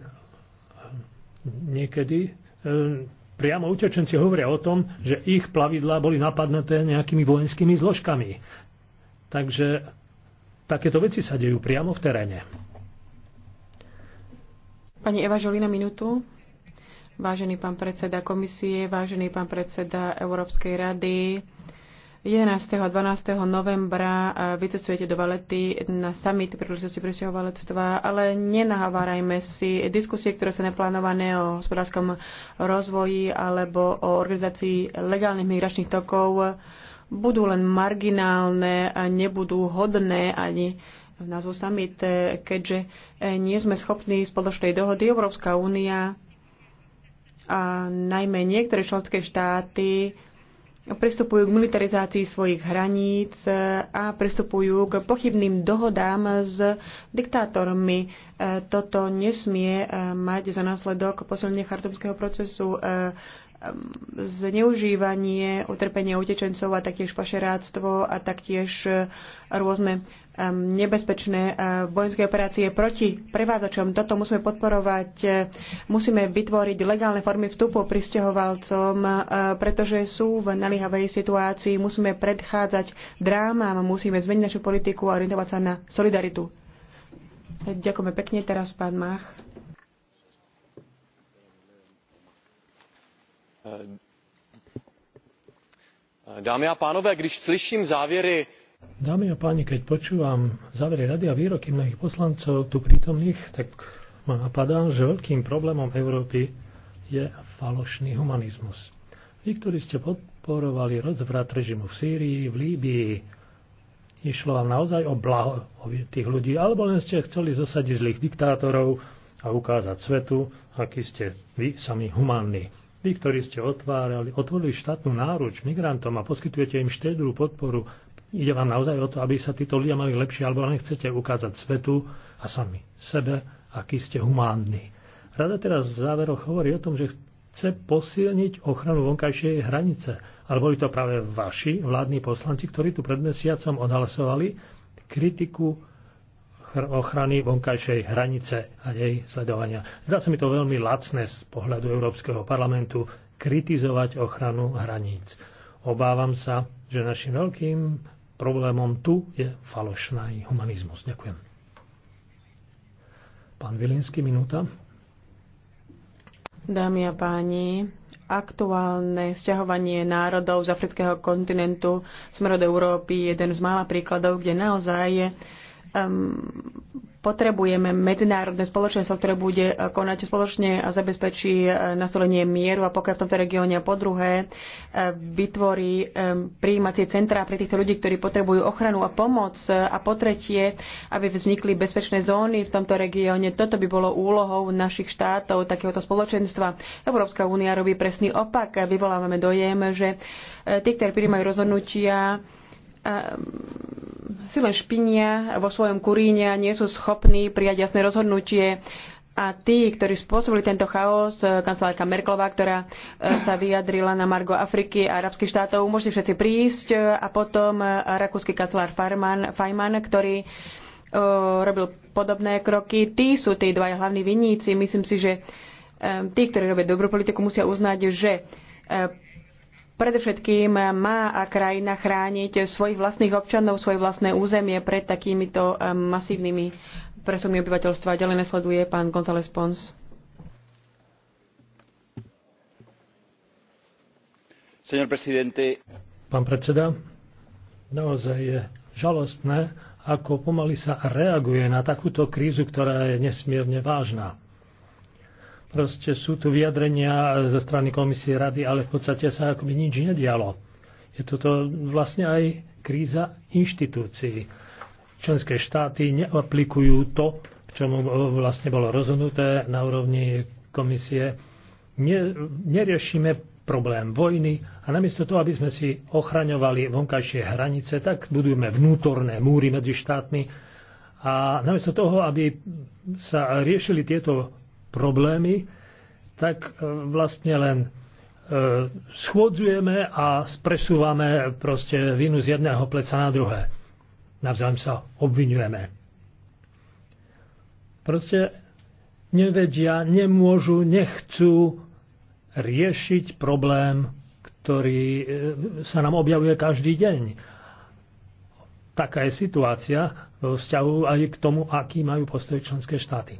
niekedy e, Priamo utečenci hovoria o tom, že ich plavidlá boli napadnuté nejakými vojenskými zložkami. Takže takéto veci sa dejú priamo v teréne. Pani Eva Žolina, minútu. Vážený pán predseda komisie, vážený pán predseda Európskej rady, 11. a 12. novembra e, vycestujete do Valety na summit príležitosti presťahovalectva, ale nenahavárajme si diskusie, ktoré sa neplánované o hospodárskom rozvoji alebo o organizácii legálnych migračných tokov budú len marginálne a nebudú hodné ani v názvu summit, e, keďže e, nie sme schopní spoločnej dohody. Európska únia a najmä niektoré členské štáty pristupujú k militarizácii svojich hraníc a pristupujú k pochybným dohodám s diktátormi. E, toto nesmie e, mať za následok posilnenie chartumského procesu e, zneužívanie, utrpenie utečencov a taktiež pašeráctvo a taktiež rôzne Um, nebezpečné uh, vojenské operácie proti prevádzačom. Toto musíme podporovať. Uh, musíme vytvoriť legálne formy vstupu pristahovalcom, uh, pretože sú v naliehavej situácii. Musíme predchádzať drámam, musíme zmeniť našu politiku a orientovať sa na solidaritu. Ďakujeme pekne. Teraz pán Mach. Dámy a pánové, když slyším závěry Dámy a páni, keď počúvam závery rady a výroky mnohých poslancov tu prítomných, tak ma napadá, že veľkým problémom Európy je falošný humanizmus. Vy, ktorí ste podporovali rozvrat režimu v Sýrii, v Líbii, išlo vám naozaj o blaho o tých ľudí, alebo len ste chceli zasadiť zlých diktátorov a ukázať svetu, aký ste vy sami humánni. Vy, ktorí ste otvárali, otvorili štátnu náruč migrantom a poskytujete im štedrú podporu Ide vám naozaj o to, aby sa títo ľudia mali lepšie, alebo len chcete ukázať svetu a sami sebe, aký ste humánni. Rada teraz v záveroch hovorí o tom, že chce posilniť ochranu vonkajšej hranice. Ale boli to práve vaši vládni poslanci, ktorí tu pred mesiacom odhlasovali kritiku ochrany vonkajšej hranice a jej sledovania. Zdá sa mi to veľmi lacné z pohľadu Európskeho parlamentu kritizovať ochranu hraníc. Obávam sa, že našim veľkým problémom tu je falošný humanizmus. Ďakujem. Pán Vilinský, minúta. Dámy a páni, aktuálne sťahovanie národov z afrického kontinentu smerom do Európy je jeden z mála príkladov, kde naozaj je um, potrebujeme medzinárodné spoločenstvo, ktoré bude eh, konať spoločne a zabezpečí eh, nastolenie mieru a pokiaľ v tomto regióne a po druhé eh, vytvorí príjímacie centrá pre týchto ľudí, ktorí potrebujú ochranu a pomoc a po tretie, aby vznikli bezpečné zóny v tomto regióne. Toto by bolo úlohou našich štátov, takéhoto spoločenstva. Európska únia robí presný opak. Vyvolávame dojem, že tí, ktorí príjmajú rozhodnutia, Mm, si len špinia vo svojom kuríne a nie sú schopní prijať jasné rozhodnutie. A tí, ktorí spôsobili tento chaos, e, kancelárka Merklová, ktorá e, sa vyjadrila na Margo Afriky a arabských štátov, môžete všetci prísť e, a potom rakúsky kancelár Feynman, ktorý robil podobné kroky. Tí sú tí dvaja hlavní vinníci. Myslím si, že tí, ktorí robia dobrú politiku, musia uznať, že Predovšetkým má a krajina chrániť svojich vlastných občanov, svoje vlastné územie pred takýmito eh, masívnymi presunmi obyvateľstva. Ďalej nesleduje, pán González Pons. Pán predseda, naozaj je žalostné, ako pomaly sa reaguje na takúto krízu, ktorá je nesmierne vážna. Proste sú tu vyjadrenia zo strany komisie rady, ale v podstate sa akoby nič nedialo. Je toto vlastne aj kríza inštitúcií. Členské štáty neaplikujú to, k čomu vlastne bolo rozhodnuté na úrovni komisie. Ne, neriešime problém vojny a namiesto toho, aby sme si ochraňovali vonkajšie hranice, tak budujeme vnútorné múry medzi štátmi a namiesto toho, aby sa riešili tieto problémy, tak e, vlastne len e, schôdzujeme a presúvame proste vinu z jedného pleca na druhé. Navzájom sa obvinujeme. Proste nevedia, nemôžu, nechcú riešiť problém, ktorý e, sa nám objavuje každý deň. Taká je situácia vo vzťahu aj k tomu, aký majú postoj členské štáty.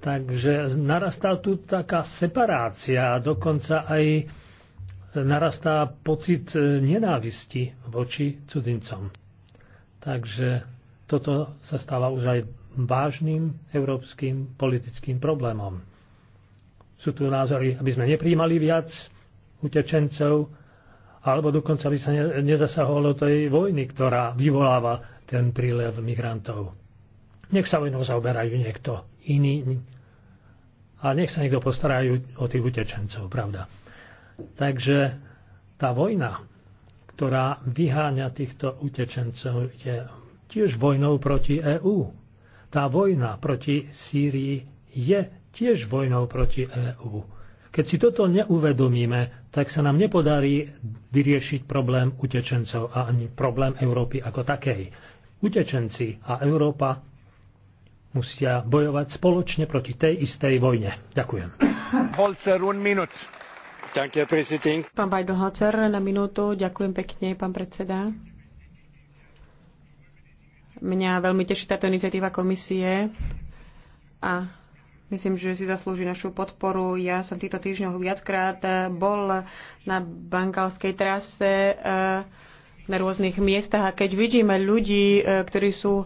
Takže narastá tu taká separácia a dokonca aj narastá pocit e, nenávisti voči cudzincom. Takže toto sa stáva už aj vážnym európskym politickým problémom. Sú tu názory, aby sme nepríjmali viac utečencov, alebo dokonca by sa nezasahovalo tej vojny, ktorá vyvoláva ten prílev migrantov. Nech sa vojnou zaoberajú niekto iný a nech sa niekto postarajú o tých utečencov, pravda. Takže tá vojna, ktorá vyháňa týchto utečencov, je tiež vojnou proti EÚ. Tá vojna proti Sýrii je tiež vojnou proti EÚ. Keď si toto neuvedomíme, tak sa nám nepodarí vyriešiť problém utečencov a ani problém Európy ako takej. Utečenci a Európa musia bojovať spoločne proti tej istej vojne. Ďakujem. Holzer, un minút. Pán Holzer, na minútu. Ďakujem pekne, pán predseda. Mňa veľmi teší táto iniciatíva komisie a myslím, že si zaslúži našu podporu. Ja som týto týchto viackrát bol na bankalskej trase eh, na rôznych miestach a keď vidíme ľudí, eh, ktorí sú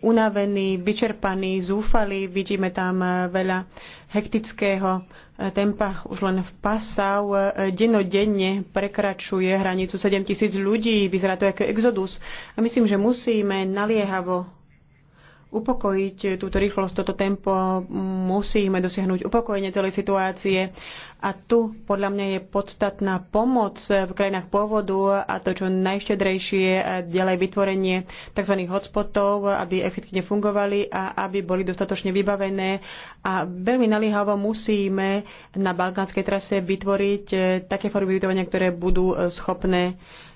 unavení, vyčerpaní, zúfali. Vidíme tam eh, veľa hektického eh, tempa. Už len v Pasau eh, denodenne prekračuje hranicu 7 tisíc ľudí. Vyzerá to ako exodus. A myslím, že musíme naliehavo upokojiť túto rýchlosť, toto tempo, musíme dosiahnuť upokojenie celej situácie. A tu podľa mňa je podstatná pomoc v krajinách pôvodu a to, čo najštedrejšie a ďalej vytvorenie tzv. hotspotov, aby efektívne fungovali a aby boli dostatočne vybavené. A veľmi naliehavo musíme na balkánskej trase vytvoriť eh, také formy vytvorenia, ktoré budú eh, schopné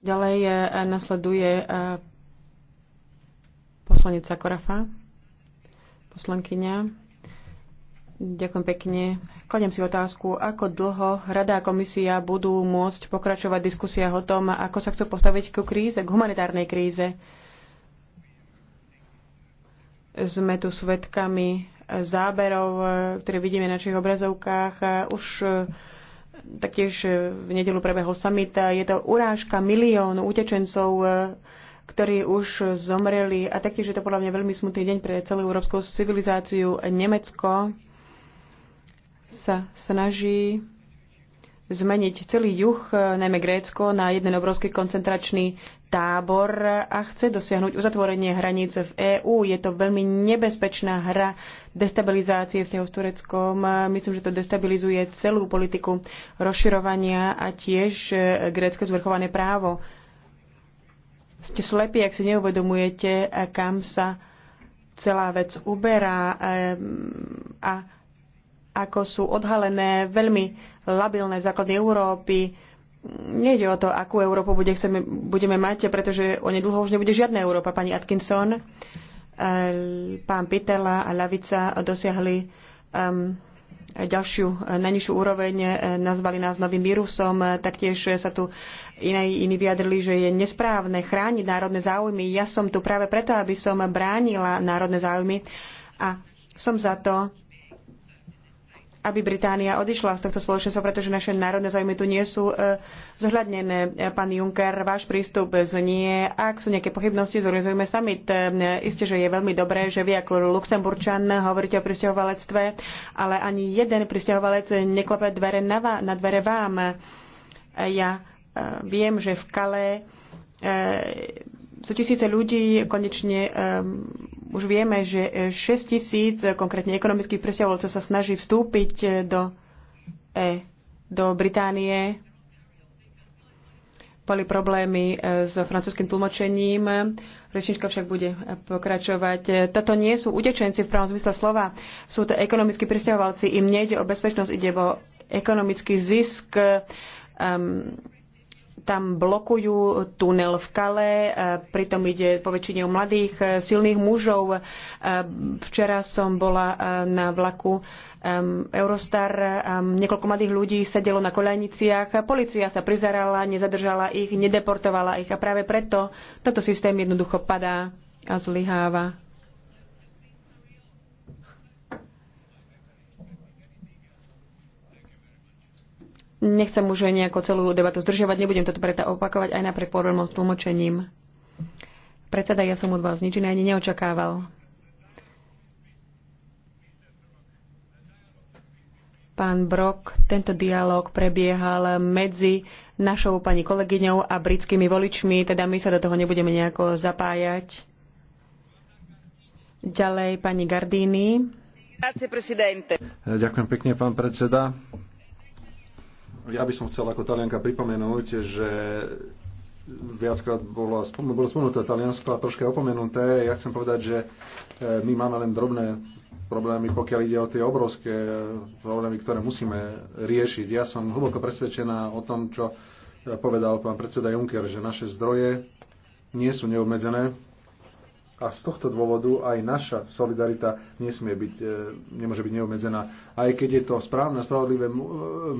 Ďalej e, nasleduje e, poslanica Korafa, poslankyňa. Ďakujem pekne. Kladiem si otázku, ako dlho Rada a komisia budú môcť pokračovať diskusia o tom, ako sa chcú postaviť ku kríze, k humanitárnej kríze. Sme tu svedkami záberov, e, ktoré vidíme na našich obrazovkách. Už Taktiež e, v nedelu prebehol summit. Je to urážka milión utečencov, e, ktorí už zomreli. A taktiež je to podľa mňa veľmi smutný deň pre celú európsku civilizáciu. Nemecko sa snaží zmeniť celý juh, e, najmä Grécko, na jeden obrovský koncentračný tábor a chce dosiahnuť uzatvorenie hraníc v EÚ. Je to veľmi nebezpečná hra destabilizácie vzťahov s Tureckom. Myslím, že to destabilizuje celú politiku rozširovania a tiež e, grécke zvrchované právo. Ste slepí, ak si neuvedomujete, e, kam sa celá vec uberá e, a ako sú odhalené veľmi labilné základy Európy, Nejde o to, akú Európu bude, chceme, budeme mať, pretože onedlho už nebude žiadna Európa. Pani Atkinson, eh, pán Pitela a Lavica dosiahli um, ďalšiu eh, najnižšiu úroveň, eh, nazvali nás novým vírusom, taktiež sa tu iné, iní vyjadrili, že je nesprávne chrániť národné záujmy. Ja som tu práve preto, aby som bránila národné záujmy a som za to, aby Británia odišla z tohto spoločenstva, pretože naše národné záujmy tu nie sú e, zohľadnené. E, pán Juncker, váš prístup znie, ak sú nejaké pochybnosti, zorganizujeme summit. E, isté, že je veľmi dobré, že vy ako Luxemburčan hovoríte o pristahovalectve, ale ani jeden pristahovalec neklope dvere na, vám, na dvere vám. E, ja e, viem, že v Kale e, sú tisíce ľudí konečne e, už vieme, že 6 e, tisíc e, konkrétne ekonomických presťahovalcov sa snaží vstúpiť e, do, e, do Británie. Boli problémy s francúzským tlmočením. Rečnička však bude pokračovať. Toto nie sú utečenci v pravom zmysle slova. Sú to ekonomickí presťahovalci. Im nejde o bezpečnosť, ide o ekonomický zisk. Um, tam blokujú tunel v Kale, e, pritom ide po väčšine o mladých e, silných mužov. E, včera som bola na vlaku Eurostar, niekoľko mladých ľudí sedelo na koľajniciach, policia sa prizerala, nezadržala ich, nedeportovala ich a práve preto tento systém jednoducho padá a zlyháva. Nechcem už nejako celú debatu zdržiavať, nebudem toto preto opakovať aj napriek problémom s tlmočením. Predseda, ja som od vás nič iné ani neočakával. Pán Brok, tento dialog prebiehal medzi našou pani kolegyňou a britskými voličmi, teda my sa do toho nebudeme nejako zapájať. Ďalej pani Gardini. Ďakujem pekne, pán predseda. Ja by som chcel ako Talianka pripomenúť, že viackrát bolo, bolo spomenuté Taliansko a troška opomenuté. Ja chcem povedať, že e, my máme len drobné problémy, pokiaľ ide o tie obrovské e, problémy, ktoré musíme riešiť. Ja som hlboko presvedčená o tom, čo e, povedal pán predseda Juncker, že naše zdroje nie sú neobmedzené, a z tohto dôvodu aj naša solidarita nesmie byť, e, nemôže byť neobmedzená. Aj keď je to správne, spravodlivé, e,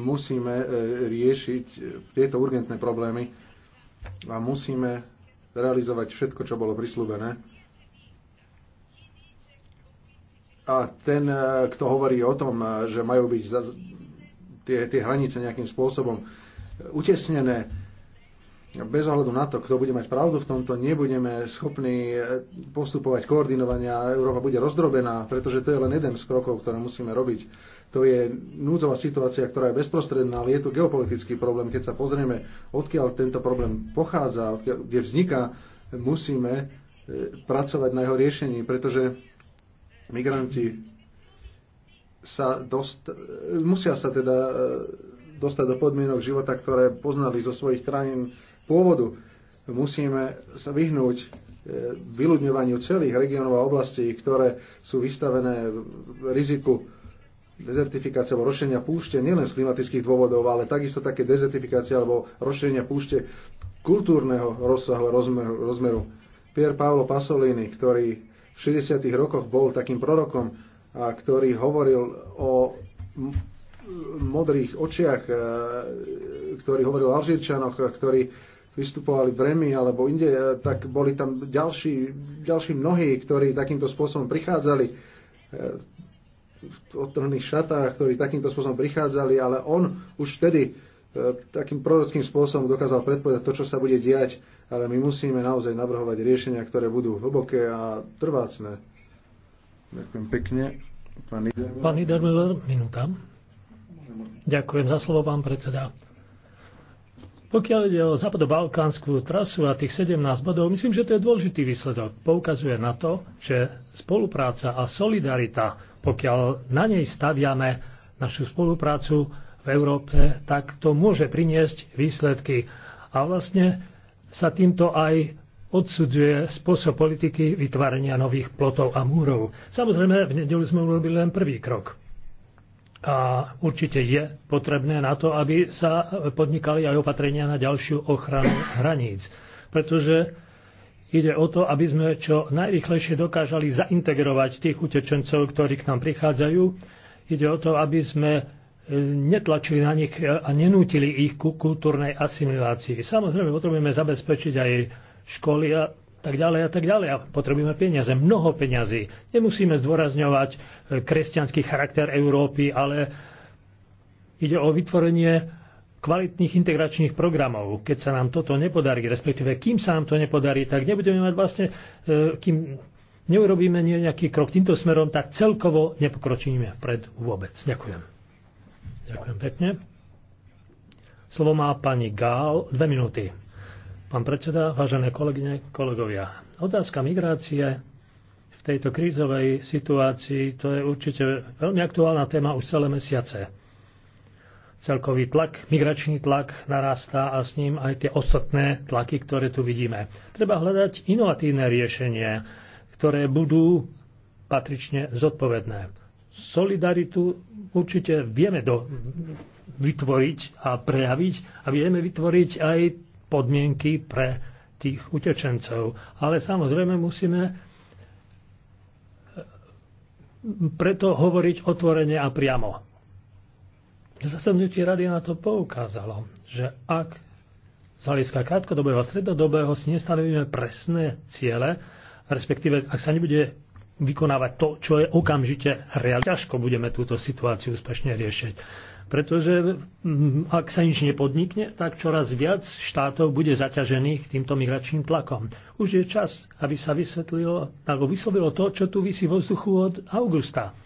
musíme e, riešiť tieto urgentné problémy a musíme realizovať všetko, čo bolo prislúbené. A ten, kto hovorí o tom, že majú byť tie, tie hranice nejakým spôsobom utesnené, No, bez ohľadu na to, kto bude mať pravdu v tomto, nebudeme schopní e, postupovať koordinovania. Európa bude rozdrobená, pretože to je len jeden z krokov, ktoré musíme robiť. To je núdzová situácia, ktorá je bezprostredná, ale je tu geopolitický problém. Keď sa pozrieme, odkiaľ tento problém pochádza, odkiaľ, kde vzniká, musíme e, pracovať na jeho riešení, pretože migranti sa dost, e, musia sa teda dostať do podmienok života, ktoré poznali zo svojich krajín, pôvodu. Musíme sa vyhnúť e, vyľudňovaniu celých regiónov a oblastí, ktoré sú vystavené v riziku dezertifikácie alebo rozšírenia púšte nielen z klimatických dôvodov, ale takisto také dezertifikácie alebo rozšírenia púšte kultúrneho rozsahu a rozmeru. Pier Paolo Pasolini, ktorý v 60. rokoch bol takým prorokom a ktorý hovoril o modrých očiach, e, ktorý hovoril o Alžírčanoch, ktorý vystupovali v Remi alebo inde, e, tak boli tam ďalší, ďalší mnohí, ktorí takýmto spôsobom prichádzali e, v otrhných šatách, ktorí takýmto spôsobom prichádzali, ale on už vtedy e, takým prorockým spôsobom dokázal predpovedať to, čo sa bude diať, ale my musíme naozaj navrhovať riešenia, ktoré budú hlboké a trvácne. Ďakujem pekne. Pán Idermüller, minúta. Ďakujem za slovo, pán predseda. Pokiaľ ide o západobalkánsku trasu a tých 17 bodov, myslím, že to je dôležitý výsledok. Poukazuje na to, že spolupráca a solidarita, pokiaľ na nej staviame našu spoluprácu v Európe, tak to môže priniesť výsledky. A vlastne sa týmto aj odsudzuje spôsob politiky vytvárania nových plotov a múrov. Samozrejme, v nedelu sme urobili len prvý krok. A určite je potrebné na to, aby sa podnikali aj opatrenia na ďalšiu ochranu hraníc. Pretože ide o to, aby sme čo najrychlejšie dokážali zaintegrovať tých utečencov, ktorí k nám prichádzajú. Ide o to, aby sme e, netlačili na nich e, a nenútili ich ku kultúrnej asimilácii. Samozrejme, potrebujeme zabezpečiť aj školy a tak ďalej a tak ďalej. A potrebujeme peniaze, mnoho peňazí. Nemusíme zdôrazňovať e, kresťanský charakter Európy, ale ide o vytvorenie kvalitných integračných programov. Keď sa nám toto nepodarí, respektíve kým sa nám to nepodarí, tak nebudeme mať vlastne, e, kým neurobíme nejaký krok týmto smerom, tak celkovo nepokročíme pred vôbec. Ďakujem. Ďakujem pekne. Slovo má pani Gál, dve minúty. Pán predseda, vážené kolegyne, kolegovia, otázka migrácie v tejto krízovej situácii to je určite veľmi aktuálna téma už celé mesiace. Celkový tlak, migračný tlak narastá a s ním aj tie ostatné tlaky, ktoré tu vidíme. Treba hľadať inovatívne riešenie, ktoré budú patrične zodpovedné. Solidaritu určite vieme do, vytvoriť a prejaviť a vieme vytvoriť aj podmienky pre tých utečencov. Ale samozrejme musíme e, preto hovoriť otvorene a priamo. Zasadnutie rady na to poukázalo, že ak z hľadiska krátkodobého a strednodobého si nestanovíme presné ciele, respektíve ak sa nebude vykonávať to, čo je okamžite reálne, ťažko budeme túto situáciu úspešne riešiť pretože mm, ak sa nič nepodnikne, tak čoraz viac štátov bude zaťažených týmto migračným tlakom. Už je čas, aby sa vysvetlilo, alebo vyslovilo to, čo tu vysí vo vzduchu od augusta.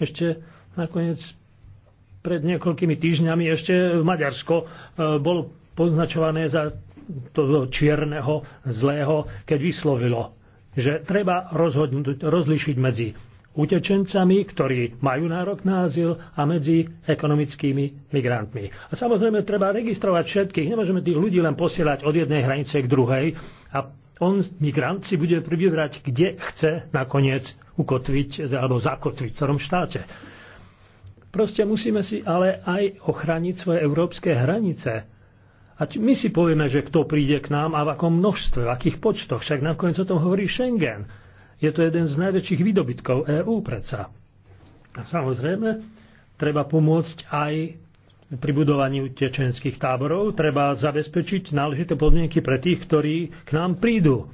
Ešte nakoniec pred niekoľkými týždňami ešte Maďarsko e, bolo poznačované za toho čierneho, zlého, keď vyslovilo, že treba rozhodnúť, rozlišiť medzi utečencami, ktorí majú nárok na azyl a medzi ekonomickými migrantmi. A samozrejme treba registrovať všetkých, nemôžeme tých ľudí len posielať od jednej hranice k druhej a on, migrant, si bude vybrať, kde chce nakoniec ukotviť alebo zakotviť v ktorom štáte. Proste musíme si ale aj ochrániť svoje európske hranice. A my si povieme, že kto príde k nám a v akom množstve, v akých počtoch. Však nakoniec o tom hovorí Schengen. Je to jeden z najväčších výdobytkov EÚ predsa. A samozrejme, treba pomôcť aj pri budovaní tečenských táborov. Treba zabezpečiť náležité podmienky pre tých, ktorí k nám prídu.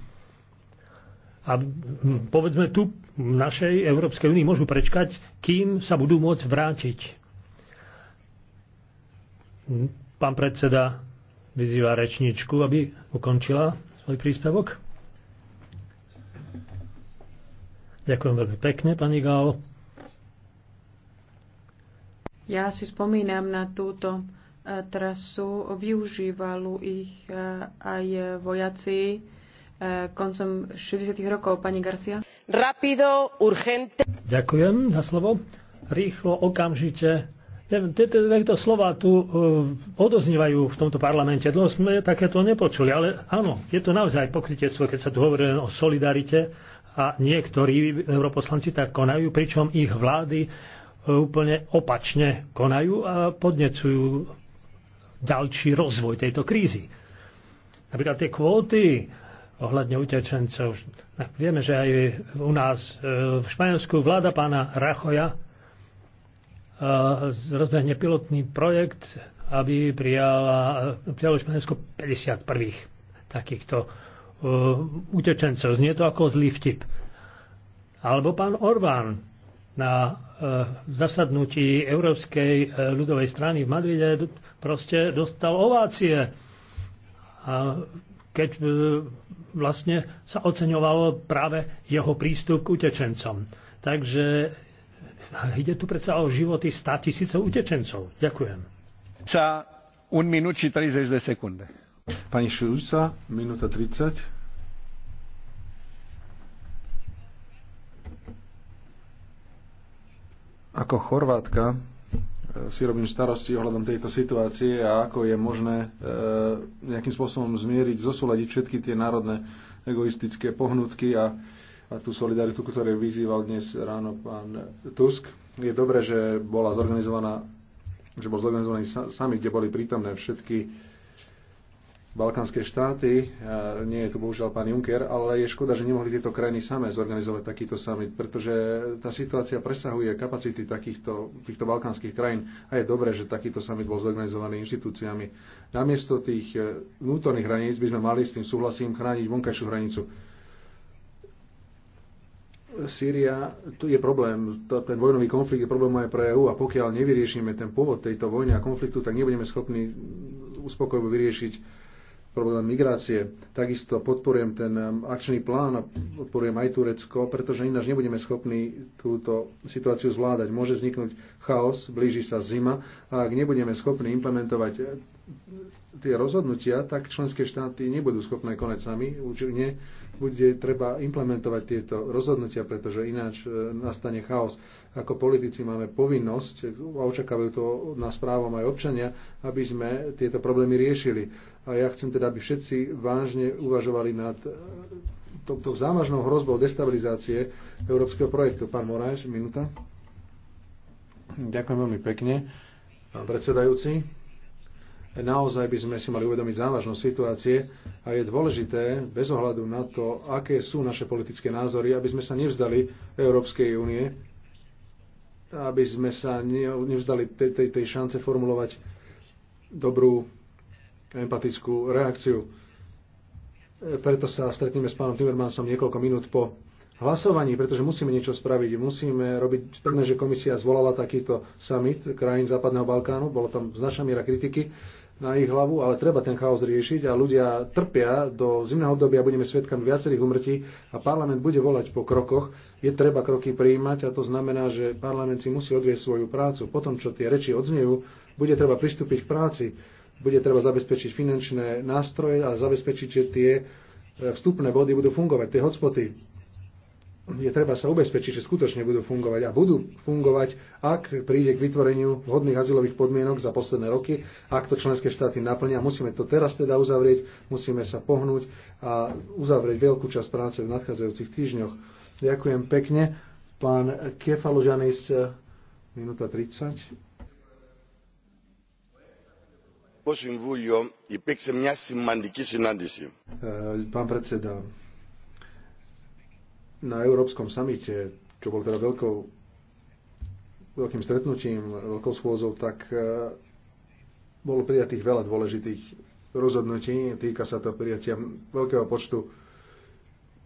A hm, povedzme tu v našej Európskej únii môžu prečkať, kým sa budú môcť vrátiť. Hm, pán predseda vyzýva rečničku, aby ukončila svoj príspevok. Ďakujem veľmi pekne, pani Gál. Ja si spomínam na túto e, trasu. Využívali ich e, aj vojaci e, koncom 60. rokov, pani Garcia. Rapido, urgente. Ďakujem za slovo. Rýchlo, okamžite. Tieto slova tu odoznívajú v tomto parlamente. Dlho sme takéto nepočuli, ale áno, je to naozaj pokrytiectvo, keď sa tu hovorí o solidarite a niektorí europoslanci tak konajú, pričom ich vlády e, úplne opačne konajú a podnecujú ďalší rozvoj tejto krízy. Napríklad tie kvóty ohľadne utečencov. Vieme, že aj u nás e, v Španielsku vláda pána Rachoja e, rozbehne pilotný projekt, aby prijala, prijalo Španielsko 51 takýchto Eh, utečencov. Znie to ako zlý vtip. Alebo pán Orbán na eh, zasadnutí Európskej eh, ľudovej strany v Madride proste dostal ovácie. A keď vlastne sa oceňoval práve jeho prístup k utečencom. Takže ide tu predsa o životy 100 tisícov utečencov. Ďakujem. Sa 1 minút 30 sekúnd. Pani Šujúca, minúta 30. Ako Chorvátka e, si robím starosti ohľadom tejto situácie a ako je možné e, nejakým spôsobom zmieriť, zosúľadiť všetky tie národné egoistické pohnutky a, a tú solidaritu, ktorú vyzýval dnes ráno pán Tusk. Je dobré, že bola zorganizovaná že bol zorganizovaný summit, kde boli prítomné všetky balkánske štáty. Nie je tu bohužiaľ pán Juncker, ale je škoda, že nemohli tieto krajiny samé zorganizovať takýto summit, pretože tá situácia presahuje kapacity takýchto týchto balkánskych krajín a je dobré, že takýto summit bol zorganizovaný inštitúciami. Namiesto tých e, vnútorných hraníc by sme mali s tým súhlasím chrániť vonkajšiu hranicu. Sýria, tu je problém, ten vojnový konflikt je problém aj pre EU a pokiaľ nevyriešime ten pôvod tejto vojny a konfliktu, tak nebudeme schopní uspokojivo vyriešiť problém migrácie. Takisto podporujem ten um, akčný plán a podporujem aj Turecko, pretože ináč nebudeme schopní túto situáciu zvládať. Môže vzniknúť chaos, blíži sa zima a ak nebudeme schopní implementovať eh, tie rozhodnutia, tak členské štáty nebudú schopné konať sami. Určite bude treba implementovať tieto rozhodnutia, pretože ináč eh, nastane chaos. Ako politici máme povinnosť, a očakávajú to na správom aj občania, aby sme tieto problémy riešili a ja chcem teda, aby všetci vážne uvažovali nad e, touto závažnou hrozbou destabilizácie európskeho projektu. Pán Moráš, minúta. Ďakujem veľmi pekne. Pán predsedajúci, naozaj by sme si mali uvedomiť závažnosť situácie a je dôležité, bez ohľadu na to, aké sú naše politické názory, aby sme sa nevzdali Európskej únie, aby sme sa nevzdali tej, tej, tej šance formulovať dobrú empatickú reakciu. E, preto sa stretneme s pánom Timmermansom niekoľko minút po hlasovaní, pretože musíme niečo spraviť. Musíme robiť, správne, že komisia zvolala takýto summit krajín Západného Balkánu, bolo tam značná miera kritiky na ich hlavu, ale treba ten chaos riešiť a ľudia trpia do zimného obdobia, budeme svetkami viacerých umrtí a parlament bude volať po krokoch. Je treba kroky prijímať a to znamená, že parlament si musí odvieť svoju prácu. Potom, čo tie reči odznejú, bude treba pristúpiť k práci bude treba zabezpečiť finančné nástroje a zabezpečiť, že tie e, vstupné body budú fungovať, tie hotspoty. Je treba sa ubezpečiť, že skutočne budú fungovať a budú fungovať, ak príde k vytvoreniu vhodných azylových podmienok za posledné roky, ak to členské štáty naplnia. Musíme to teraz teda uzavrieť, musíme sa pohnúť a uzavrieť veľkú časť práce v nadchádzajúcich týždňoch. Ďakujem pekne. Pán Kefalužanis, minúta 30. Pán predseda, na Európskom samite, čo bol teda veľkou, veľkým stretnutím, veľkou schôzou, tak e, bolo prijatých veľa dôležitých rozhodnutí. Týka sa to prijatia veľkého počtu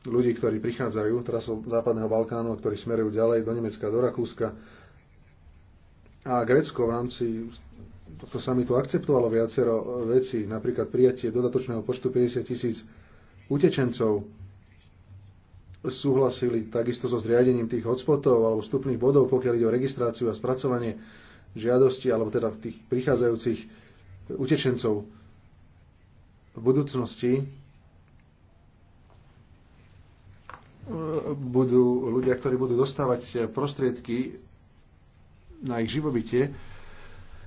ľudí, ktorí prichádzajú trasou Západného Balkánu a ktorí smerujú ďalej do Nemecka, do Rakúska. A Grécko v rámci tohto tu akceptovalo viacero e, vecí, napríklad prijatie dodatočného počtu 50 tisíc utečencov, súhlasili takisto so zriadením tých hotspotov alebo vstupných bodov, pokiaľ ide o registráciu a spracovanie žiadosti alebo teda tých prichádzajúcich utečencov. V budúcnosti e, budú ľudia, ktorí budú dostávať prostriedky na ich živobytie,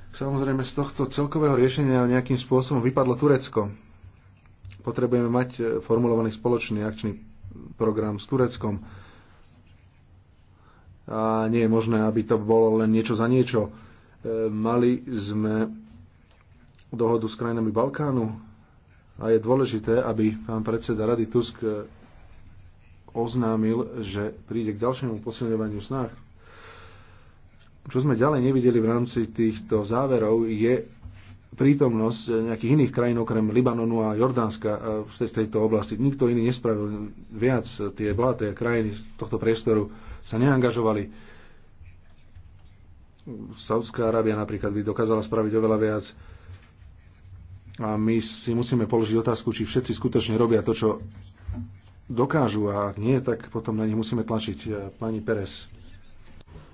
Samozrejme, z tohto celkového riešenia nejakým spôsobom vypadlo Turecko. Potrebujeme mať e, formulovaný spoločný akčný program s Tureckom. A nie je možné, aby to bolo len niečo za niečo. E, mali sme dohodu s krajinami Balkánu a je dôležité, aby pán predseda Rady Tusk e, oznámil, že príde k ďalšiemu posilňovaniu snah. Čo sme ďalej nevideli v rámci týchto záverov je prítomnosť nejakých iných krajín okrem Libanonu a Jordánska e, v tejto oblasti. Nikto iný nespravil viac. Tie bláté krajiny z tohto priestoru sa neangažovali. Saudská Arábia napríklad by dokázala spraviť oveľa viac. A my si musíme položiť otázku, či všetci skutočne robia to, čo dokážu a ak nie, tak potom na nich musíme tlačiť. E, pani Perez.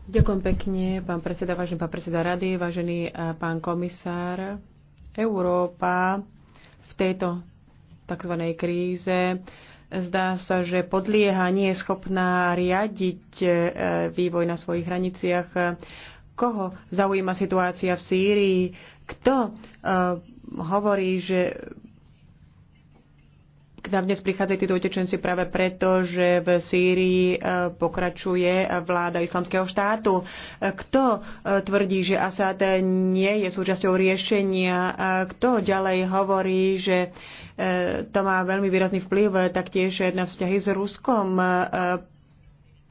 Ďakujem pekne, pán predseda, vážený pán predseda rady, vážený e, pán komisár. Európa v tejto tzv. kríze zdá sa, že podlieha, nie je schopná riadiť e, vývoj na svojich hraniciach. Koho zaujíma situácia v Sýrii? Kto e, hovorí, že k nám dnes prichádzajú títo utečenci práve preto, že v Sýrii e, pokračuje vláda islamského štátu. E, kto e, tvrdí, že Asad nie je súčasťou riešenia? Kto ďalej hovorí, že to má veľmi výrazný vplyv taktiež na vzťahy s Ruskom?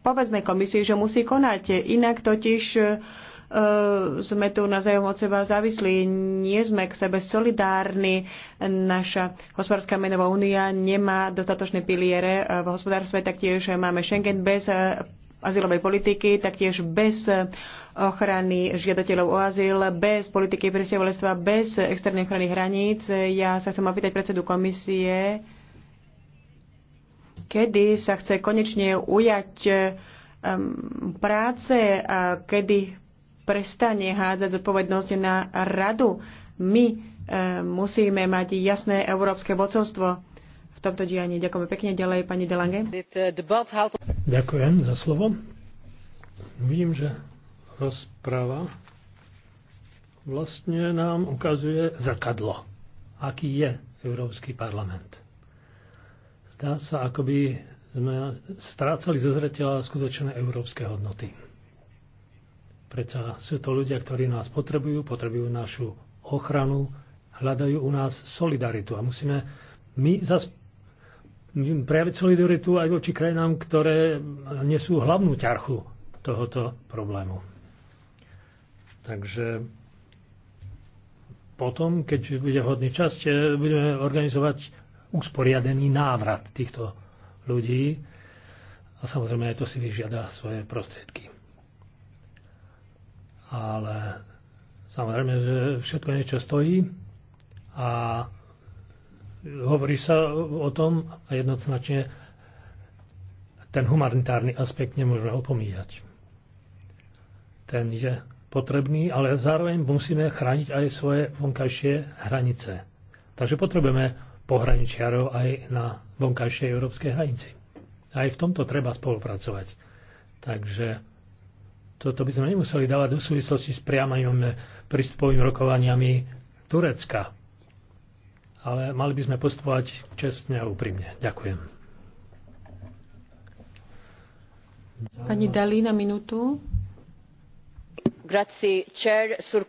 Povedzme komisii, že musí konať, inak totiž Eh, sme tu navzájom od seba závislí, nie sme k sebe solidárni. Naša hospodárska menová únia nemá dostatočné piliere eh, v hospodárstve, taktiež máme Schengen bez eh, azylovej politiky, taktiež bez ochrany žiadateľov o azyl, bez politiky presiavolestva, bez externej ochrany hraníc. Ja sa chcem opýtať predsedu komisie, kedy sa chce konečne ujať práce a kedy prestane hádzať zodpovednosť na radu. My e, musíme mať jasné európske vodcovstvo v tomto dianí. Ďakujem pekne. Ďalej pani Delange. E, Ďakujem za slovo. Vidím, že rozpráva vlastne nám ukazuje zrkadlo, aký je Európsky parlament. Zdá sa, ako by sme strácali zo zretela skutočné európske hodnoty. Preto sú to ľudia, ktorí nás potrebujú, potrebujú našu ochranu, hľadajú u nás solidaritu a musíme my zas prejaviť solidaritu aj voči krajinám, ktoré nesú hlavnú ťarchu tohoto problému. Takže potom, keď bude vhodný čas, eh, budeme organizovať usporiadený návrat týchto ľudí a samozrejme aj to si vyžiada svoje prostriedky ale samozrejme, že všetko niečo stojí a hovorí sa o tom a jednoznačne ten humanitárny aspekt nemôžeme opomíjať. Ten je potrebný, ale zároveň musíme chrániť aj svoje vonkajšie hranice. Takže potrebujeme pohraničiarov aj na vonkajšej európskej hranici. Aj v tomto treba spolupracovať. Takže toto by sme nemuseli dávať do súvislosti s priamým prístupovým rokovaniami Turecka. Ale mali by sme postupovať čestne a úprimne. Ďakujem. Pani Dali na minútu. Grazie, chair, sur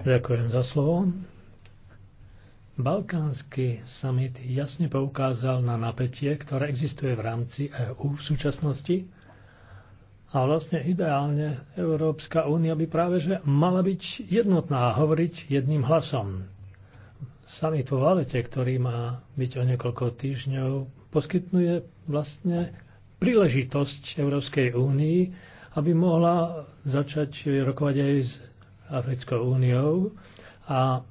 Ďakujem za slovo. Balkánsky summit jasne poukázal na napätie, ktoré existuje v rámci EÚ v súčasnosti a vlastne ideálne Európska únia by práve že mala byť jednotná a hovoriť jedným hlasom. Summit vo Valete, ktorý má byť o niekoľko týždňov, poskytnuje vlastne príležitosť Európskej únii, aby mohla začať rokovať aj s Africkou úniou. A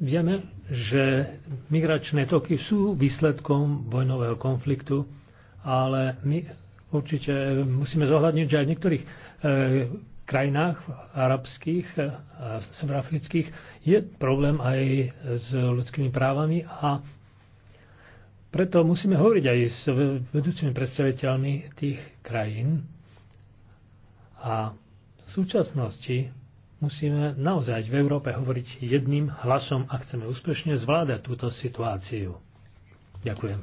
vieme, že migračné toky sú výsledkom vojnového konfliktu, ale my Určite e, musíme zohľadniť, že aj v niektorých e, krajinách arabských e, a severoafrických je problém aj s ľudskými právami a preto musíme hovoriť aj s vedúcimi predstaviteľmi tých krajín a v súčasnosti musíme naozaj v Európe hovoriť jedným hlasom a chceme úspešne zvládať túto situáciu. Ďakujem.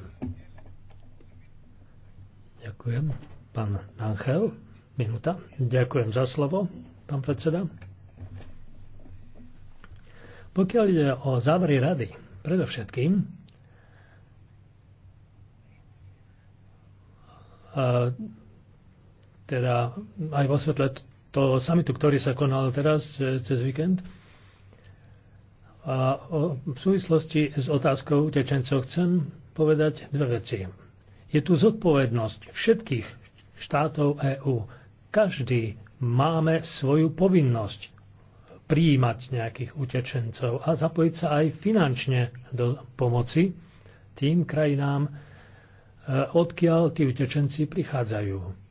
Ďakujem. Pán Nanchel, minúta. Ďakujem za slovo, pán predseda. Pokiaľ ide o závery rady, predovšetkým, teda aj vo svetle toho samitu, ktorý sa konal teraz e, cez víkend, a v súvislosti s otázkou utečencov chcem povedať dve veci. Je tu zodpovednosť všetkých štátov EÚ. Každý máme svoju povinnosť prijímať nejakých utečencov a zapojiť sa aj finančne do pomoci tým krajinám, e, odkiaľ tí utečenci prichádzajú.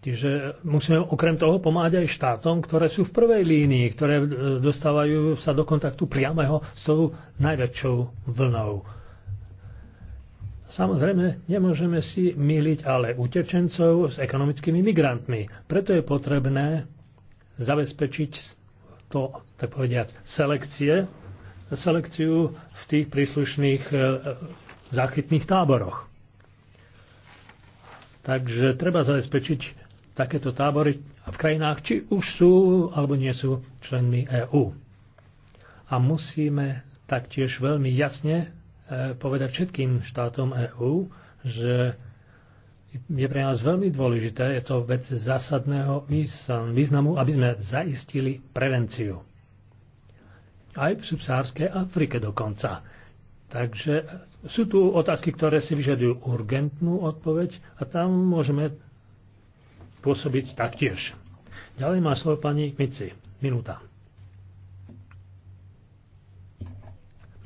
Čiže musíme okrem toho pomáhať aj štátom, ktoré sú v prvej línii, ktoré e, dostávajú sa do kontaktu priameho s tou najväčšou vlnou Samozrejme, nemôžeme si myliť ale utečencov s ekonomickými migrantmi. Preto je potrebné zabezpečiť to, tak povediac, selekcie, selekciu v tých príslušných e, záchytných táboroch. Takže treba zabezpečiť takéto tábory v krajinách, či už sú alebo nie sú členmi EÚ. A musíme taktiež veľmi jasne povedať všetkým štátom EÚ, že je pre nás veľmi dôležité, je to vec zásadného významu, aby sme zaistili prevenciu. Aj v subsárskej Afrike dokonca. Takže sú tu otázky, ktoré si vyžadujú urgentnú odpoveď a tam môžeme pôsobiť taktiež. Ďalej má slovo pani Mici. Minúta.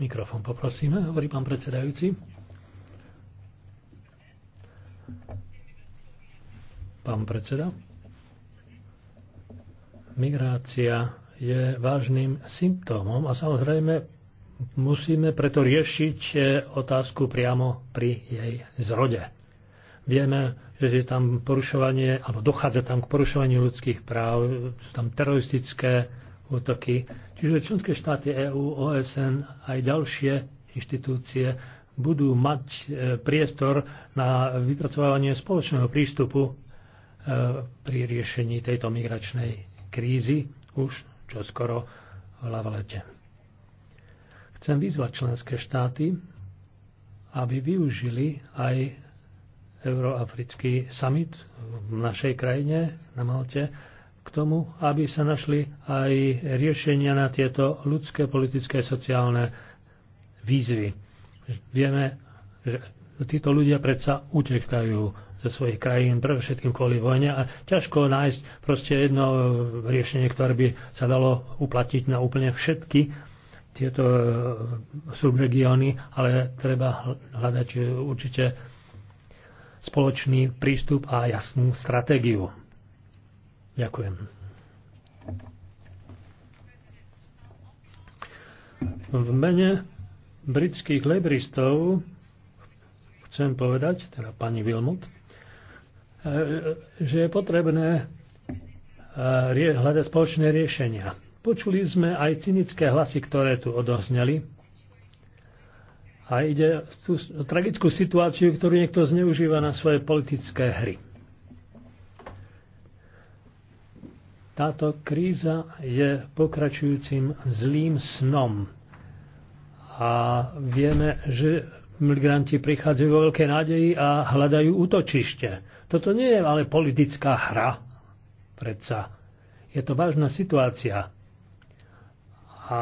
Mikrofón poprosíme, hovorí pán predsedajúci. Pán predseda. Migrácia je vážnym symptómom a samozrejme musíme preto riešiť eh, otázku priamo pri jej zrode. Vieme, že je tam porušovanie, alebo dochádza tam k porušovaniu ľudských práv, sú tam teroristické útoky. Čiže členské štáty EÚ, OSN aj ďalšie inštitúcie budú mať e, priestor na vypracovanie spoločného prístupu e, pri riešení tejto migračnej krízy už čoskoro v Lavalete. Chcem vyzvať členské štáty, aby využili aj Euroafrický summit v našej krajine na Malte, k tomu, aby sa našli aj riešenia na tieto ľudské, politické, sociálne výzvy. Vieme, že títo ľudia predsa utekajú ze svojich krajín, všetkým kvôli vojne a ťažko nájsť proste jedno riešenie, ktoré by sa dalo uplatiť na úplne všetky tieto subregióny, ale treba hľadať určite spoločný prístup a jasnú stratégiu. Ďakujem. V mene britských lebristov chcem povedať, teda pani Wilmot, e, že je potrebné e, hľadať spoločné riešenia. Počuli sme aj cynické hlasy, ktoré tu odozneli. A ide tú tragickú situáciu, ktorú niekto zneužíva na svoje politické hry. Táto kríza je pokračujúcim zlým snom. A vieme, že migranti prichádzajú vo veľké nádeji a hľadajú útočište. Toto nie je ale politická hra. Predsa. Je to vážna situácia. A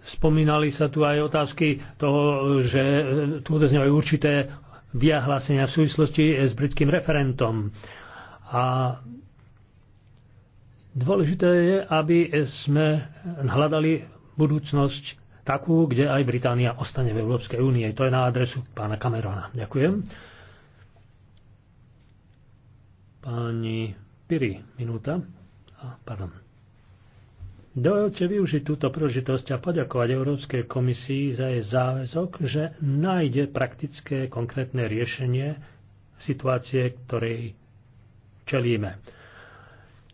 spomínali sa tu aj otázky toho, že tu odoznievajú určité vyhlásenia v súvislosti s britským referentom. A Dôležité je, aby sme hľadali budúcnosť takú, kde aj Británia ostane v Európskej únie. To je na adresu pána Camerona. Ďakujem. Pani Piri, minúta. A, pardon. Dovolte využiť túto príležitosť a poďakovať Európskej komisii za jej záväzok, že nájde praktické konkrétne riešenie situácie, ktorej čelíme.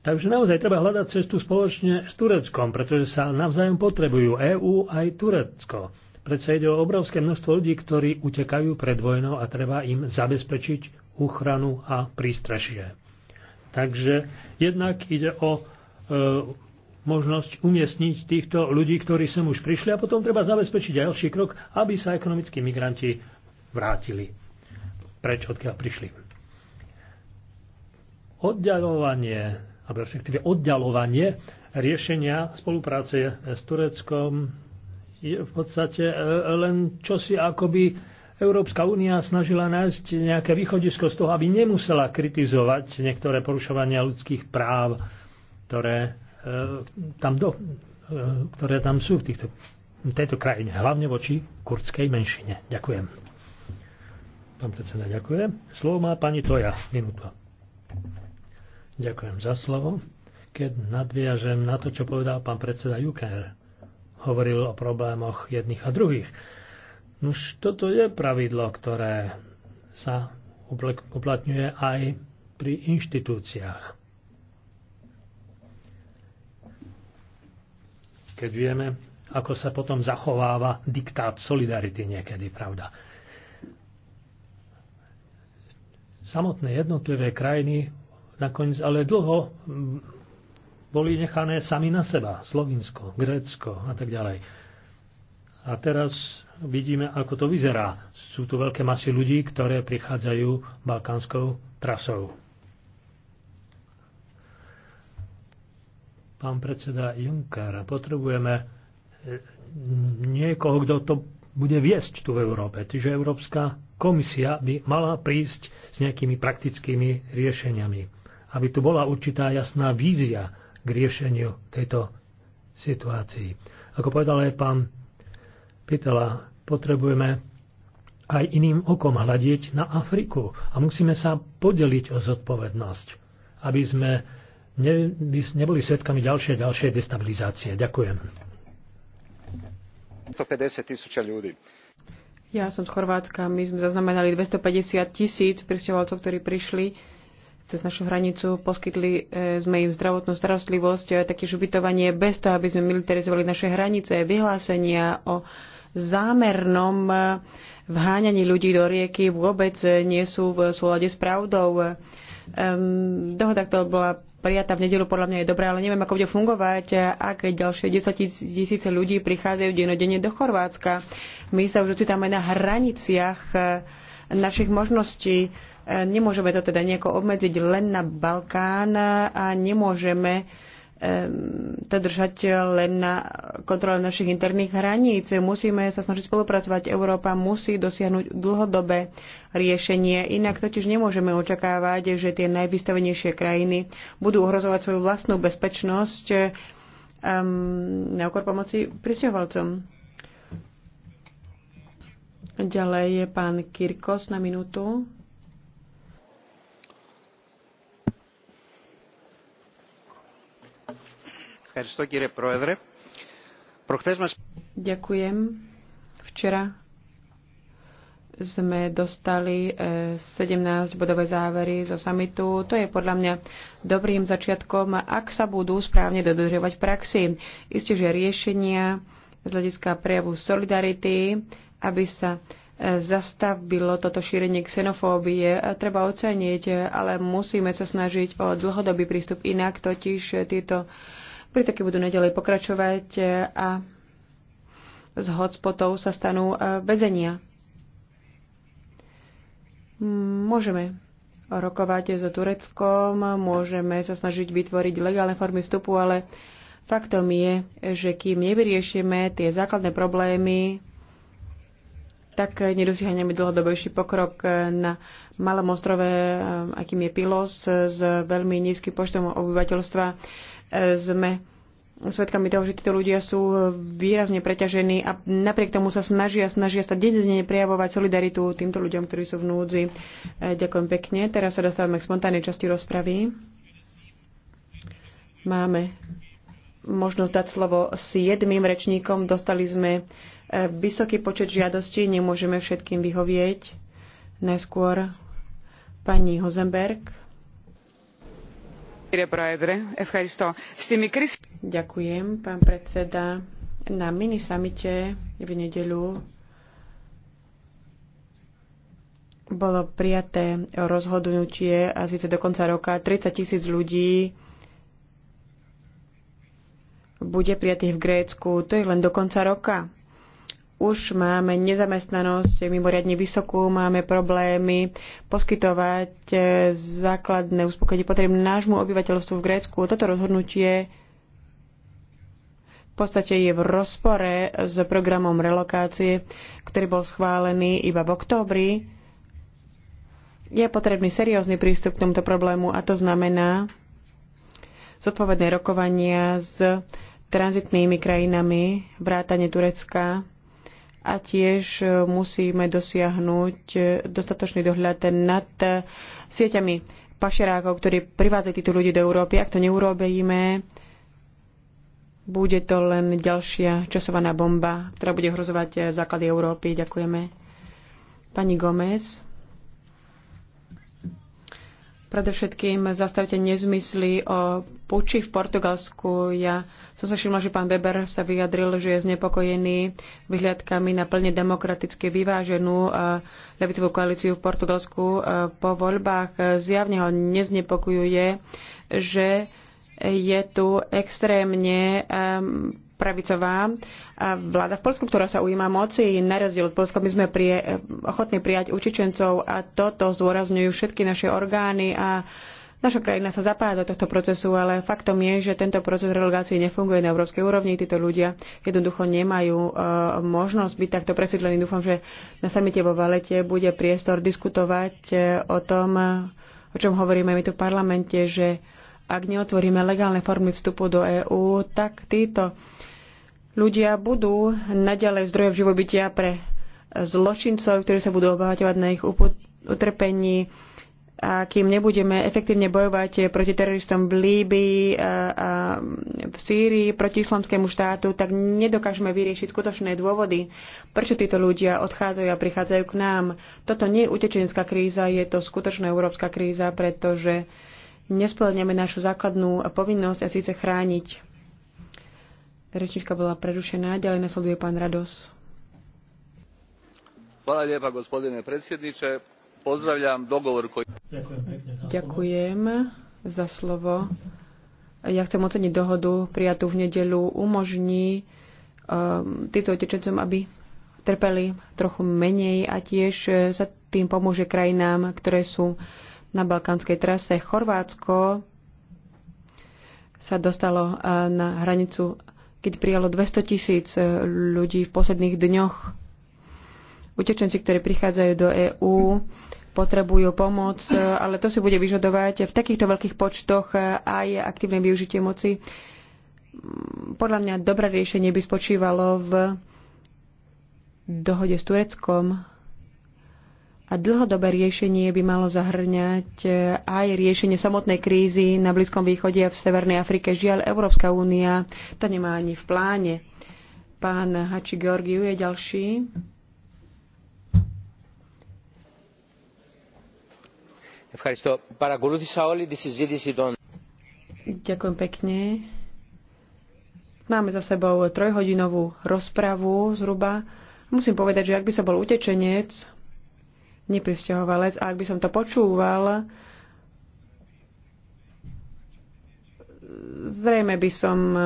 Takže naozaj treba hľadať cestu spoločne s Tureckom, pretože sa navzájom potrebujú EÚ aj Turecko. Predsa ide o obrovské množstvo ľudí, ktorí utekajú pred vojnou a treba im zabezpečiť ochranu a prístrešie. Takže jednak ide o e, možnosť umiestniť týchto ľudí, ktorí sem už prišli a potom treba zabezpečiť ďalší krok, aby sa ekonomickí migranti vrátili preč, odkiaľ prišli. Oddialovanie alebo respektíve oddalovanie riešenia spolupráce s Tureckom je v podstate e, e, len čosi akoby Európska únia snažila nájsť nejaké východisko z toho, aby nemusela kritizovať niektoré porušovania ľudských práv, ktoré, e, tam, do, e, ktoré tam sú v, týchto, v tejto krajine, hlavne voči kurdskej menšine. Ďakujem. Pán predseda, ďakujem. Slovo má pani Toja. Minúta. Ďakujem za slovo. Keď nadviažem na to, čo povedal pán predseda Juker. hovoril o problémoch jedných a druhých. Nuž toto je pravidlo, ktoré sa uplatňuje aj pri inštitúciách. Keď vieme, ako sa potom zachováva diktát solidarity niekedy, pravda. Samotné jednotlivé krajiny nakoniec ale dlho mm, boli nechané sami na seba. Slovinsko, Grécko a tak ďalej. A teraz vidíme, ako to vyzerá. Sú tu veľké masy ľudí, ktoré prichádzajú balkánskou trasou. Pán predseda Juncker, potrebujeme e, niekoho, kto to bude viesť tu v Európe. Čiže Európska komisia by mala prísť s nejakými praktickými riešeniami aby tu bola určitá jasná vízia k riešeniu tejto situácii. Ako povedal aj pán Pitela, potrebujeme aj iným okom hľadiť na Afriku a musíme sa podeliť o zodpovednosť, aby sme neboli svetkami ďalšej ďalšej destabilizácie. Ďakujem. 150 tisúča ľudí. Ja som z Chorvátska, my sme zaznamenali 250 tisíc pristahovalcov, ktorí prišli cez našu hranicu, poskytli e, sme im zdravotnú starostlivosť, e, Také ubytovanie bez toho, aby sme militarizovali naše hranice, vyhlásenia o zámernom e, vháňaní ľudí do rieky vôbec nie sú v súlade s pravdou. Um, dohoda, ktorá bola prijatá v nedelu, podľa mňa je dobrá, ale neviem, ako bude fungovať, ak ďalšie 10 tisíce ľudí prichádzajú denodene do Chorvátska. My sa už ocitáme na hraniciach našich možností Nemôžeme to teda nejako obmedziť len na Balkán a nemôžeme to držať len na kontrole našich interných hraníc. Musíme sa snažiť spolupracovať. Európa musí dosiahnuť dlhodobé riešenie. Inak totiž nemôžeme očakávať, že tie najvystavenejšie krajiny budú ohrozovať svoju vlastnú bezpečnosť um, na okor pomoci prisťahovalcom. Ďalej je pán Kirkos na minútu. Ďakujem. Včera sme dostali 17-bodové e, závery zo samitu. To je podľa mňa dobrým začiatkom, ak sa budú správne dodržiavať v praxi. Isté, že riešenia z hľadiska prejavu solidarity, aby sa e, zastavilo toto šírenie xenofóbie, e, treba oceniť, ale musíme sa snažiť o dlhodobý prístup. Inak totiž tieto Pritaky budú nedelej pokračovať a z hotspotov sa stanú e, väzenia. Môžeme rokovať so Tureckom, môžeme sa snažiť vytvoriť legálne formy vstupu, ale faktom je, že kým nevyriešime tie základné problémy, tak nedosiahneme dlhodobejší pokrok na malom ostrove, e, akým je Pilos, s veľmi nízkym počtom obyvateľstva sme svedkami toho, že títo ľudia sú výrazne preťažení a napriek tomu sa snažia, snažia sa denne prejavovať solidaritu týmto ľuďom, ktorí sú v núdzi. E, ďakujem pekne. Teraz sa dostávame k spontánnej časti rozpravy. Máme možnosť dať slovo s jedným rečníkom. Dostali sme e, vysoký počet žiadostí, nemôžeme všetkým vyhovieť. Najskôr pani Hozenberg. Ďakujem, pán predseda. Na minisamite v nedeľu bolo prijaté rozhodnutie a síce do konca roka 30 tisíc ľudí bude prijatých v Grécku. To je len do konca roka už máme nezamestnanosť mimoriadne vysokú, máme problémy poskytovať eh, základné uspokojenie potreby nášmu obyvateľstvu v Grécku. Toto rozhodnutie v podstate je v rozpore s programom relokácie, ktorý bol schválený iba v októbri. Je potrebný seriózny prístup k tomuto problému a to znamená zodpovedné rokovania s tranzitnými krajinami, vrátane Turecka, a tiež e, musíme dosiahnuť e, dostatočný dohľad nad e, sieťami pašerákov, ktorí privádzajú týchto ľudí do Európy. Ak to neurobíme, bude to len ďalšia časovaná bomba, ktorá bude hrozovať základy Európy. Ďakujeme. Pani Gomez. Predovšetkým zastavte nezmysly o puči v Portugalsku. Ja som sa všimla, že pán Weber sa vyjadril, že je znepokojený vyhľadkami na plne demokraticky vyváženú eh, levicovú koalíciu v Portugalsku eh, po voľbách. Zjavne ho neznepokojuje, že je tu extrémne eh, pravicová vláda v Polsku, ktorá sa ujíma moci. Na rozdiel od Polska my sme prie, ochotní prijať učičencov a toto zdôrazňujú všetky naše orgány a Naša krajina sa zapája do tohto procesu, ale faktom je, že tento proces relokácie nefunguje na európskej úrovni. Títo ľudia jednoducho nemajú e, možnosť byť takto presídlení. Dúfam, že na samite vo Valete bude priestor diskutovať e, o tom, o čom hovoríme my tu v parlamente, že ak neotvoríme legálne formy vstupu do EÚ, tak títo ľudia budú naďalej zdrojov živobytia pre zločincov, ktorí sa budú obohatovať na ich utrpení, a kým nebudeme efektívne bojovať proti teroristom v Líbii, e, a v Sýrii, proti islamskému štátu, tak nedokážeme vyriešiť skutočné dôvody, prečo títo ľudia odchádzajú a prichádzajú k nám. Toto nie je utečenská kríza, je to skutočná európska kríza, pretože nesplňame našu základnú povinnosť a síce chrániť. Rečnička bola prerušená, ďalej nasleduje pán Rados. Hvala lijepa gospodine predsjedniče Pozdravľam dogovor, koji... Ďakujem za slovo. Ja chcem oceniť dohodu prijatú v nedeľu. Umožní um, týmto utečencom, aby trpeli trochu menej a tiež e, sa tým pomôže krajinám, ktoré sú na balkánskej trase. Chorvátsko sa dostalo e, na hranicu, keď prijalo 200 tisíc e, ľudí v posledných dňoch Utečenci, ktorí prichádzajú do EÚ, potrebujú pomoc, ale to si bude vyžadovať v takýchto veľkých počtoch aj aktívne využitie moci. Podľa mňa dobré riešenie by spočívalo v dohode s Tureckom a dlhodobé riešenie by malo zahrňať aj riešenie samotnej krízy na Blízkom východe a v Severnej Afrike. Žiaľ, Európska únia to nemá ani v pláne. Pán Hači Georgiu je ďalší. Ďakujem pekne. Máme za sebou trojhodinovú rozpravu zhruba. Musím povedať, že ak by som bol utečenec, neprisťahovalec, a ak by som to počúval, zrejme by som e,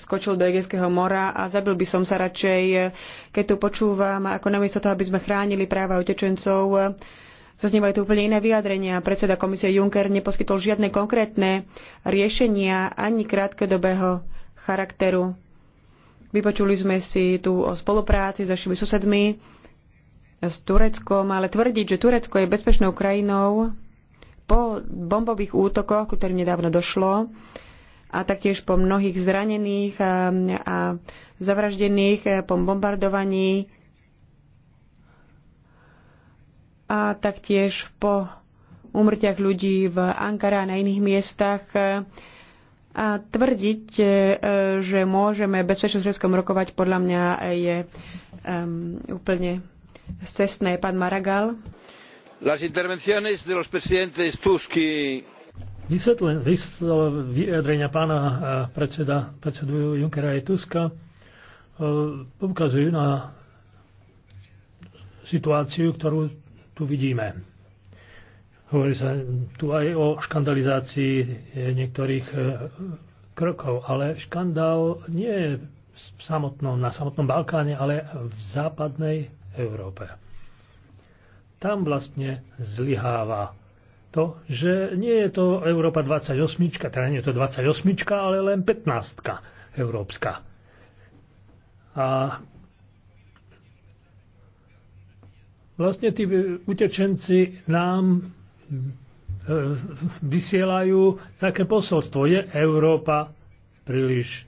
skočil do Egejského mora a zabil by som sa radšej, keď tu počúvam, ako namiesto toho, aby sme chránili práva utečencov, Zaznievajú tu úplne iné vyjadrenia. Predseda komisie Juncker neposkytol žiadne konkrétne riešenia ani krátkodobého charakteru. Vypočuli sme si tu o spolupráci s našimi susedmi, s Tureckom, ale tvrdiť, že Turecko je bezpečnou krajinou po bombových útokoch, ktorým nedávno došlo, a taktiež po mnohých zranených a, a zavraždených, po bombardovaní a taktiež po umrťach ľudí v Ankara a na iných miestach e, a tvrdiť, e, že môžeme bezpečnosť Ruskom rokovať, podľa mňa je um, úplne cestné. Pán Maragal. Las intervenciones de los presidentes Tusk y... Vysvetlen, vyjadrenia pána e, predseda, predsedu Junckera aj Tuska poukazujú na situáciu, ktorú tu vidíme. Hovorí sa tu aj o škandalizácii eh, niektorých eh, krokov, ale škandál nie je samotnom, na samotnom Balkáne, ale v západnej Európe. Tam vlastne zlyháva to, že nie je to Európa 28, teda nie je to 28, ale len 15 európska. A Vlastne tí utečenci nám e, vysielajú také posolstvo. Je Európa príliš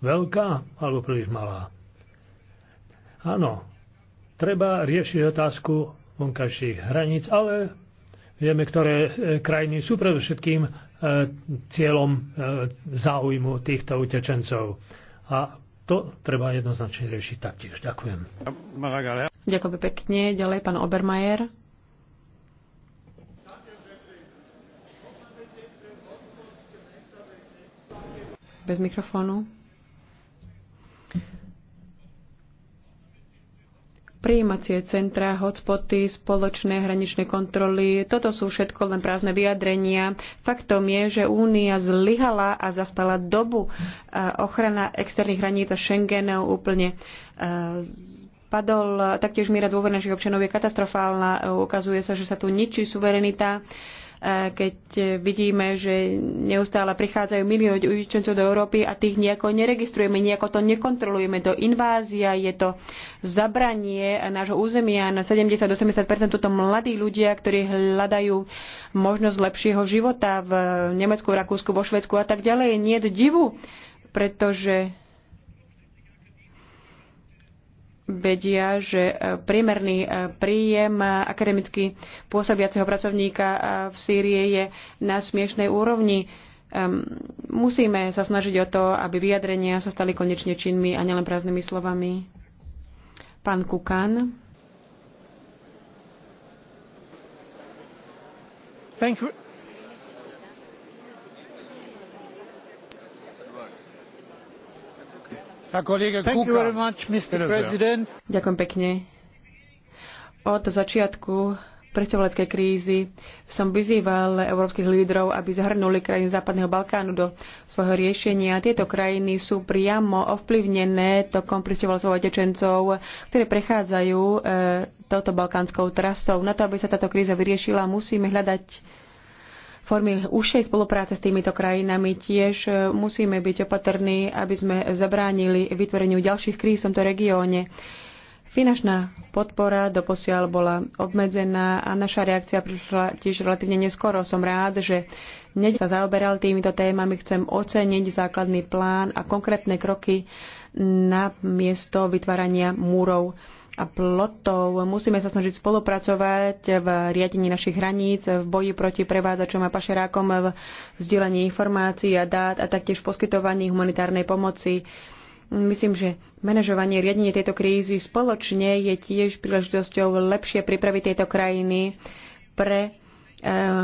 veľká alebo príliš malá? Áno, treba riešiť otázku vonkajších hraníc, ale vieme, ktoré e, krajiny sú predovšetkým e, cieľom záujmu týchto utečencov. A to treba jednoznačne riešiť taktiež. Ďakujem. Ďakujem pekne. Ďalej pán Obermajer. Bez mikrofónu. Prijímacie centra, hotspoty, spoločné hraničné kontroly, toto sú všetko len prázdne vyjadrenia. Faktom je, že Únia zlyhala a zaspala dobu. Ochrana externých hraníc a Schengenov úplne padol, taktiež miera dôver našich občanov je katastrofálna. Ukazuje sa, že sa tu ničí suverenita, e, keď vidíme, že neustále prichádzajú milióny utečencov do Európy a tých nejako neregistrujeme, nejako to nekontrolujeme. To invázia, je to zabranie nášho územia na 70-80% toto mladí ľudia, ktorí hľadajú možnosť lepšieho života v Nemecku, Rakúsku, vo Švedsku a tak ďalej. Nie je divu, pretože vedia, že e, priemerný e, príjem akademicky pôsobiaceho pracovníka e, v Sýrie je na smiešnej úrovni. Musíme sa snažiť o to, aby vyjadrenia sa stali konečne činmi a nielen prázdnymi slovami. Pán Kukan. Thank you. Ďakujem pekne. Od začiatku predstavovaleckej krízy som vyzýval európskych lídrov, aby zahrnuli krajiny Západného Balkánu do svojho riešenia. Tieto krajiny sú priamo ovplyvnené tokom pristahovalcov a tečencov, ktorí prechádzajú e, touto balkánskou trasou. Na to, aby sa táto kríza vyriešila, musíme hľadať formy užšej spolupráce s týmito krajinami tiež e, musíme byť opatrní, aby sme zabránili vytvoreniu ďalších kríz v tomto regióne. Finančná podpora doposiaľ bola obmedzená a naša reakcia prišla tiež relatívne neskoro. Som rád, že hneď sa zaoberal týmito témami. Chcem oceniť základný plán a konkrétne kroky na miesto vytvárania múrov a plotov. Musíme sa snažiť spolupracovať v riadení našich hraníc, v boji proti prevádzačom a pašerákom, v vzdielaní informácií a dát a taktiež v poskytovaní humanitárnej pomoci. Myslím, že manažovanie, riadenie tejto krízy spoločne je tiež príležitosťou lepšie pripraviť tejto krajiny pre e,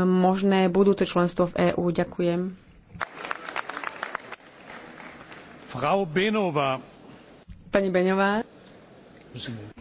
možné budúce členstvo v EÚ. Ďakujem. Frau Benová. Pani Beňová.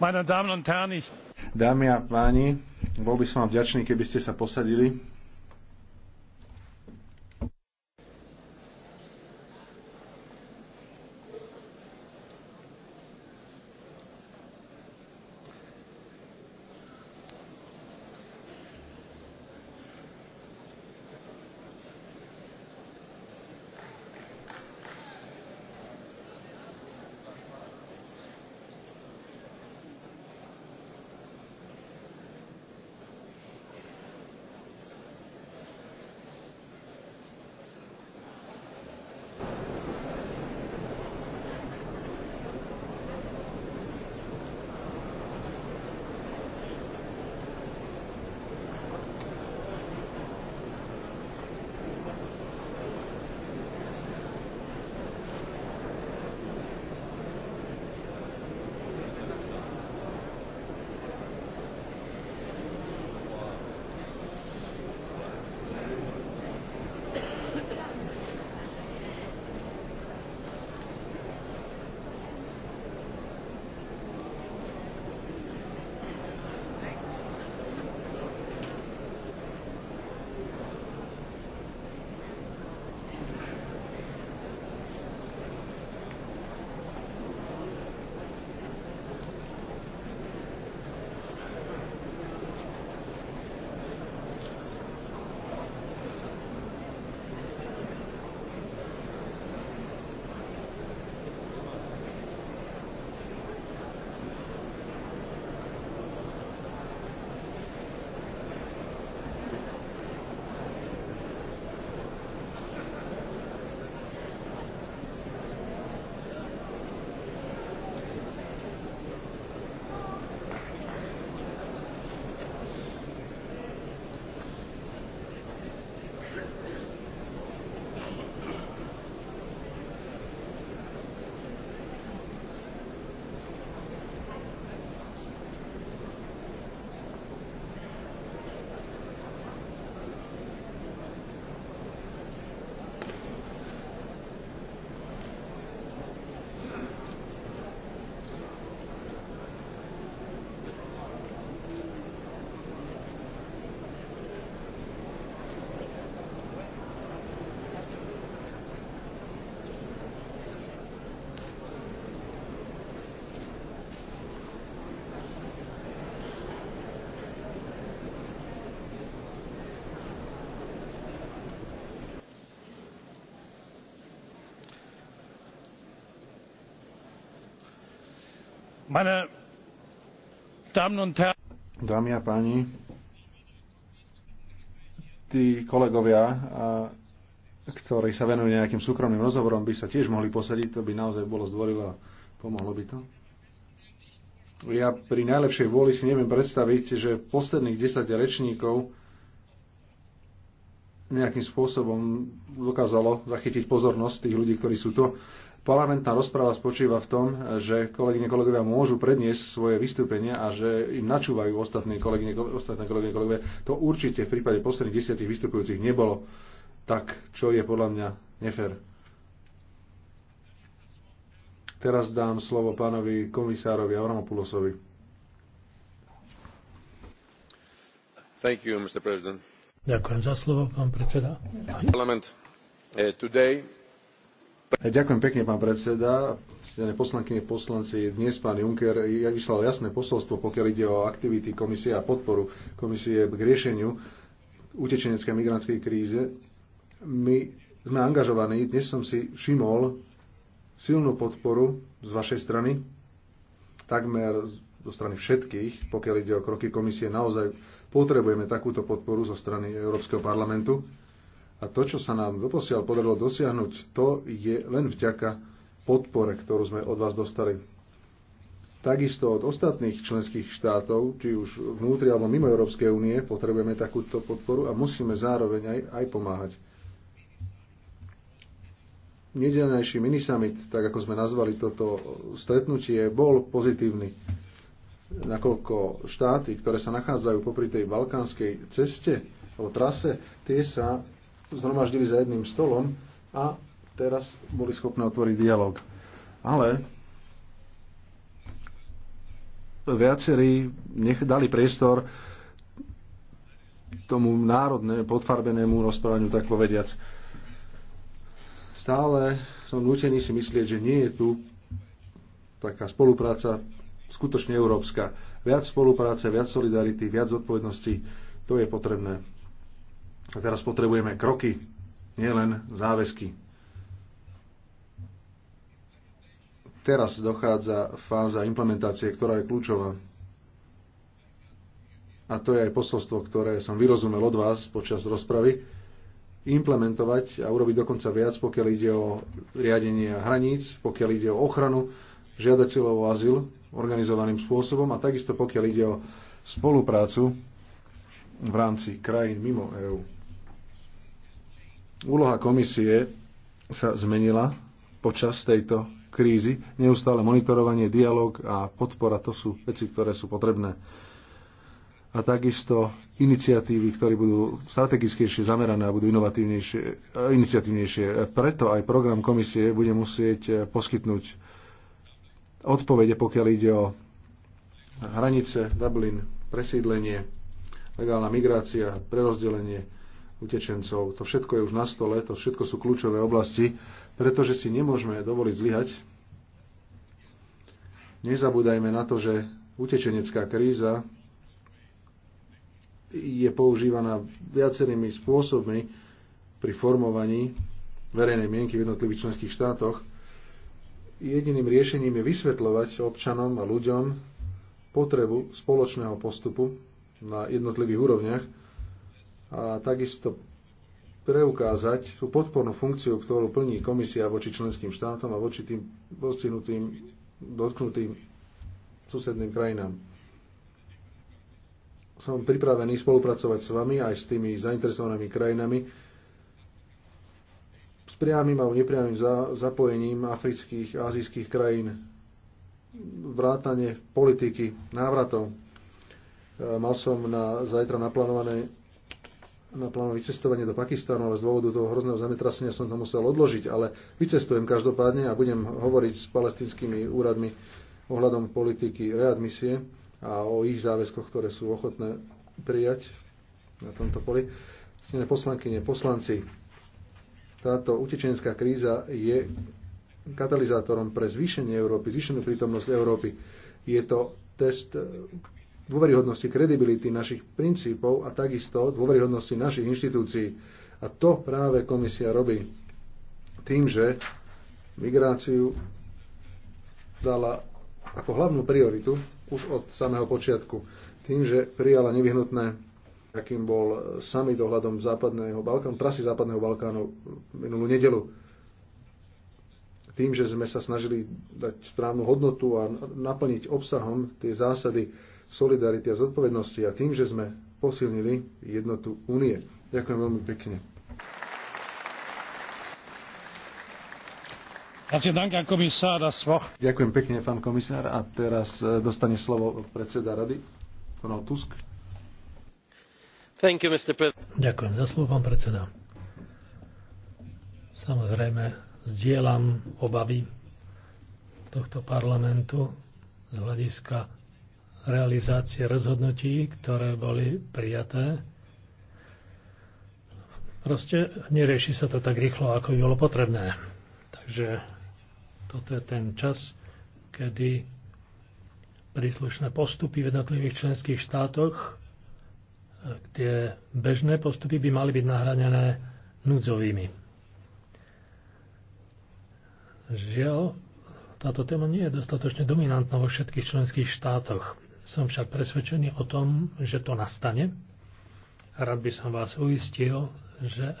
Meine Damen und Herren, ich... Dámy a páni, bol by som vám vďačný, keby ste sa posadili. Dámy a páni, tí kolegovia, ktorí sa venujú nejakým súkromným rozhovorom, by sa tiež mohli posadiť, to by naozaj bolo zdvorilo a pomohlo by to. Ja pri najlepšej vôli si neviem predstaviť, že posledných 10 rečníkov nejakým spôsobom dokázalo zachytiť pozornosť tých ľudí, ktorí sú to. Parlamentná rozpráva spočíva v tom, že kolegyne kolegovia môžu predniesť svoje vystúpenia a že im načúvajú ostatní kolegyne, ostatné kolegyne kolegovia. To určite v prípade posledných desiatich vystupujúcich nebolo tak, čo je podľa mňa nefér. Teraz dám slovo pánovi komisárovi Avramopulosovi. Thank you, Mr. President. Ďakujem za slovo, pán predseda. Parlament, eh, today Ďakujem pekne, pán predseda. Stené poslankyne, poslanci, dnes pán Juncker ja vyslal jasné posolstvo, pokiaľ ide o aktivity komisie a podporu komisie k riešeniu utečeneckej migrantskej kríze. My sme angažovaní, dnes som si všimol silnú podporu z vašej strany, takmer zo strany všetkých, pokiaľ ide o kroky komisie, naozaj potrebujeme takúto podporu zo strany Európskeho parlamentu a to, čo sa nám doposiaľ podarilo dosiahnuť, to je len vďaka podpore, ktorú sme od vás dostali. Takisto od ostatných členských štátov, či už vnútri alebo mimo Európskej únie, potrebujeme takúto podporu a musíme zároveň aj, aj pomáhať. Nedelnejší minisamit, tak ako sme nazvali toto stretnutie, bol pozitívny nakoľko štáty, ktoré sa nachádzajú popri tej balkánskej ceste alebo trase, tie sa zhromaždili za jedným stolom a teraz boli schopné otvoriť dialog. Ale viacerí nech dali priestor tomu národne podfarbenému rozprávaniu, tak povediac. Stále som nutený si myslieť, že nie je tu taká spolupráca skutočne európska. Viac spolupráce, viac solidarity, viac zodpovednosti, to je potrebné. A teraz potrebujeme kroky, nielen záväzky. Teraz dochádza fáza implementácie, ktorá je kľúčová. A to je aj posolstvo, ktoré som vyrozumel od vás počas rozpravy. Implementovať a urobiť dokonca viac, pokiaľ ide o riadenie hraníc, pokiaľ ide o ochranu žiadateľov o azyl organizovaným spôsobom a takisto pokiaľ ide o spoluprácu v rámci krajín mimo EÚ. Úloha komisie sa zmenila počas tejto krízy. Neustále monitorovanie, dialog a podpora to sú veci, ktoré sú potrebné. A takisto iniciatívy, ktoré budú strategickejšie zamerané a budú inovatívnejšie, iniciatívnejšie. Preto aj program komisie bude musieť poskytnúť odpovede, pokiaľ ide o hranice, Dublin, presídlenie, legálna migrácia, prerozdelenie, utečencov. To všetko je už na stole, to všetko sú kľúčové oblasti, pretože si nemôžeme dovoliť zlyhať. Nezabúdajme na to, že utečenecká kríza je používaná viacerými spôsobmi pri formovaní verejnej mienky v jednotlivých členských štátoch. Jediným riešením je vysvetľovať občanom a ľuďom potrebu spoločného postupu na jednotlivých úrovniach, a takisto preukázať tú podpornú funkciu, ktorú plní komisia voči členským štátom a voči tým postihnutým, dotknutým susedným krajinám. Som pripravený spolupracovať s vami aj s tými zainteresovanými krajinami, s priamým alebo nepriamým zapojením afrických a azijských krajín, vrátane politiky návratov. E, mal som na zajtra naplánované naplánoval vycestovanie do Pakistanu, ale z dôvodu toho hrozného zemetrasenia som to musel odložiť, ale vycestujem každopádne a budem hovoriť s palestinskými úradmi ohľadom politiky readmisie a o ich záväzkoch, ktoré sú ochotné prijať na tomto poli. Ctené poslankyne, poslanci, táto utečenská kríza je katalizátorom pre zvýšenie Európy, zvýšenú prítomnosť Európy. Je to test dôveryhodnosti, kredibility našich princípov a takisto dôveryhodnosti našich inštitúcií. A to práve komisia robí tým, že migráciu dala ako hlavnú prioritu už od samého počiatku. Tým, že prijala nevyhnutné, akým bol samý dohľadom západného Balkánu, trasy západného Balkánu minulú nedelu. Tým, že sme sa snažili dať správnu hodnotu a naplniť obsahom tie zásady, solidarity a zodpovednosti a tým, že sme posilnili jednotu únie. Ďakujem veľmi pekne. Ďakujem pekne, pán komisár. A teraz eh, dostane slovo predseda rady, Donald Tusk. You, Ďakujem za slovo, pán predseda. Samozrejme, zdieľam obavy tohto parlamentu z hľadiska realizácie rozhodnutí, ktoré boli prijaté. Proste nerieši sa to tak rýchlo, ako by bolo potrebné. Takže toto je ten čas, kedy príslušné postupy v jednotlivých členských štátoch, tie bežné postupy by mali byť nahranené núdzovými. Žiaľ, táto téma nie je dostatočne dominantná vo všetkých členských štátoch. Som však presvedčený o tom, že to nastane. Rád by som vás uistil, že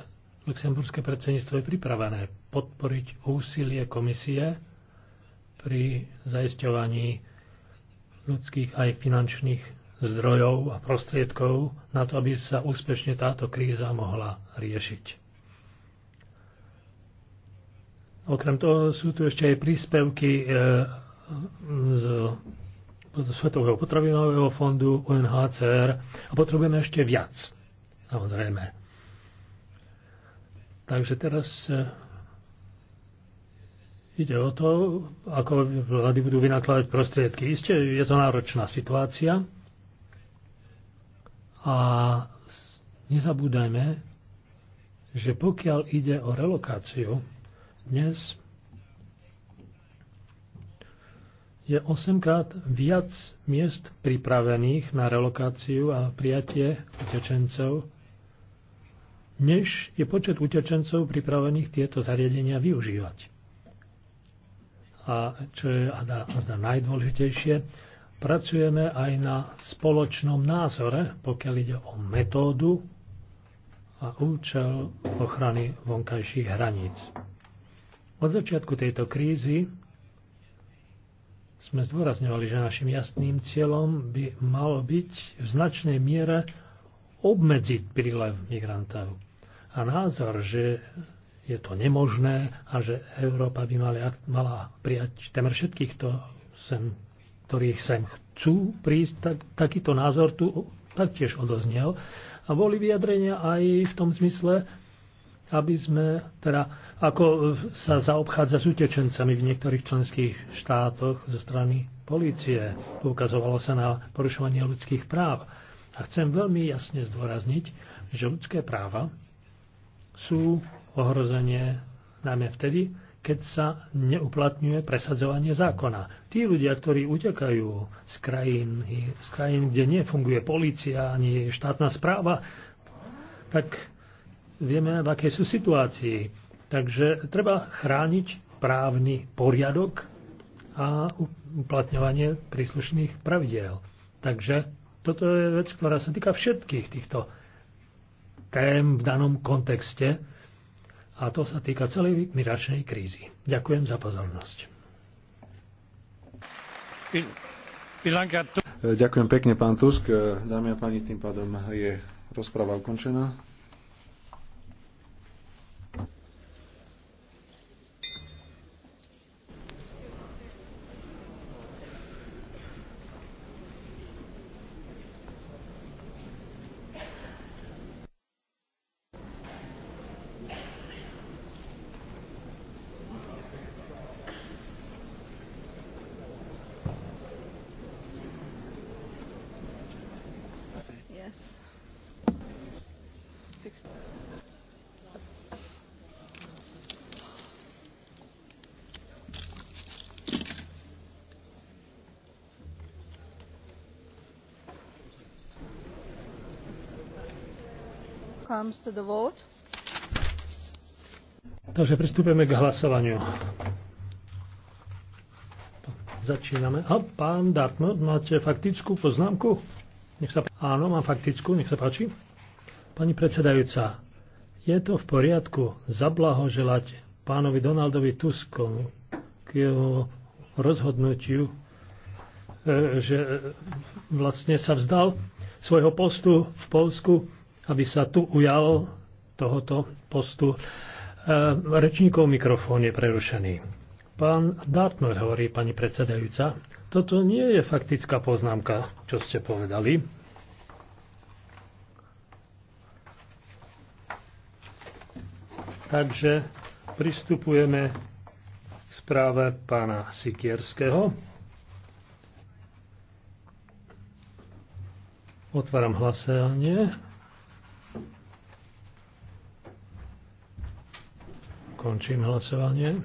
luxemburské predsedníctvo je pripravené podporiť úsilie komisie pri zaisťovaní ľudských aj finančných zdrojov a prostriedkov na to, aby sa úspešne táto kríza mohla riešiť. Okrem toho sú tu ešte aj príspevky eh, z Svetového potravinového fondu, UNHCR a potrebujeme ešte viac, samozrejme. Takže teraz e, ide o to, ako vlády budú vynakladať prostriedky. Isté, je to náročná situácia a nezabúdajme, že pokiaľ ide o relokáciu, dnes je 8 krát viac miest pripravených na relokáciu a prijatie utečencov, než je počet utečencov pripravených tieto zariadenia využívať. A čo je a najdôležitejšie, pracujeme aj na spoločnom názore, pokiaľ ide o metódu a účel ochrany vonkajších hraníc. Od začiatku tejto krízy sme zdôrazňovali, že našim jasným cieľom by mal byť v značnej miere obmedziť prílev migrantov. A názor, že je to nemožné a že Európa by mali, mala prijať temer všetkých, to sem, ktorých sem chcú prísť, tak, takýto názor tu taktiež odoznel. A boli vyjadrenia aj v tom zmysle, aby sme, teda, ako sa zaobchádza s utečencami v niektorých členských štátoch zo strany polície. Poukazovalo sa na porušovanie ľudských práv. A chcem veľmi jasne zdôrazniť, že ľudské práva sú ohrozenie najmä vtedy, keď sa neuplatňuje presadzovanie zákona. Tí ľudia, ktorí utekajú z krajín, z krajín kde nefunguje policia ani štátna správa, tak vieme, v akej sú situácii. Takže treba chrániť právny poriadok a uplatňovanie príslušných pravidiel. Takže toto je vec, ktorá sa týka všetkých týchto tém v danom kontexte a to sa týka celej migračnej krízy. Ďakujem za pozornosť. Ďakujem pekne, pán Tusk. Dámy a páni, tým pádom je rozpráva ukončená. comes to the vote. Takže pristúpeme k hlasovaniu. Začíname. A pán Dartmouth, máte faktickú poznámku? Nech sa... Áno, mám faktickú, nech sa páči. Pani predsedajúca, je to v poriadku zablahoželať pánovi Donaldovi Tuskovi k jeho rozhodnutiu, e, že e, vlastne sa vzdal svojho postu v Polsku aby sa tu ujal tohoto postu. E, rečníkov mikrofón je prerušený. Pán Dartmouth hovorí, pani predsedajúca, toto nie je faktická poznámka, čo ste povedali. Takže pristupujeme k správe pána Sikierského. Otváram hlasovanie. Končím hlasovanie.